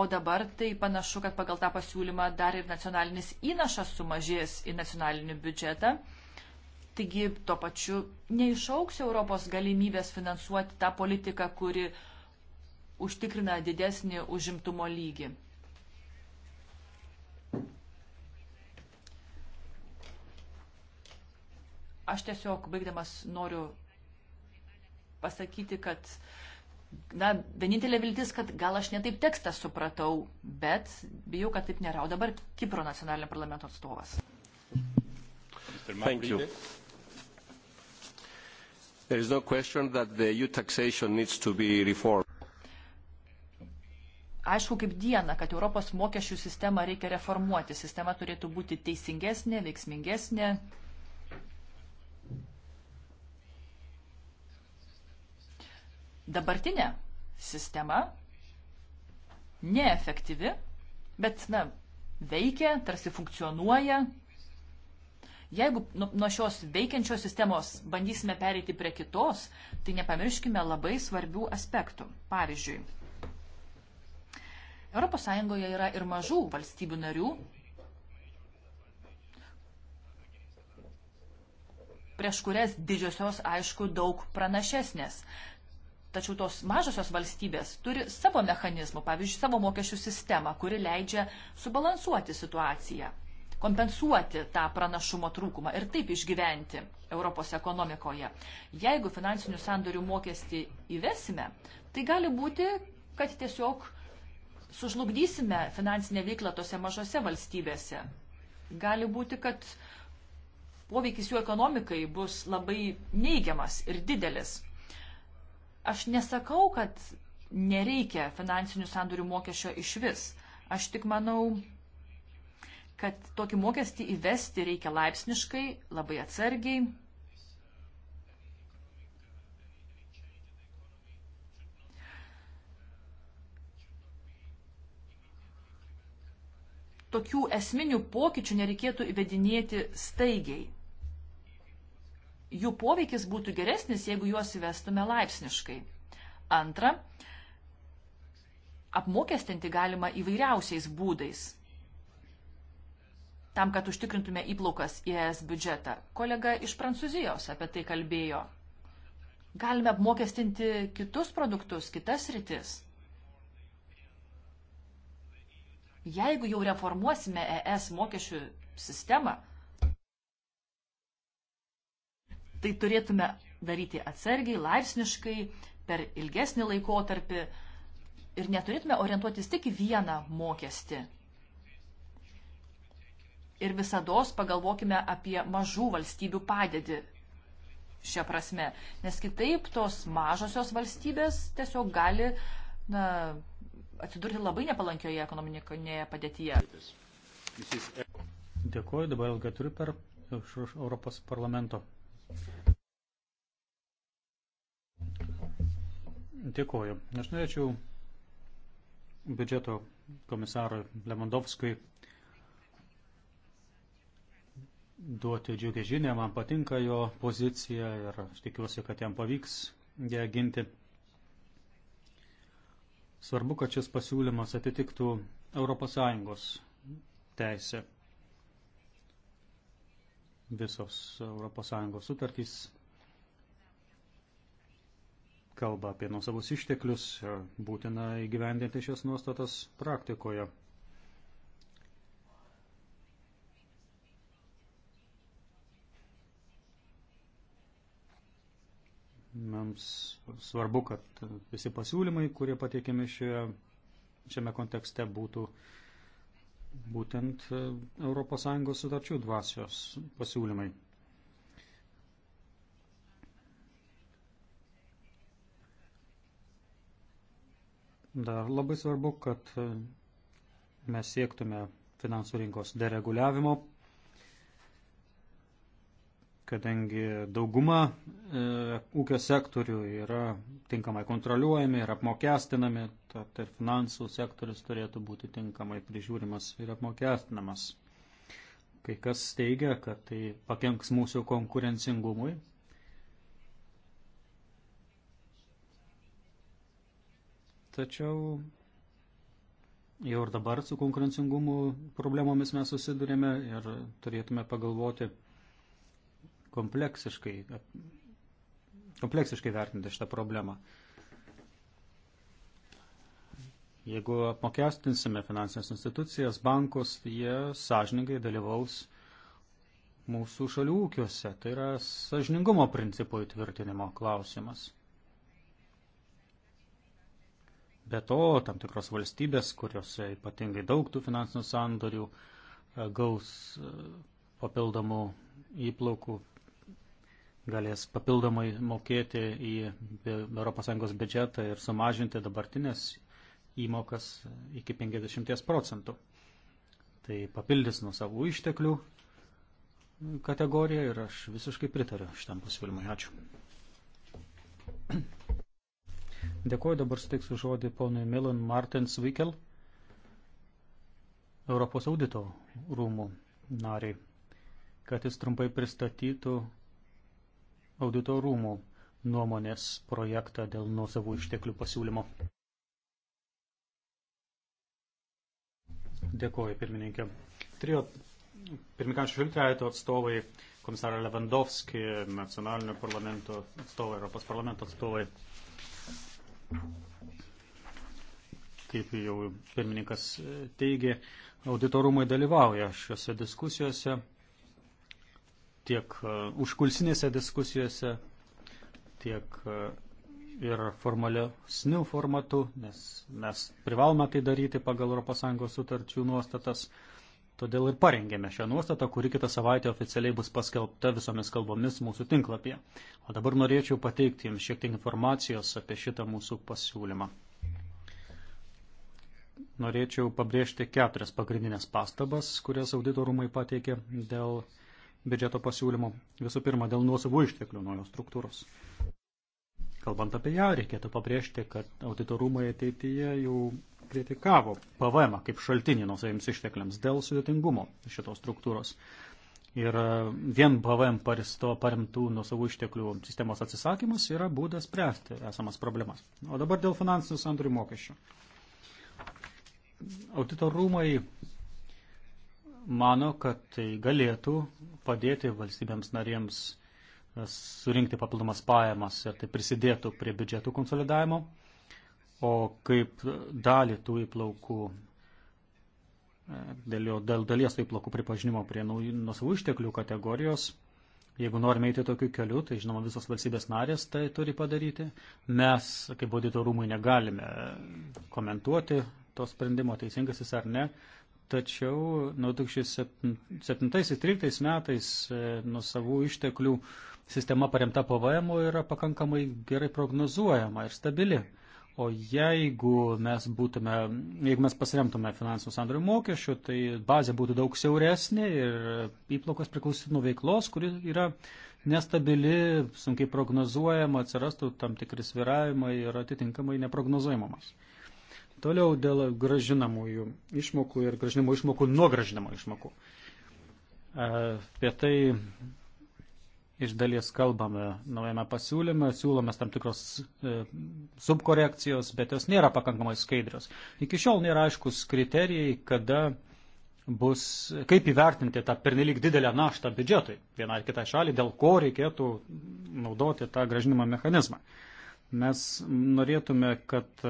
O dabar tai panašu, kad pagal tą pasiūlymą dar ir nacionalinis įnašas sumažės į nacionalinį biudžetą. Taigi tuo pačiu neišauks Europos galimybės finansuoti tą politiką, kuri užtikrina didesnį užimtumo lygį. Aš tiesiog baigdamas noriu pasakyti, kad na, vienintelė viltis, kad gal aš netaip tekstą supratau, bet bijau, kad taip nėra. O dabar Kipro nacionalinio parlamento atstovas. Thank you. There is no question that the EU taxation needs to be reformed. Aišku, kaip diena, kad Europos mokesčių sistemą reikia reformuoti. Sistema turėtų būti teisingesnė, veiksmingesnė, dabartinė sistema neefektyvi, bet, na, veikia, tarsi funkcionuoja. Jeigu nu, nuo šios veikiančios sistemos bandysime pereiti prie kitos, tai nepamirškime labai svarbių aspektų. Pavyzdžiui, ES yra ir mažų valstybių narių, prieš kurias didžiosios, aišku, daug pranašesnės. Tačiau tos mažosios valstybės turi savo mechanizmų, pavyzdžiui, savo mokesčių sistemą, kuri leidžia subalansuoti situaciją, kompensuoti tą pranašumo trūkumą ir taip išgyventi Europos ekonomikoje. Jeigu finansinių sandorių mokestį įvesime, tai gali būti, kad tiesiog sužlugdysime finansinę veiklą tose mažose valstybėse. Gali būti, kad poveikis jų ekonomikai bus labai neigiamas ir didelis. Aš nesakau, kad nereikia finansinių sandorių mokesčio iš vis. Aš tik manau, kad tokį mokestį įvesti reikia laipsniškai, labai atsargiai. Tokių esminių pokyčių nereikėtų įvedinėti staigiai jų poveikis būtų geresnis, jeigu juos įvestume laipsniškai. Antra, apmokestinti galima įvairiausiais būdais tam, kad užtikrintume įplaukas į ES biudžetą. Kolega iš Prancūzijos apie tai kalbėjo. Galime apmokestinti kitus produktus, kitas rytis. Jeigu jau reformuosime ES mokesčių sistemą, tai turėtume daryti atsargiai, laipsniškai, per ilgesnį laikotarpį ir neturėtume orientuotis tik į vieną mokestį. Ir visada pagalvokime apie mažų valstybių padėtį šią prasme, nes kitaip tos mažosios valstybės tiesiog gali na, atsidurti labai nepalankioje ekonominėje padėtyje. Dėkuoju, dabar ilgai turiu per Europos parlamento Dėkuoju. Aš norėčiau biudžeto komisarui Lemandovskui duoti džiugę žinę. Man patinka jo pozicija ir aš tikiuosi, kad jam pavyks ją ginti. Svarbu, kad šis pasiūlymas atitiktų ES teisę. Visos ES sutartys kalba apie nuosavus išteklius ir būtina įgyvendinti šias nuostatas praktikoje. Mums svarbu, kad visi pasiūlymai, kurie pateikiami šioje, šiame kontekste, būtų uh, būtent ES sutarčių dvasios pasiūlymai. Dar labai svarbu, kad e, mes siektume finansų rinkos dereguliavimo kadangi dauguma e, ūkio sektorių yra tinkamai kontroliuojami ir apmokestinami, tad ir finansų sektorius turėtų būti tinkamai prižiūrimas ir apmokestinamas. Kai kas teigia, kad tai pakenks mūsų konkurencingumui. Tačiau jau ir dabar su konkurencingumu problemomis mes susidurėme ir turėtume pagalvoti, kompleksiškai, kompleksiškai vertinti šitą problemą. Jeigu apmokestinsime finansinės institucijas, bankus, jie sąžiningai dalyvaus mūsų šalių ūkiuose. Tai yra sažiningumo principų įtvirtinimo klausimas. Be to, tam tikros valstybės, kuriuose ypatingai daug tų finansinių sandorių, e, gaus e, papildomų įplaukų galės papildomai mokėti į ES biudžetą ir sumažinti dabartinės įmokas iki 50 procentų. Tai papildys nuo savų išteklių kategoriją ir aš visiškai pritariu šitam pasiūlymui. Ačiū. Dėkuoju, dabar suteiksiu žodį ponui Milon Martins Vikel, Europos audito rūmų nariai, kad jis trumpai pristatytų audito rūmų nuomonės projektą dėl nuosavų išteklių pasiūlymo. Dėkuoju, pirmininkė. Trio pirmininkančių šiltrėto atstovai, komisarą Lewandowski, nacionalinio parlamento atstovai, Europos parlamento atstovai. Kaip jau pirmininkas teigė, auditorumai dalyvauja šiuose diskusijose tiek e, užkulsinėse diskusijose, tiek e, ir formalesnių formatų, nes mes privalome tai daryti pagal ES sutarčių nuostatas. Todėl ir parengėme šią nuostatą, kuri kitą savaitę oficialiai bus paskelbta visomis kalbomis mūsų tinklapyje. O dabar norėčiau pateikti Jums šiek tiek informacijos apie šitą mūsų pasiūlymą. Norėčiau pabrėžti keturias pagrindinės pastabas, kurias auditorumai pateikė dėl biudžeto pasiūlymo. Visų pirma, dėl nuosavų išteklių naujos struktūros. Kalbant apie ją, reikėtų pabrėžti, kad auditorumai ateityje jau kritikavo PVM kaip šaltinį nuosaviems ištekliams dėl sudėtingumo šitos struktūros. Ir e, vien PVM paristo paremtų nuosavų išteklių sistemos atsisakymas yra būdas spręsti esamas problemas. O dabar dėl finansinių sandorių mokesčių. Audito rūmai mano, kad tai galėtų padėti valstybėms narėms e, surinkti papildomas pajamas ir tai prisidėtų prie biudžetų konsolidavimo, o kaip dalį tų įplaukų, e, dėl, jo, dėl dalies tų įplaukų pripažinimo prie nusavų išteklių kategorijos, jeigu norime eiti tokiu keliu, tai žinoma visos valstybės narės tai turi padaryti. Mes, kaip audito rūmai, negalime komentuoti to sprendimo, teisingas jis ar ne, Tačiau nuo 2007-2013 metais e, nuo savų išteklių sistema paremta PVM yra pakankamai gerai prognozuojama ir stabili. O jeigu mes, būtume, jeigu mes pasiremtume finansų sandorių mokesčių, tai bazė būtų daug siauresnė ir įplokos priklausytų nuo veiklos, kuri yra nestabili, sunkiai prognozuojama, atsirastų tam tikri sviravimai ir atitinkamai neprognozuojamas. Toliau dėl gražinamųjų išmokų ir gražinamų išmokų nuo gražinamų išmokų. Apie tai iš dalies kalbame naujame pasiūlyme, siūlomas tam tikros e, subkorekcijos, bet jos nėra pakankamai skaidrios. Iki šiol nėra aiškus kriterijai, kada bus, kaip įvertinti tą pernelyg didelę naštą biudžetui vienai ar kitai šaliai, dėl ko reikėtų naudoti tą gražinimo mechanizmą. Mes norėtume, kad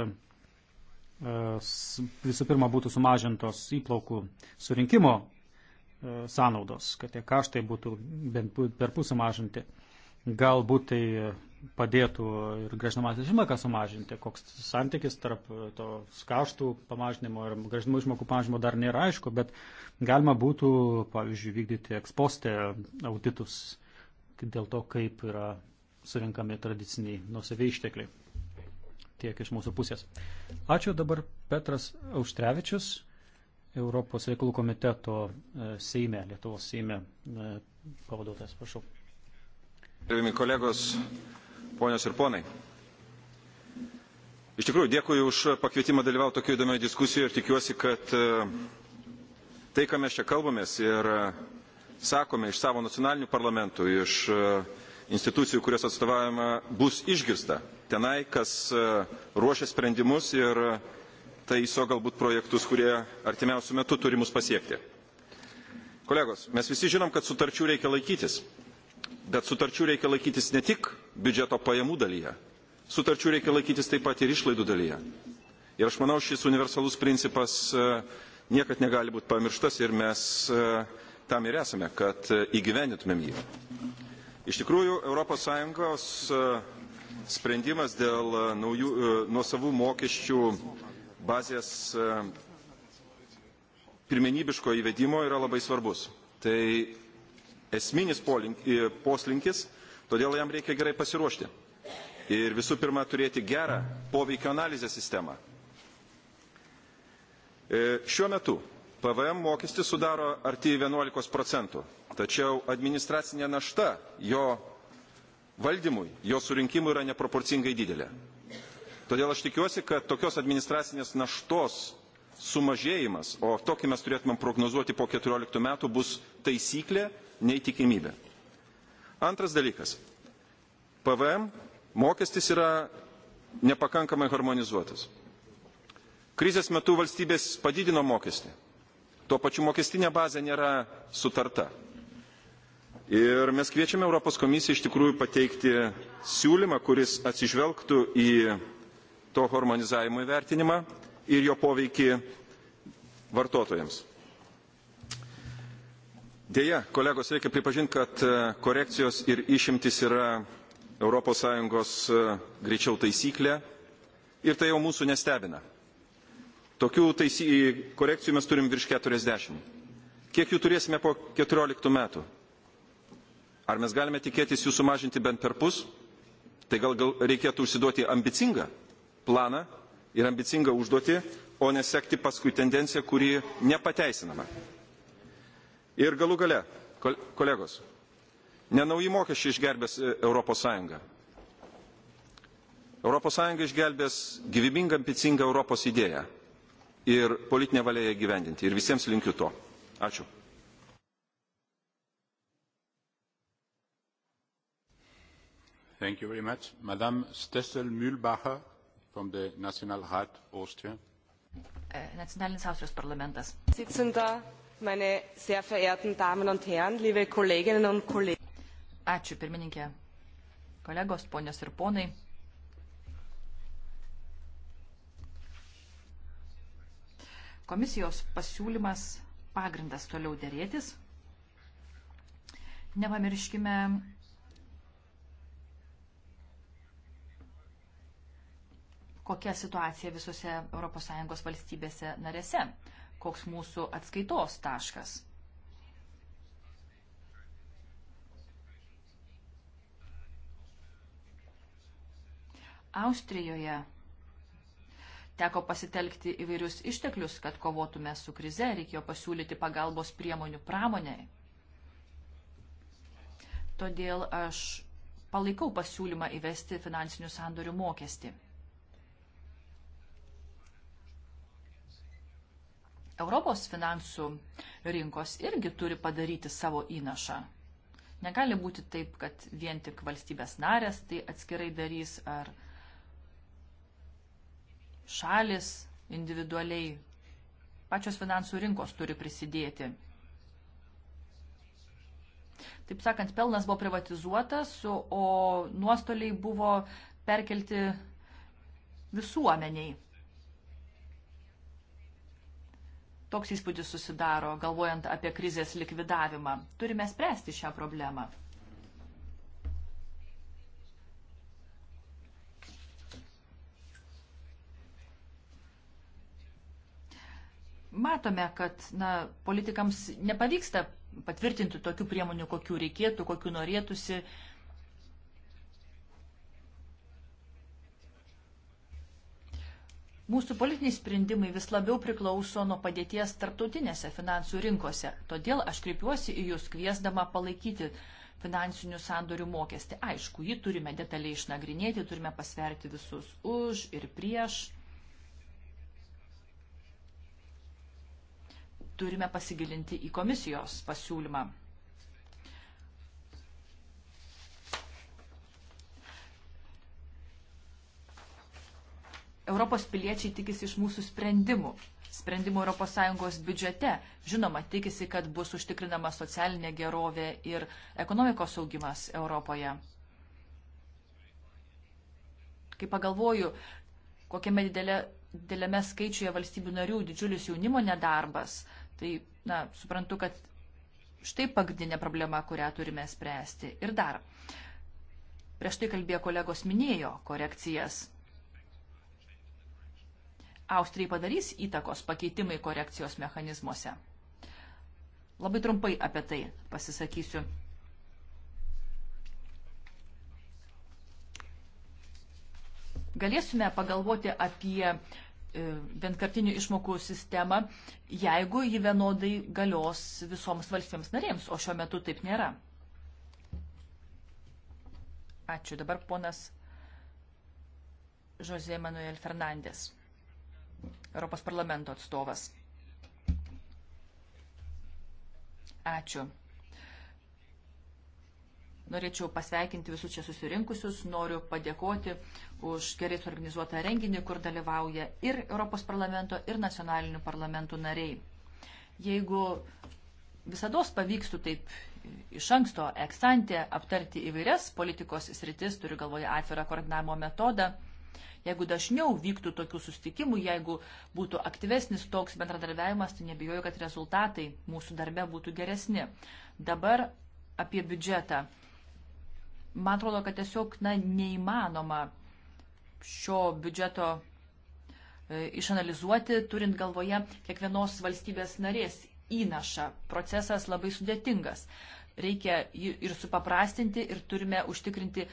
visų pirma būtų sumažintos įplaukų surinkimo e, sąnaudos, kad tie kaštai būtų bent per pusę mažinti. Galbūt tai padėtų ir gražinamąsias išmokas sumažinti, koks santykis tarp to kaštų pamažinimo ir gražinamų išmokų pamažinimo dar nėra aišku, bet galima būtų, pavyzdžiui, vykdyti ekspostę auditus dėl to, kaip yra surinkami tradiciniai nusaviai ištekliai tiek iš mūsų pusės. Ačiū dabar Petras Auštrevičius, Europos reikalų komiteto e, Seime, Lietuvos Seime e, pavaduotojas, prašau. Gerbimi kolegos, ponios ir ponai. Iš tikrųjų, dėkui už pakvietimą dalyvauti tokioje įdomioje diskusijoje ir tikiuosi, kad e, tai, ką mes čia kalbamės ir sakome iš savo nacionalinių parlamentų, iš institucijų, kurias atstovavimą, bus išgirsta tenai, kas e, ruošia sprendimus ir taiso galbūt projektus, kurie artimiausių metų turi mus pasiekti. Kolegos, mes visi žinom, kad sutarčių reikia laikytis. Bet sutarčių reikia laikytis ne tik biudžeto pajamų dalyje, sutarčių reikia laikytis taip pat ir išlaidų dalyje. Ir aš manau, šis universalus principas e, niekad negali būti pamirštas ir mes e, tam ir esame, kad įgyvenintumėm jį. Iš tikrųjų, ES sprendimas dėl e, naujų, e, nuosavų mokesčių bazės e, pirmenybiško įvedimo yra labai svarbus. Tai esminis polink, poslinkis, todėl jam reikia gerai pasiruošti. Ir visų pirma, turėti gerą poveikio analizės sistemą. Šiuo metu PVM mokestis sudaro arti 11 procentų, tačiau administracinė našta jo valdymui, jo surinkimui yra neproporcingai didelė. Todėl aš tikiuosi, kad tokios administracinės naštos sumažėjimas, o tokį mes turėtumėm prognozuoti po 14 metų, bus taisyklė, neįtikimybė. Antras dalykas. PVM mokestis yra nepakankamai harmonizuotas. Krizės metu valstybės padidino mokestį. Tuo pačiu mokestinė bazė nėra sutarta. Ir mes kviečiame Europos komisiją iš tikrųjų pateikti siūlymą, kuris atsižvelgtų į to harmonizavimo įvertinimą ir jo poveikį vartotojams. Deja, kolegos, reikia pripažinti, kad e, korekcijos ir išimtis yra ES e, greičiau taisyklė ir tai jau mūsų nestebina. Tokių taisy... korekcijų mes turim virš 40. Kiek jų turėsime po 14 metų? Ar mes galime tikėtis jų sumažinti bent per pus? Tai gal, gal reikėtų užsiduoti ambicingą planą ir ambicingą užduotį, o nesekti paskui tendenciją, kuri nepateisinama. Ir galų gale, kolegos, nenauji mokesčiai išgelbės e, Europos Sąjungą. Europos Sąjunga išgelbės gyvybingą, ambicingą Europos idėją ir politinę valią ją gyvendinti. Ir visiems linkiu to. Ačiū. Thank you very much. Madame Stessel Mühlbacher from the Nationalrat Austria. Äh, Nationalinis Austrijos parlamentas. Sitzender, meine sehr verehrten Damen und Herren, liebe Kolleginnen und Kollegen. Ačiū, pirmininkė. Kolegos, ponios ir ponai. Komisijos pasiūlymas pagrindas toliau dėrėtis. Nepamirškime kokia situacija visose ES valstybėse narėse, koks mūsų atskaitos taškas. Austrijoje teko pasitelkti įvairius išteklius, kad kovotume su krize, reikėjo pasiūlyti pagalbos priemonių pramoniai. Todėl aš palaikau pasiūlymą įvesti finansinių sandorių mokestį. Europos finansų rinkos irgi turi padaryti savo įnašą. Negali būti taip, kad vien tik valstybės narės tai atskirai darys ar šalis individualiai. Pačios finansų rinkos turi prisidėti. Taip sakant, pelnas buvo privatizuotas, o nuostoliai buvo perkelti visuomeniai. Toks įspūdis susidaro, galvojant apie krizės likvidavimą. Turime spręsti šią problemą. Matome, kad na, politikams nepavyksta patvirtinti tokių priemonių, kokių reikėtų, kokių norėtųsi, uh, Mūsų politiniai sprendimai vis labiau priklauso nuo padėties tarptautinėse finansų rinkose. Todėl aš kreipiuosi į Jūs kviesdama palaikyti finansinių sandorių mokestį. Aišku, jį turime detaliai išnagrinėti, turime pasverti visus už ir prieš. Turime pasigilinti į komisijos pasiūlymą. Europos piliečiai tikisi iš mūsų sprendimų. Sprendimų ES biudžete. Žinoma, tikisi, kad bus užtikrinama socialinė gerovė ir ekonomikos augimas Europoje. Kai pagalvoju, kokiame didelė, didelėme skaičiuje valstybių narių didžiulis jaunimo nedarbas, tai, na, suprantu, kad štai pagrindinė problema, kurią turime spręsti. Ir dar. Prieš tai kalbėjo kolegos minėjo korekcijas Austrijai padarys įtakos pakeitimai korekcijos mechanizmuose. Labai trumpai apie tai pasisakysiu. Galėsime pagalvoti apie e, vienkartinių išmokų sistemą, jeigu ji vienodai galios visoms valstybėms narėms, o šiuo metu taip nėra. Ačiū. Dabar ponas Jose Manuel Fernandes. Europos parlamento atstovas. Ačiū. Norėčiau pasveikinti visus čia susirinkusius, noriu padėkoti už gerai suorganizuotą renginį, kur dalyvauja ir Europos parlamento, ir nacionalinių parlamentų nariai. Jeigu visada pavykstų taip iš anksto eksantė aptarti įvairias politikos sritis, turiu galvoje atvirą koordinavimo metodą, jeigu dažniau vyktų tokių sustikimų, jeigu būtų aktyvesnis toks bendradarbiavimas, tai nebijoju, kad rezultatai mūsų darbe būtų geresni. Dabar apie biudžetą. Man atrodo, kad tiesiog na, neįmanoma šio biudžeto e, išanalizuoti, turint galvoje kiekvienos valstybės narės įnašą. Procesas labai sudėtingas reikia jį ir supaprastinti ir turime užtikrinti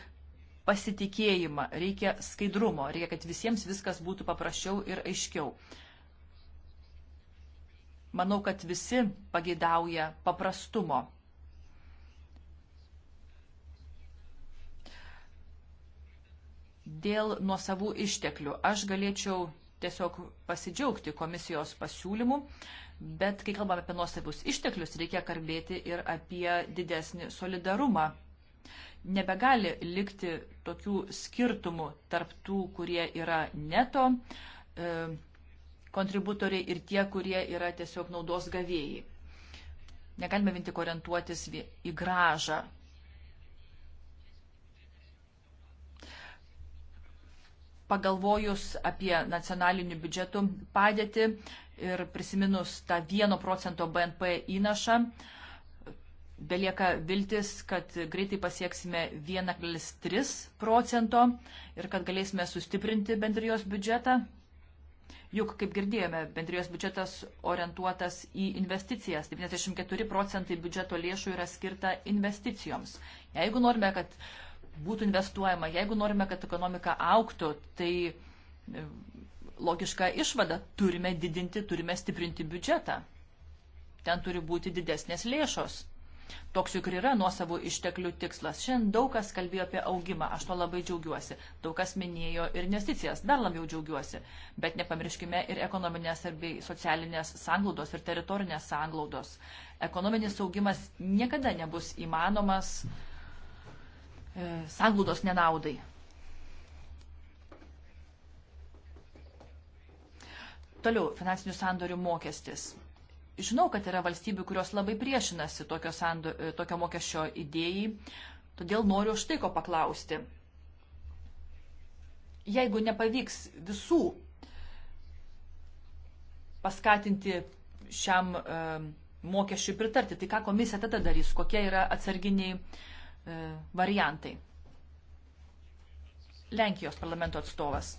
pasitikėjimą, reikia skaidrumo, reikia, kad visiems viskas būtų paprasčiau ir aiškiau. Manau, kad visi pageidauja paprastumo. Dėl nuosavų išteklių aš galėčiau tiesiog pasidžiaugti komisijos pasiūlymų, bet kai kalbame apie nuostabius išteklius, reikia kalbėti ir apie didesnį solidarumą nebegali likti tokių skirtumų tarp tų, kurie yra neto e, kontributoriai ir tie, kurie yra tiesiog naudos gavėjai. Negalime vien tik orientuotis į gražą. Pagalvojus apie nacionalinių biudžetų padėtį ir prisiminus tą 1 procento BNP įnašą, uh, belieka viltis, kad greitai pasieksime 1,3 procento ir kad galėsime sustiprinti bendrijos biudžetą. Juk, kaip girdėjome, bendrijos biudžetas orientuotas į investicijas. 94 procentai biudžeto lėšų yra skirta investicijoms. Jeigu norime, kad būtų investuojama, jeigu norime, kad ekonomika auktų, tai e, logiška išvada - turime didinti, turime stiprinti biudžetą. Ten turi būti didesnės lėšos. Toks juk ir yra nuosavų išteklių tikslas. Šiandien daug kas kalbėjo apie augimą, aš to labai džiaugiuosi. Daug kas minėjo ir investicijas, dar labiau džiaugiuosi. Bet nepamirškime ir ekonominės ir bei socialinės sanglaudos ir teritorinės sanglaudos. Ekonominis augimas niekada nebus įmanomas e, sanglaudos nenaudai. Toliau finansinių sandorių mokestis žinau, kad yra valstybių, kurios labai priešinasi tokio, sandu, e, tokio mokesčio idėjai, todėl noriu štai ko paklausti. Jeigu nepavyks visų paskatinti šiam e, mokesčiui pritarti, tai ką komisija tada darys, kokie yra atsarginiai e, variantai. Lenkijos parlamento atstovas.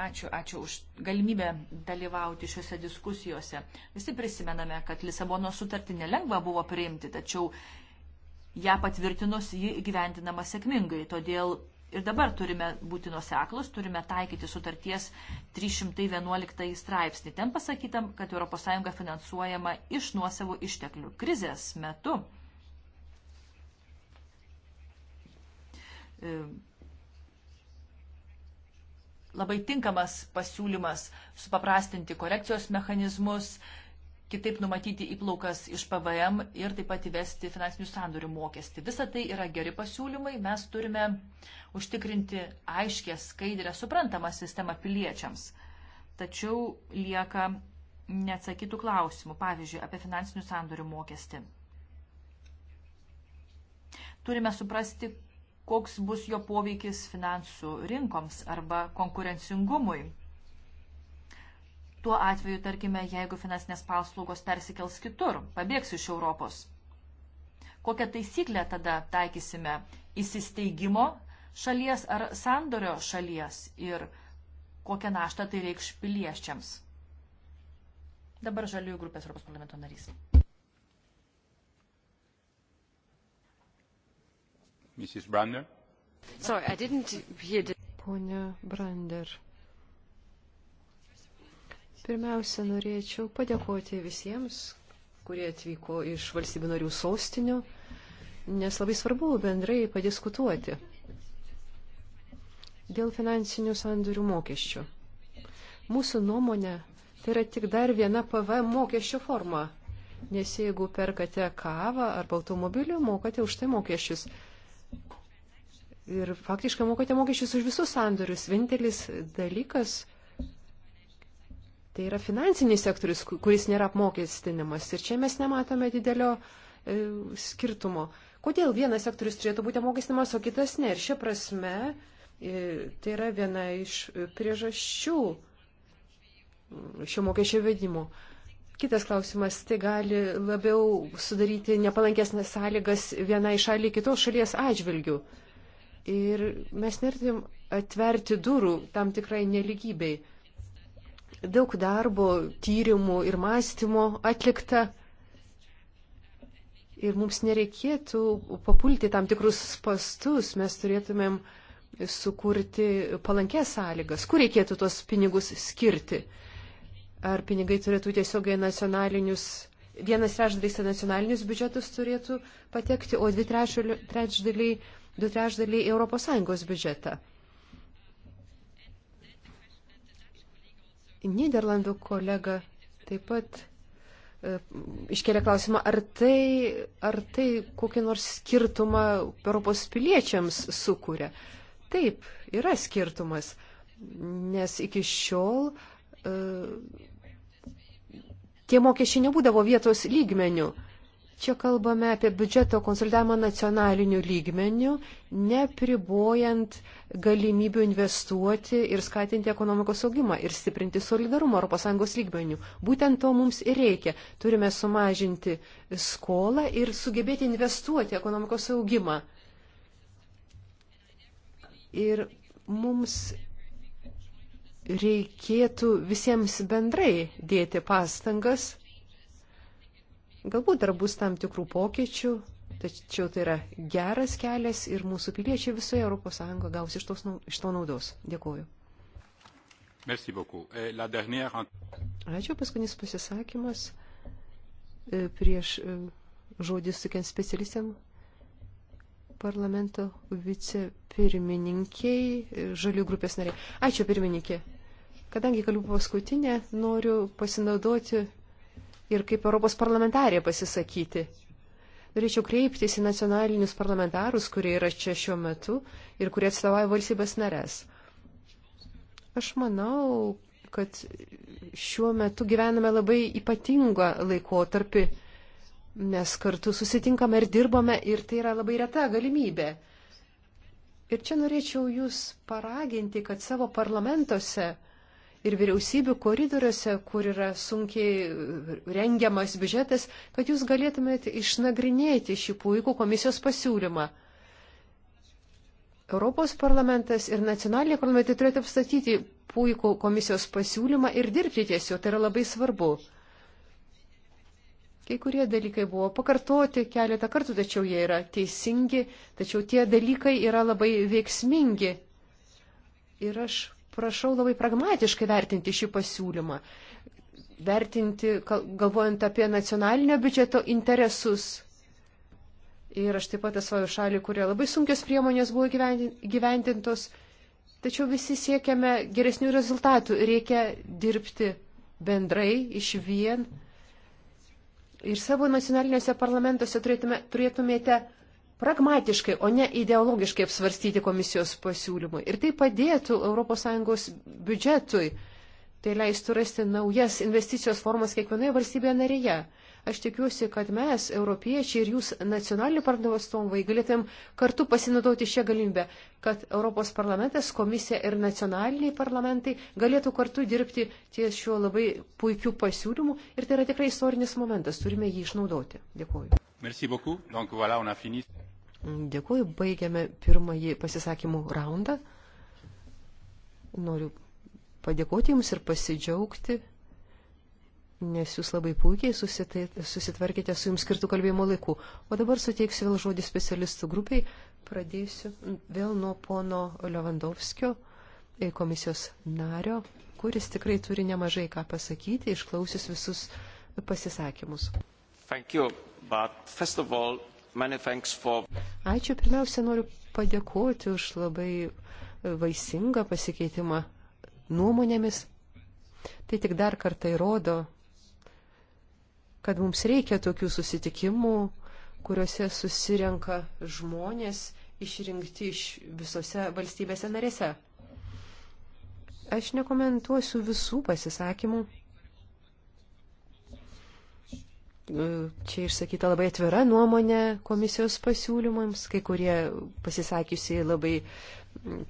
Ačiū, ačiū už galimybę dalyvauti šiuose diskusijose. Visi prisimename, kad Lisabono sutartį nelengva buvo priimti, tačiau ją patvirtinus ji gyventinama sėkmingai. Todėl ir dabar turime būti nuseklus, turime taikyti sutarties 311 straipsnį. Ten pasakytam, kad ES finansuojama iš nuosavų išteklių krizės metu. E, labai tinkamas pasiūlymas supaprastinti korekcijos mechanizmus, kitaip numatyti įplaukas iš PVM ir taip pat įvesti finansinių sandorių mokestį. Visa tai yra geri pasiūlymai, mes turime užtikrinti aiškę, skaidrę, suprantamą sistemą piliečiams. Tačiau lieka neatsakytų klausimų, pavyzdžiui, apie finansinių sandorių mokestį. Turime suprasti, koks bus jo poveikis finansų rinkoms arba konkurencingumui. Tuo atveju, tarkime, jeigu finansinės paslaugos persikels kitur, pabėgs iš Europos. Kokią taisyklę tada taikysime įsisteigimo šalies ar sandorio šalies ir kokią naštą tai reikš piliečiams? Dabar žaliųjų grupės Europos parlamento narys. Mrs. Brander. Sorry, I didn't hear the... Pone Brander. Pirmiausia, norėčiau padėkoti visiems, kurie atvyko iš valstybių narių sostinių, nes labai svarbu bendrai padiskutuoti dėl finansinių sandorių mokesčių. Mūsų nuomonė tai yra tik dar viena PVM mokesčio forma, nes jeigu perkate kavą arba automobilį, mokate už tai mokesčius. Ir faktiškai mokate mokesčius už visus sandorius. Vienintelis dalykas tai yra finansinis sektorius, kuris nėra apmokestinimas. Ir čia mes nematome didelio e, skirtumo. Kodėl vienas sektorius turėtų būti apmokestinimas, o kitas ne? Ir šia prasme e, tai yra viena iš e, priežasčių šio mokesčio vedimo. E, Kitas klausimas, tai gali labiau sudaryti nepalankesnės sąlygas vienai šaliai kitos šalies atžvilgių. Ir mes nertim atverti durų tam tikrai neligybei. Daug darbo, tyrimų ir mąstymo atlikta. Ir mums nereikėtų papulti tam tikrus spastus, mes turėtumėm sukurti palankės sąlygas, kur reikėtų tos pinigus skirti ar pinigai turėtų tiesiogiai nacionalinius, vienas trečdalis į nacionalinius biudžetus turėtų patekti, o dvi trečdaliai, du trečdaliai Europos Sąjungos biudžetą. Niderlandų kolega taip pat e, iškelia klausimą, ar tai, ar tai kokį nors skirtumą Europos piliečiams sukuria. Taip, yra skirtumas, nes iki šiol e, tie mokesčiai nebūdavo vietos lygmenių. Čia kalbame apie biudžeto konsolidavimą nacionaliniu lygmeniu, nepribojant galimybių investuoti ir skatinti ekonomikos augimą ir stiprinti solidarumą ES lygmeniu. Būtent to mums ir reikia. Turime sumažinti skolą ir sugebėti investuoti ekonomikos augimą. Ir mums reikėtų visiems bendrai dėti pastangas. Galbūt dar bus tam tikrų pokyčių, tačiau tai yra geras kelias ir mūsų piliečiai visoje ES gaus iš, tos, iš to naudos. Dėkuoju. Dernière... Ačiū, paskutinis pasisakymas e, prieš e, žodį sukiant specialistėm parlamento vicepirmininkiai, žalių grupės nariai. Ačiū pirmininkė. Kadangi kalbu paskutinė, noriu pasinaudoti ir kaip Europos parlamentarė pasisakyti. Norėčiau kreiptis į nacionalinius parlamentarus, kurie yra čia šiuo metu ir kurie atstovauja valstybės narės. Aš manau, kad šiuo metu gyvename labai ypatingą laikotarpį Mes kartu susitinkame ir dirbame ir tai yra labai reta galimybė. Ir čia norėčiau jūs paraginti, kad savo parlamentuose ir vyriausybių koridoriuose, kur yra sunkiai rengiamas biudžetas, kad jūs galėtumėte išnagrinėti šį puikų komisijos pasiūlymą. Europos parlamentas ir nacionaliniai parlamentai turėtų apstatyti puikų komisijos pasiūlymą ir dirbti ties jo, tai yra labai svarbu. Kai kurie dalykai buvo pakartoti keletą kartų, tačiau jie yra teisingi, tačiau tie dalykai yra labai veiksmingi. Ir aš prašau labai pragmatiškai vertinti šį pasiūlymą, vertinti, galvojant apie nacionalinio biudžeto interesus. Ir aš taip pat esu šalį, kurioje labai sunkios priemonės buvo gyventintos, tačiau visi siekiame geresnių rezultatų ir reikia dirbti bendrai, iš vien ir savo nacionaliniuose parlamentuose turėtume, turėtumėte pragmatiškai, o ne ideologiškai apsvarstyti komisijos pasiūlymui. Ir tai padėtų ES biudžetui. Tai leistų rasti naujas investicijos formas kiekvienoje valstybėje narėje. Aš tikiuosi, kad mes, europiečiai ir jūs nacionalinių parlamento atstovai, galėtum kartu pasinaudoti šią galimybę, kad Europos parlamentas, komisija ir nacionaliniai parlamentai galėtų kartu dirbti ties šiuo labai puikiu pasiūlymu ir tai yra tikrai istorinis momentas, turime jį išnaudoti. Dėkuoju. Donc, voilà, Dėkuoju, baigiame pirmąjį pasisakymų raundą. Noriu padėkoti Jums ir pasidžiaugti nes jūs labai puikiai susitvarkėte su jums skirtų kalbėjimo laiku. O dabar suteiksiu vėl žodį specialistų grupiai. Pradėsiu vėl nuo pono Levandovskio, e, komisijos nario, kuris tikrai turi nemažai ką pasakyti, išklausys visus pasisakymus. All, for... Ačiū. Pirmiausia, noriu padėkoti už labai e, vaisingą pasikeitimą nuomonėmis. Tai tik dar kartą įrodo, kad mums reikia tokių susitikimų, kuriuose susirenka žmonės išrinkti iš visose valstybėse narėse. Aš nekomentuosiu visų pasisakymų. Čia išsakyta labai atvira nuomonė komisijos pasiūlymams, kai kurie pasisakysiai labai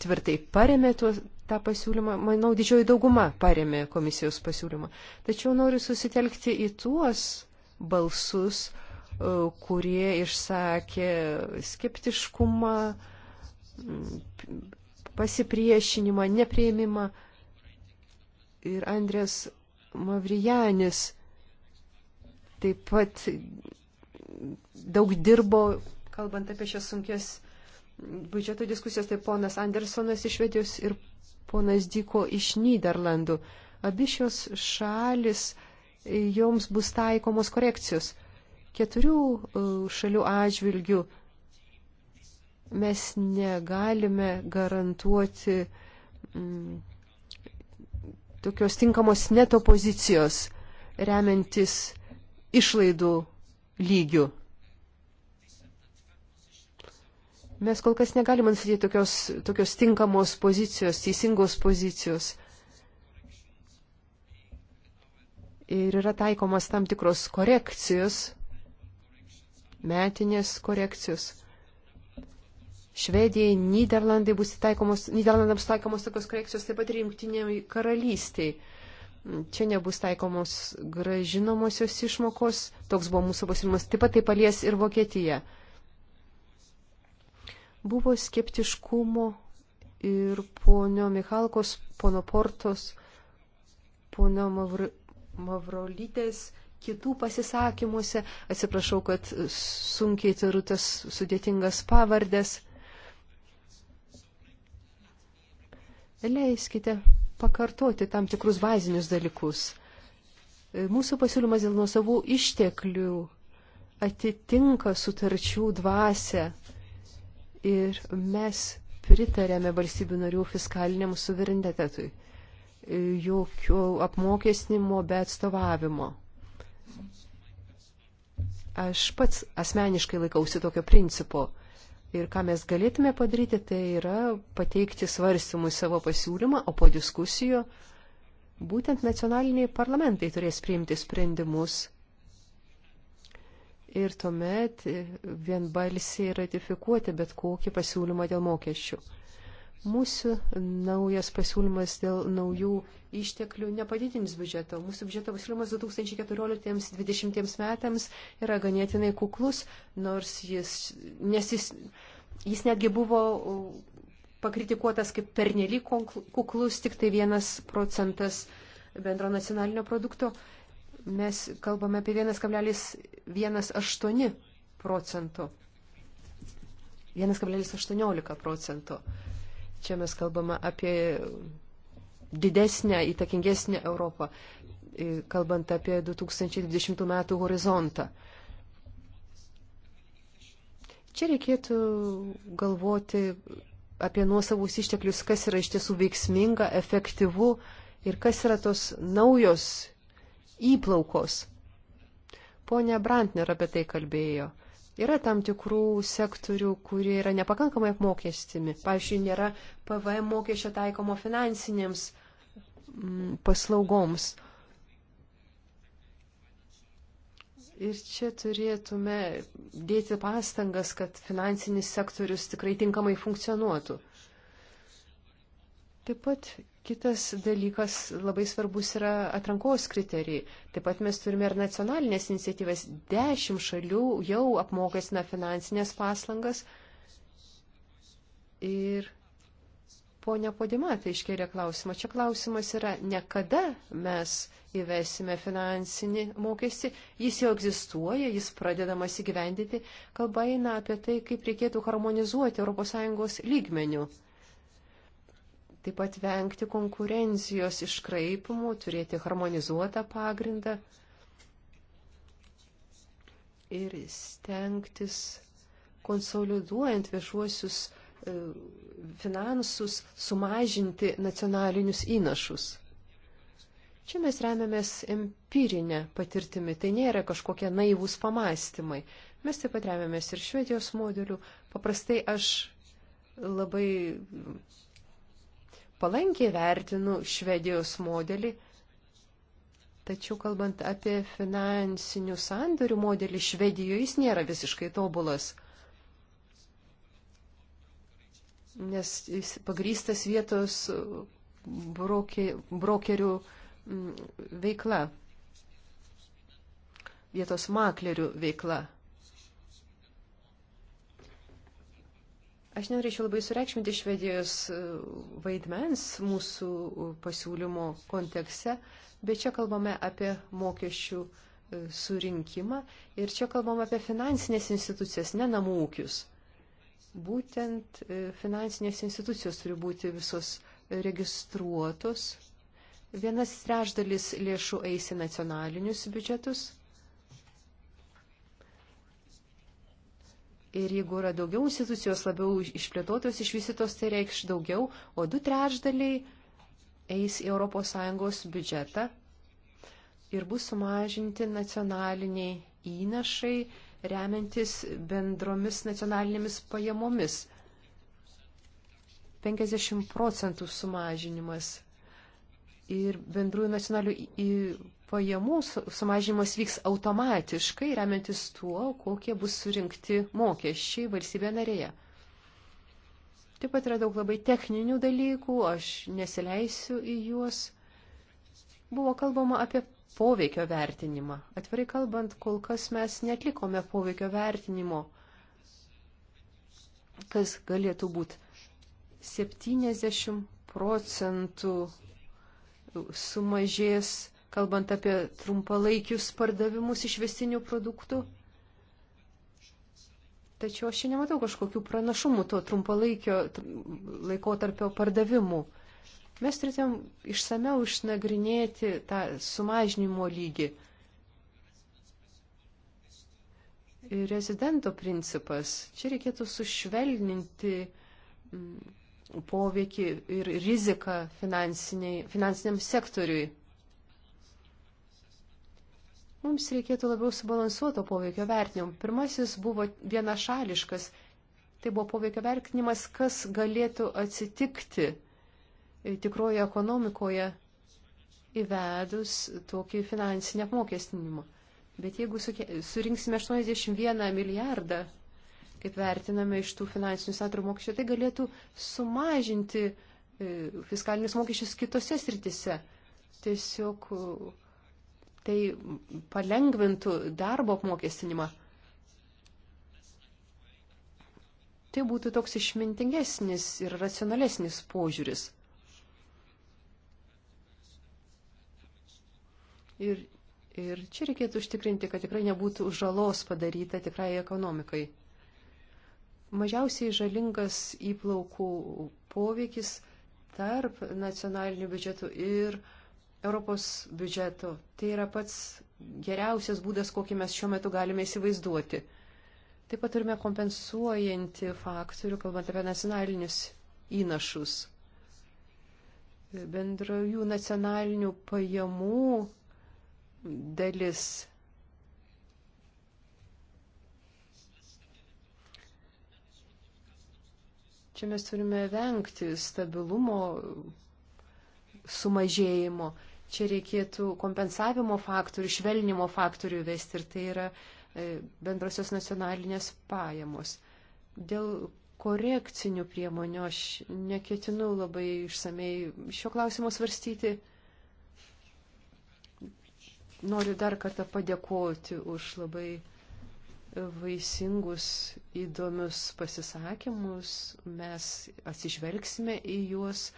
tvirtai paremė tuos, tą pasiūlymą, manau, didžioji dauguma paremė komisijos pasiūlymą. Tačiau noriu susitelkti į tuos balsus, e, kurie išsakė skeptiškumą, pasipriešinimą, neprieimimą. Ir Andrės Mavrijanis taip pat daug dirbo, kalbant apie šias sunkės biudžeto diskusijos, tai ponas Andersonas iš Švedijos ir ponas Diko iš Niderlandų. Abi šios šalis, e, joms bus taikomos korekcijos. Keturių e, šalių atžvilgių mes negalime garantuoti mm, tokios tinkamos neto pozicijos remiantis išlaidų lygių. Mes kol kas negalime nusidėti tokios, tokios tinkamos pozicijos, teisingos pozicijos. Ir yra taikomas tam tikros korekcijos, metinės korekcijos. Švedijai, Niderlandai bus taikomos, Niderlandams taikomos tokios korekcijos, taip pat ir jungtiniai karalystiai. Čia nebus taikomos gražinamosios išmokos, toks buvo mūsų pasiūlymas, taip pat tai palies ir Vokietiją. Buvo skeptiškumo ir ponio Michalkos, pono Portos, pono Mavr Mavrolytės kitų pasisakymuose. Atsiprašau, kad sunkiai turiu tas sudėtingas pavardės. Leiskite pakartoti tam tikrus bazinius dalykus. Mūsų pasiūlymas dėl nuosavų išteklių atitinka sutarčių dvasę ir mes pritarėme valstybių narių fiskaliniam suverenitetui. Jokių apmokesnimo be atstovavimo. Aš pats asmeniškai laikausi tokio principo. Ir ką mes galėtume padaryti, tai yra pateikti svarstymui savo pasiūlymą, o po diskusijų būtent nacionaliniai parlamentai turės priimti sprendimus ir tuomet vienbalsiai ratifikuoti bet kokį pasiūlymą dėl mokesčių. Mūsų naujas pasiūlymas dėl naujų išteklių nepadidins biudžeto. Mūsų biudžeto pasiūlymas 2014-2020 metams yra ganėtinai kuklus, nors jis, nes jis, jis netgi buvo pakritikuotas kaip pernelyg kuklus, tik tai vienas procentas bendro nacionalinio produkto mes kalbame apie 1,18 procentų. 1,18 procentų. Čia mes kalbame apie didesnę, įtakingesnę Europą, kalbant apie 2020 metų horizontą. Čia reikėtų galvoti apie nuosavus išteklius, kas yra iš tiesų veiksminga, efektyvu ir kas yra tos naujos įplaukos. Pone Brantner apie tai kalbėjo. Yra tam tikrų sektorių, kurie yra nepakankamai apmokestimi. Pavyzdžiui, nėra PVM mokesčio taikomo finansinėms mm, paslaugoms. Ir čia turėtume dėti pastangas, kad finansinis sektorius tikrai tinkamai funkcionuotų. Taip pat Kitas dalykas labai svarbus yra atrankos kriterijai. Taip pat mes turime ir nacionalinės iniciatyvas. Dešimt šalių jau apmokestina finansinės paslangas. Ir ponia Podimata iškėlė klausimą. Čia klausimas yra ne kada mes įvesime finansinį mokestį, jis jau egzistuoja, jis pradedamas įgyvendyti. Kalba eina apie tai, kaip reikėtų harmonizuoti ES lygmenių Taip pat vengti konkurencijos iškraipimų, turėti harmonizuotą pagrindą ir stengtis konsoliduojant viešuosius e, finansus sumažinti nacionalinius įnašus. Čia mes remiamės empirinę patirtimį, tai nėra kažkokie naivūs pamastymai. Mes taip pat remiamės ir švedijos modeliu. Paprastai aš labai palankiai vertinu Švedijos modelį, tačiau kalbant apie finansinių sandorių modelį Švedijoje, jis nėra visiškai tobulas, nes jis pagrystas vietos brokerių mm, veikla, vietos maklerių veikla. Aš norėčiau labai sureikšminti Švedijos e, vaidmens mūsų e, pasiūlymo kontekste, bet čia kalbame apie mokesčių e, surinkimą ir čia kalbame apie finansinės institucijas, ne namų ūkius. Būtent finansinės institucijos turi būti visos registruotos. Vienas trešdalis lėšų eis į nacionalinius biudžetus, Ir jeigu yra daugiau institucijos labiau išplėtotos, išvystytos, tai reikš daugiau, o du trečdaliai eis į ES biudžetą ir bus sumažinti nacionaliniai įnašai, remiantis bendromis nacionalinėmis pajamomis. 50 procentų sumažinimas ir bendrųjų nacionalių pajamų sumažimas vyks automatiškai, remiantis tuo, kokie bus surinkti mokesčiai valstybė narėje. Taip pat yra daug labai techninių dalykų, aš nesileisiu į juos. Buvo kalbama apie poveikio vertinimą. Atvirai kalbant, kol kas mes netlikome poveikio vertinimo, kas galėtų būti 70 procentų sumažės kalbant apie trumpalaikius pardavimus išvestinių produktų. Tačiau aš nematau kažkokių pranašumų to trumpalaikio laikotarpio pardavimų. Mes turėtum išsameu išnagrinėti tą sumažinimo lygį. Rezidento principas. Čia reikėtų sušvelninti mm, poveikį ir riziką finansiniam sektoriui. Mums reikėtų labiau subalansuoto poveikio vertinimo. Pirmasis buvo vienašališkas. Tai buvo poveikio vertinimas, kas galėtų atsitikti tikroje ekonomikoje įvedus tokį finansinį apmokestinimą. Bet jeigu surinksime 81 milijardą, kaip vertiname iš tų finansinių sandorių mokesčių, tai galėtų sumažinti e, fiskalinius mokesčius kitose sritise. Tiesiog Tai palengvintų darbo apmokestinimą. Tai būtų toks išmintingesnis ir racionalesnis požiūris. Ir, ir čia reikėtų užtikrinti, kad tikrai nebūtų žalos padaryta tikrai ekonomikai. Mažiausiai žalingas įplaukų poveikis tarp nacionalinių biudžetų ir uh, Europos biudžeto. Tai yra pats geriausias būdas, kokį mes šiuo metu galime įsivaizduoti. Taip pat turime kompensuojantį faktorių, kalbant apie nacionalinius įnašus. Bendrajų nacionalinių pajamų dalis. Čia mes turime vengti stabilumo sumažėjimo. Čia reikėtų kompensavimo faktorių, švelnimo faktorių vesti ir tai yra e, bendrosios nacionalinės pajamos. Dėl korekcinių priemonių aš neketinu labai išsamei šio klausimo svarstyti. Noriu dar kartą padėkoti už labai vaisingus, įdomius pasisakymus. Mes atsižvelgsime į juos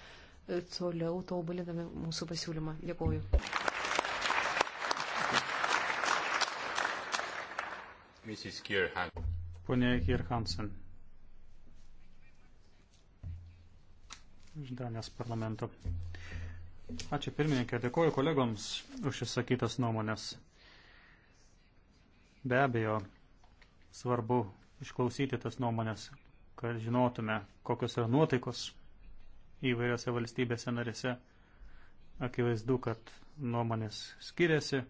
toliau tobuliname mūsų pasiūlymą. Dėkuoju. Pone Kirhansen. Iš Danijos parlamento. Ačiū pirmininkė, dėkuoju kolegoms už išsakytas nuomonės. Be abejo, svarbu išklausyti tas nuomonės, kad žinotume, kokios yra nuotaikos įvairiose valstybėse narėse. Akivaizdu, kad nuomonės skiriasi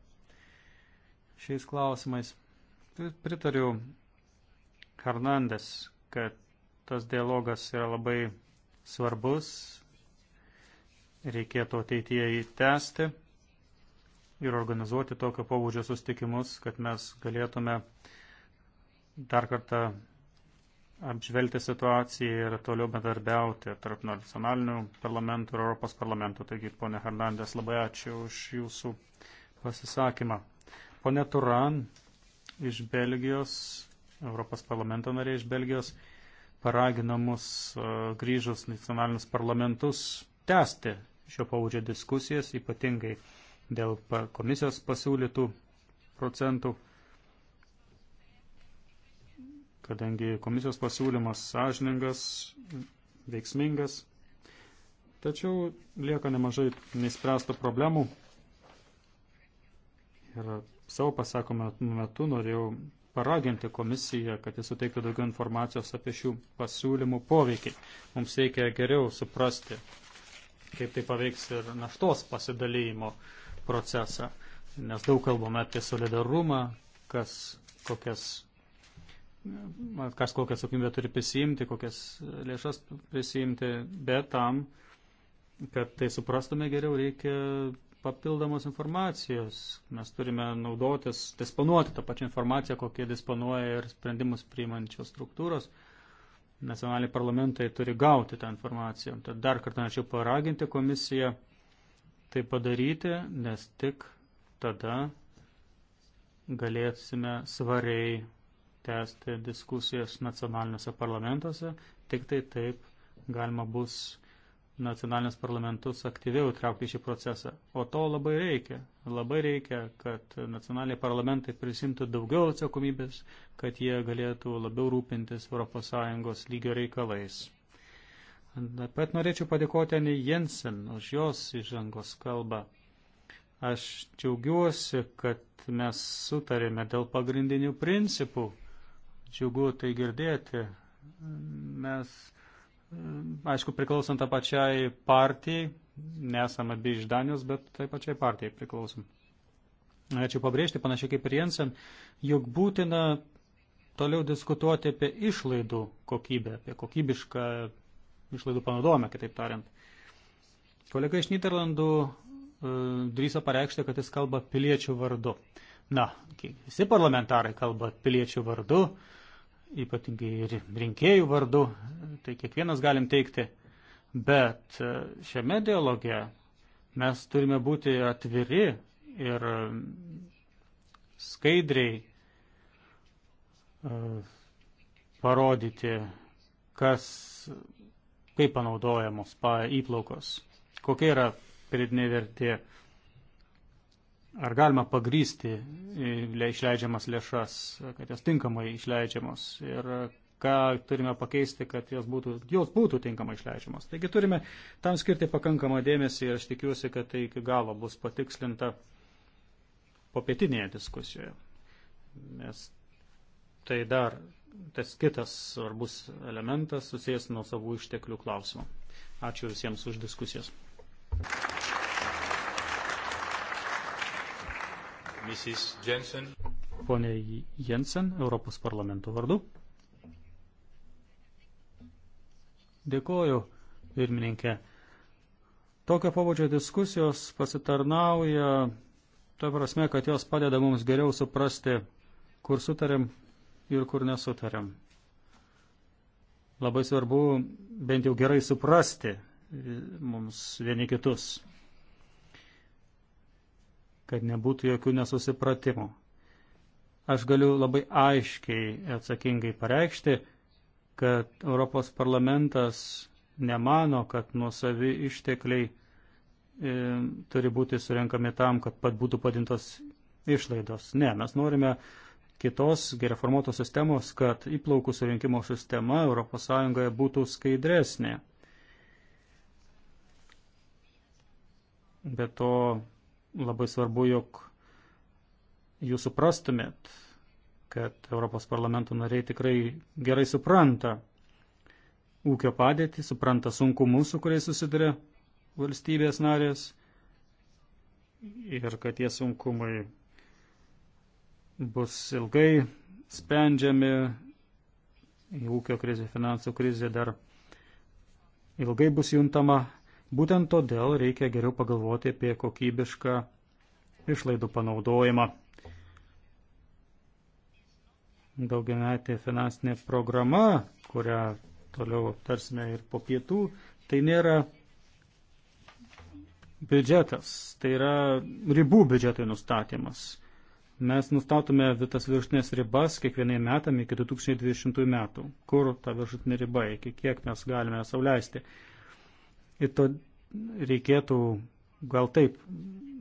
šiais klausimais. Tai pritariu Hernandės, kad tas dialogas yra labai svarbus, reikėtų ateityje jį tęsti ir organizuoti tokio pobūdžio sustikimus, kad mes galėtume dar kartą apžvelgti situaciją ir toliau bendarbiauti tarp nacionalinių parlamentų ir Europos parlamentų. Taigi, ponė Hernandės, labai ačiū už jūsų pasisakymą. Pone Turan iš Belgijos, Europos parlamento narė iš Belgijos, paragino mus e, grįžus nacionalinius parlamentus tęsti šio paudžio diskusijas, ypatingai dėl komisijos pasiūlytų procentų kadangi komisijos pasiūlymas sąžiningas, veiksmingas, tačiau lieka nemažai neįspręstų problemų. Ir savo pasakomą metu norėjau paraginti komisiją, kad jis suteiktų daugiau informacijos apie šių pasiūlymų poveikį. Mums reikia geriau suprasti, kaip tai paveiks ir naštos pasidalymo procesą, nes daug kalbame apie solidarumą, kas kokias kas kokią atsakomybę turi prisijimti, kokias lėšas prisijimti, bet tam, kad tai suprastume geriau, reikia papildomos informacijos. Mes turime naudotis, disponuoti tą pačią informaciją, kokie disponuoja ir sprendimus priimančios struktūros. Nacionaliniai parlamentai turi gauti tą informaciją. Tad dar kartą norėčiau paraginti komisiją tai padaryti, nes tik tada galėsime svariai tęsti diskusijas nacionaliniuose parlamentuose, tik tai taip galima bus nacionalinius parlamentus aktyviau įtraukti į šį procesą. O to labai reikia. Labai reikia, kad nacionaliniai parlamentai prisimtų daugiau atsakomybės, kad jie galėtų labiau rūpintis ES lygio reikalais. Taip pat norėčiau padėkoti Anį Jensen už jos įžangos kalbą. Aš džiaugiuosi, kad mes sutarėme dėl pagrindinių principų džiugu tai girdėti. Mes, aišku, priklausom tą pačiai partijai, nesam abi iš Danijos, bet tai pačiai partijai priklausom. Norėčiau pabrėžti, panašiai kaip ir Jensen, jog būtina toliau diskutuoti apie išlaidų kokybę, apie kokybišką išlaidų panaudojimą, kitaip tariant. Kolega iš Niderlandų e, drįso pareikšti, kad jis kalba piliečių vardu. Na, visi parlamentarai kalba piliečių vardu, ypatingai ir rinkėjų vardu, tai kiekvienas galim teikti, bet e, šiame dialoge mes turime būti atviri ir mm, skaidriai e, parodyti, kas, kaip panaudojamos įplaukos, kokia yra pridinė vertė ar galima pagrysti išleidžiamas lėšas, kad jos tinkamai išleidžiamos ir ką turime pakeisti, kad jos būtų, jos būtų tinkamai išleidžiamos. Taigi turime tam skirti pakankamą dėmesį ir aš tikiuosi, kad tai iki galo bus patikslinta popietinėje diskusijoje. Nes tai dar tas kitas svarbus elementas susijęs nuo savų išteklių klausimų. Ačiū visiems už diskusijas. Thank you. Mrs. Jensen. Pone Jensen, Europos parlamento vardu. Dėkoju, pirmininkė. Tokio pobūdžio diskusijos pasitarnauja, ta prasme, kad jos padeda mums geriau suprasti, kur sutarėm ir kur nesutarėm. Labai svarbu bent jau gerai suprasti e, mums vieni kitus kad nebūtų jokių nesusipratimų. Aš galiu labai aiškiai atsakingai pareikšti, kad Europos parlamentas nemano, kad nuosavi ištekliai e, turi būti surinkami tam, kad pat būtų padintos išlaidos. Ne, mes norime kitos gereformuotos sistemos, kad įplaukų surinkimo sistema ES būtų skaidresnė. Be to labai svarbu, jog jūs suprastumėt, kad Europos parlamento nariai tikrai gerai supranta ūkio padėtį, supranta sunkumus, su kuriais susiduria valstybės narės ir kad tie sunkumai bus ilgai sprendžiami, ūkio krizė, finansų krizė dar ilgai bus juntama Būtent todėl reikia geriau pagalvoti apie kokybišką išlaidų panaudojimą. Daugiametė finansinė programa, kurią toliau aptarsime ir po pietų, tai nėra biudžetas, tai yra ribų biudžetui nustatymas. Mes nustatome tas viršutinės ribas kiekvienai metam iki 2020 metų, kur ta viršutinė riba, iki kiek mes galime sauliaisti. leisti Ir to reikėtų gal taip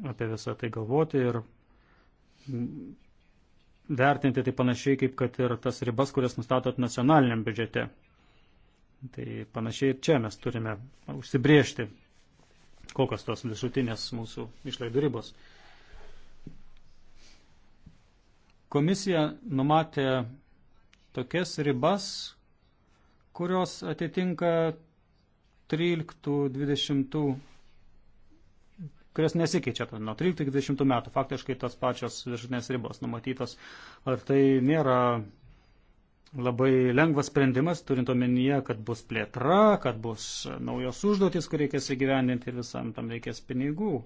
apie visą tai galvoti ir vertinti tai panašiai, kaip kad ir tas ribas, kurias nustatot nacionaliniam biudžete. Tai panašiai ir čia mes turime užsibriežti, kokios tos viršutinės mūsų išlaidų ribos. Komisija numatė tokias ribas, kurios atitinka 13-20, kurios nesikeičia nuo 13-20 metų, faktiškai tos pačios viršutinės ribos numatytos. Ar tai nėra labai lengvas sprendimas, turint omenyje, kad bus plėtra, kad bus naujos užduotis, kur reikės įgyvendinti ir visam tam reikės pinigų,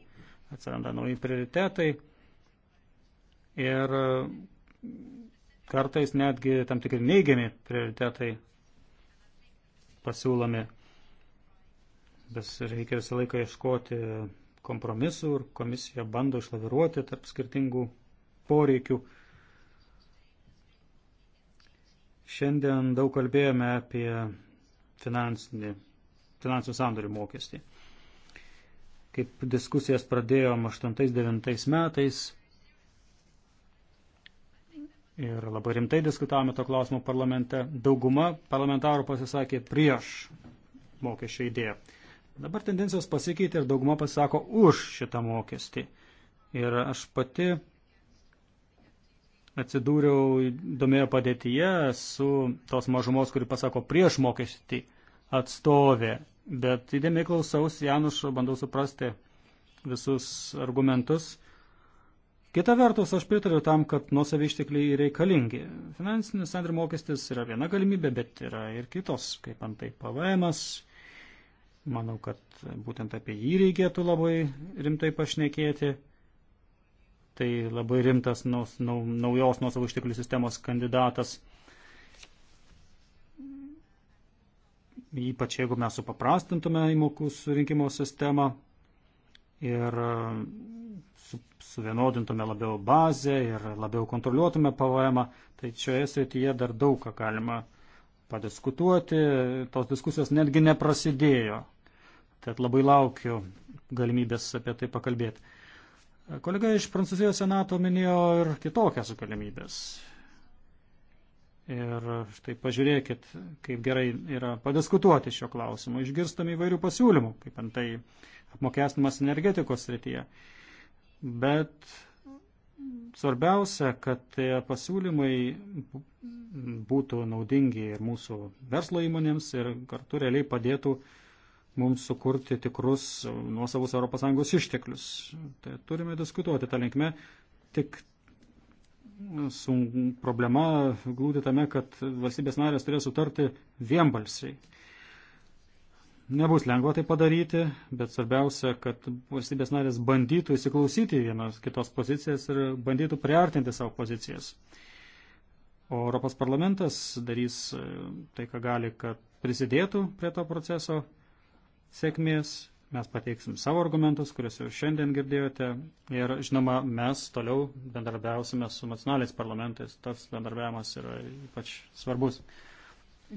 atsiranda nauji prioritetai. Ir kartais netgi tam tikri neigiami prioritetai pasiūlomi. Vis reikia visą laiką ieškoti kompromisų ir komisija bando išlaviruoti tarp skirtingų poreikių. Šiandien daug kalbėjome apie finansinį, finansų sandorių mokestį. Kaip diskusijas pradėjom 8-9 metais ir labai rimtai diskutavome to klausimo parlamente, dauguma parlamentarų pasisakė prieš mokesčio idėją. Dabar tendencijos pasikeitė ir dauguma pasako už šitą mokestį. Ir aš pati atsidūriau įdomioje padėtyje su tos mažumos, kuri pasako prieš mokestį atstovė. Bet įdėmiai klausiausi Janušo, bandau suprasti visus argumentus. Kita vertus, aš pritariu tam, kad nuosavį ištekliai reikalingi. Finansinis sandrių mokestis yra viena galimybė, bet yra ir kitos, kaip antai PVM, Manau, kad būtent apie jį reikėtų labai rimtai pašnekėti. Tai labai rimtas naus, nau, naujos nuosavų išteklių sistemos kandidatas. Ypač jeigu mes supaprastintume įmokų surinkimo sistemą ir e, su, suvienodintume labiau bazę ir labiau kontroliuotume PVM, tai šioje srityje dar daug ką galima padiskutuoti. Tos diskusijos netgi neprasidėjo Tad labai laukiu galimybės apie tai pakalbėti. Kolega iš Prancūzijos senato minėjo ir kitokias galimybės. Ir štai pažiūrėkit, kaip gerai yra padiskutuoti šio klausimu. Išgirstam įvairių pasiūlymų, kaip antai apmokestinimas energetikos srityje. Bet svarbiausia, kad tie pasiūlymai būtų naudingi ir mūsų verslo įmonėms ir kartu realiai padėtų uh, mums sukurti tikrus nuosavus ES išteklius. Tai turime diskutuoti tą linkmę, tik problema glūdi tame, kad valstybės narės turės sutarti vienbalsiai. Nebus lengva tai padaryti, bet svarbiausia, kad valstybės narės bandytų įsiklausyti vienos kitos pozicijas ir bandytų priartinti savo pozicijas. O Europos parlamentas darys tai, ką gali, kad prisidėtų prie to proceso sėkmės, mes pateiksim savo argumentus, kuriuos jau šiandien girdėjote. Ir, žinoma, mes toliau bendradarbiausime su nacionaliais parlamentais. Tas bendradarbiavimas yra ypač svarbus.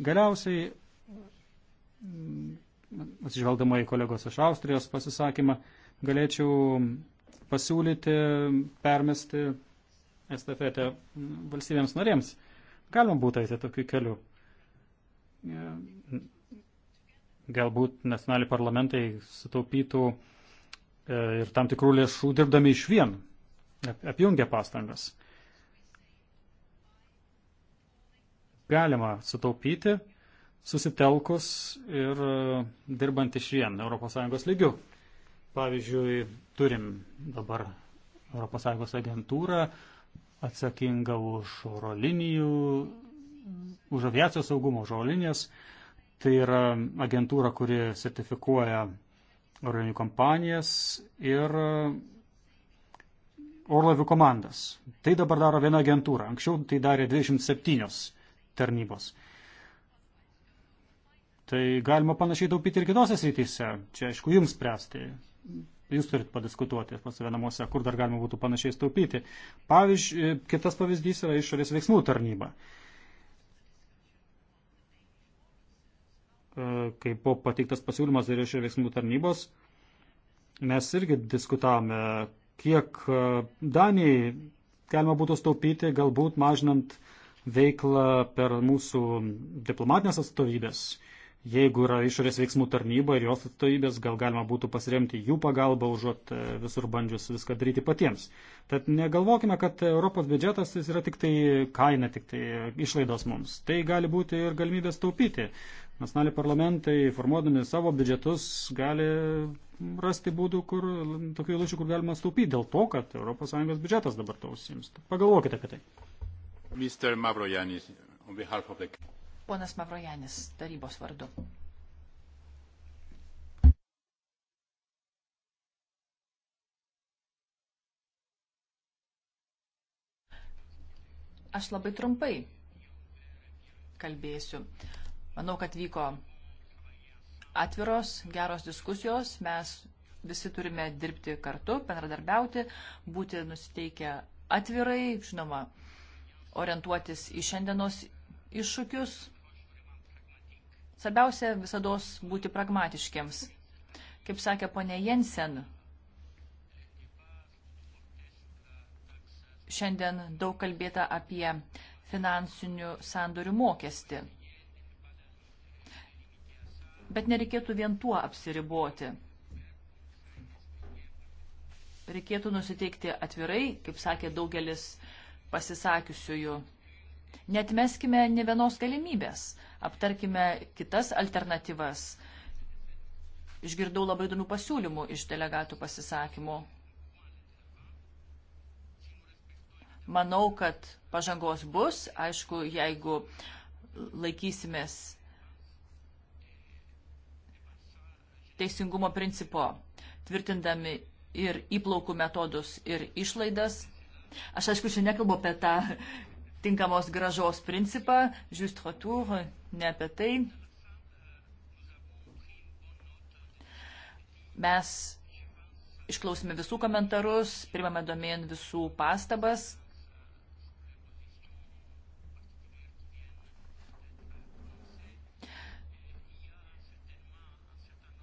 Galiausiai, mm, atsižvelgdama į kolegos iš Austrijos pasisakymą, galėčiau pasiūlyti permesti estafetę valstybėms narėms. Galima būtų eiti tokiu keliu galbūt nacionaliai parlamentai sutaupytų e, ir tam tikrų lėšų dirbdami iš vien, apjungia pastangas. Galima sutaupyti, susitelkus ir e, dirbant iš vien ES lygių. Pavyzdžiui, turim dabar ES agentūrą atsakingą už oro linijų, už aviacijos saugumą, už oro linijas. Uh, Tai yra agentūra, kuri sertifikuoja orlaivių kompanijas ir orlaivių komandas. Tai dabar daro viena agentūra. Anksčiau tai darė 27 tarnybos. Tai galima panašiai taupyti ir kitose srityse. Čia, aišku, jums spręsti. Jūs turite padiskutuoti pas save namuose, kur dar galima būtų panašiai taupyti. Pavyzdžiui, kitas pavyzdys yra išorės veiksmų tarnyba. Uh, E, kai buvo pateiktas pasiūlymas dėl viešųjų veiksmų tarnybos, mes irgi diskutavome, kiek e, Danijai galima būtų staupyti, galbūt mažinant veiklą per mūsų diplomatinės atstovybės. Jeigu yra išorės veiksmų tarnyba ir jos atstovybės, gal galima būtų pasiremti jų pagalbą, užuot e, visur bandžius viską daryti patiems. Tad negalvokime, kad Europos biudžetas yra tik tai kaina, tik tai išlaidos mums. Tai gali būti ir galimybės taupyti. Nacionaliai parlamentai, formuodami savo biudžetus, gali rasti būdų, kur, tokių įlučių, kur galima staupyti dėl to, kad ES biudžetas dabar to užsims. Pagalvokite apie tai. Mr. Mavrojanis, on behalf of the... Ponas Mavrojanis, tarybos vardu. Aš labai trumpai kalbėsiu. Manau, kad vyko atviros, geros diskusijos. Mes visi turime dirbti kartu, bendradarbiauti, būti nusiteikę atvirai, žinoma, orientuotis į šiandienos iššūkius. Svarbiausia visada būti pragmatiškiams. Kaip sakė ponė Jensen, šiandien daug kalbėta apie finansinių sandorių mokestį. Bet nereikėtų vien tuo apsiriboti. Reikėtų nusiteikti atvirai, kaip sakė daugelis pasisakiusiųjų. Netmeskime ne vienos galimybės, aptarkime kitas alternatyvas. Išgirdau labai įdomių pasiūlymų iš delegatų pasisakymų. Manau, kad pažangos bus, aišku, jeigu laikysimės teisingumo principo, tvirtindami ir įplaukų metodus, ir išlaidas. Aš aišku, čia nekalbu apie tą tinkamos gražos principą, just retour, ne apie tai. Mes išklausime visų komentarus, primame domėn visų pastabas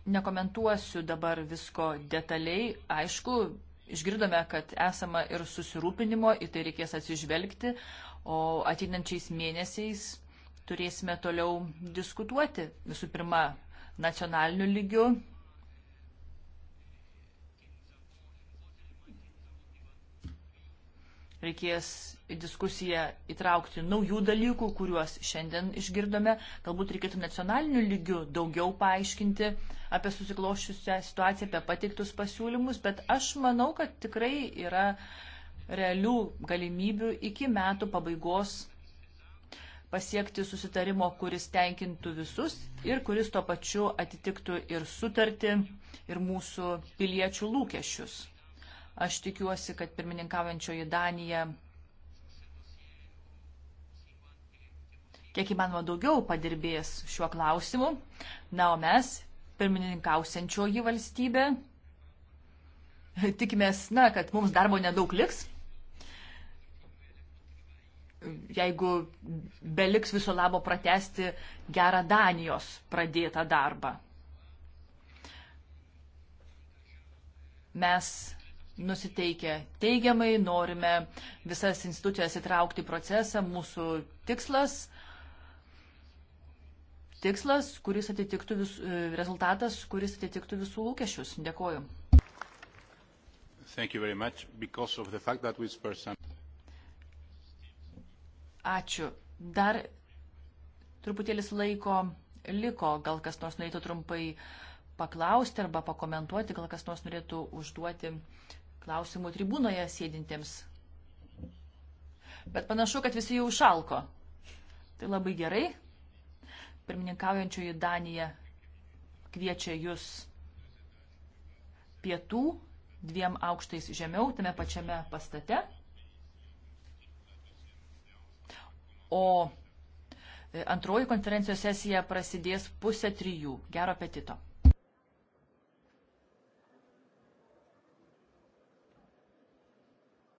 Nekomentuosiu dabar visko detaliai. Aišku, išgirdome, kad esama ir susirūpinimo, į tai reikės atsižvelgti, o ateinančiais mėnesiais turėsime toliau diskutuoti. Visų pirma, nacionaliniu lygiu. Reikės diskusiją įtraukti naujų dalykų, kuriuos šiandien išgirdome. Galbūt reikėtų nacionaliniu lygiu daugiau paaiškinti apie susikloščiusią situaciją, apie pateiktus pasiūlymus, bet aš manau, kad tikrai yra realių galimybių iki metų pabaigos pasiekti susitarimo, kuris tenkintų visus ir kuris tuo pačiu atitiktų ir sutartį, ir mūsų piliečių lūkesčius. Aš tikiuosi, kad pirmininkaujančioji Danija kiek įmanoma daugiau padirbės šiuo klausimu. Na, o mes, pirmininkausiančioji valstybė, tikimės, na, kad mums darbo nedaug liks. Jeigu beliks viso labo pratesti gerą Danijos pradėtą darbą. Mes nusiteikę teigiamai, norime visas institucijas įtraukti į procesą. Mūsų tikslas tikslas, kuris atitiktų vis, e, rezultatas, kuris atitiktų visų lūkesčius. Dėkoju. Person... Ačiū. Dar truputėlis laiko liko, gal kas nors norėtų trumpai paklausti arba pakomentuoti, gal kas nors norėtų užduoti klausimų tribūnoje sėdintiems. Bet panašu, kad visi jau užšalko. Tai labai gerai pirmininkaujančioji Danija kviečia jūs pietų dviem aukštais žemiau tame pačiame pastate. O e, antroji konferencijos sesija prasidės pusę trijų. Gero apetito.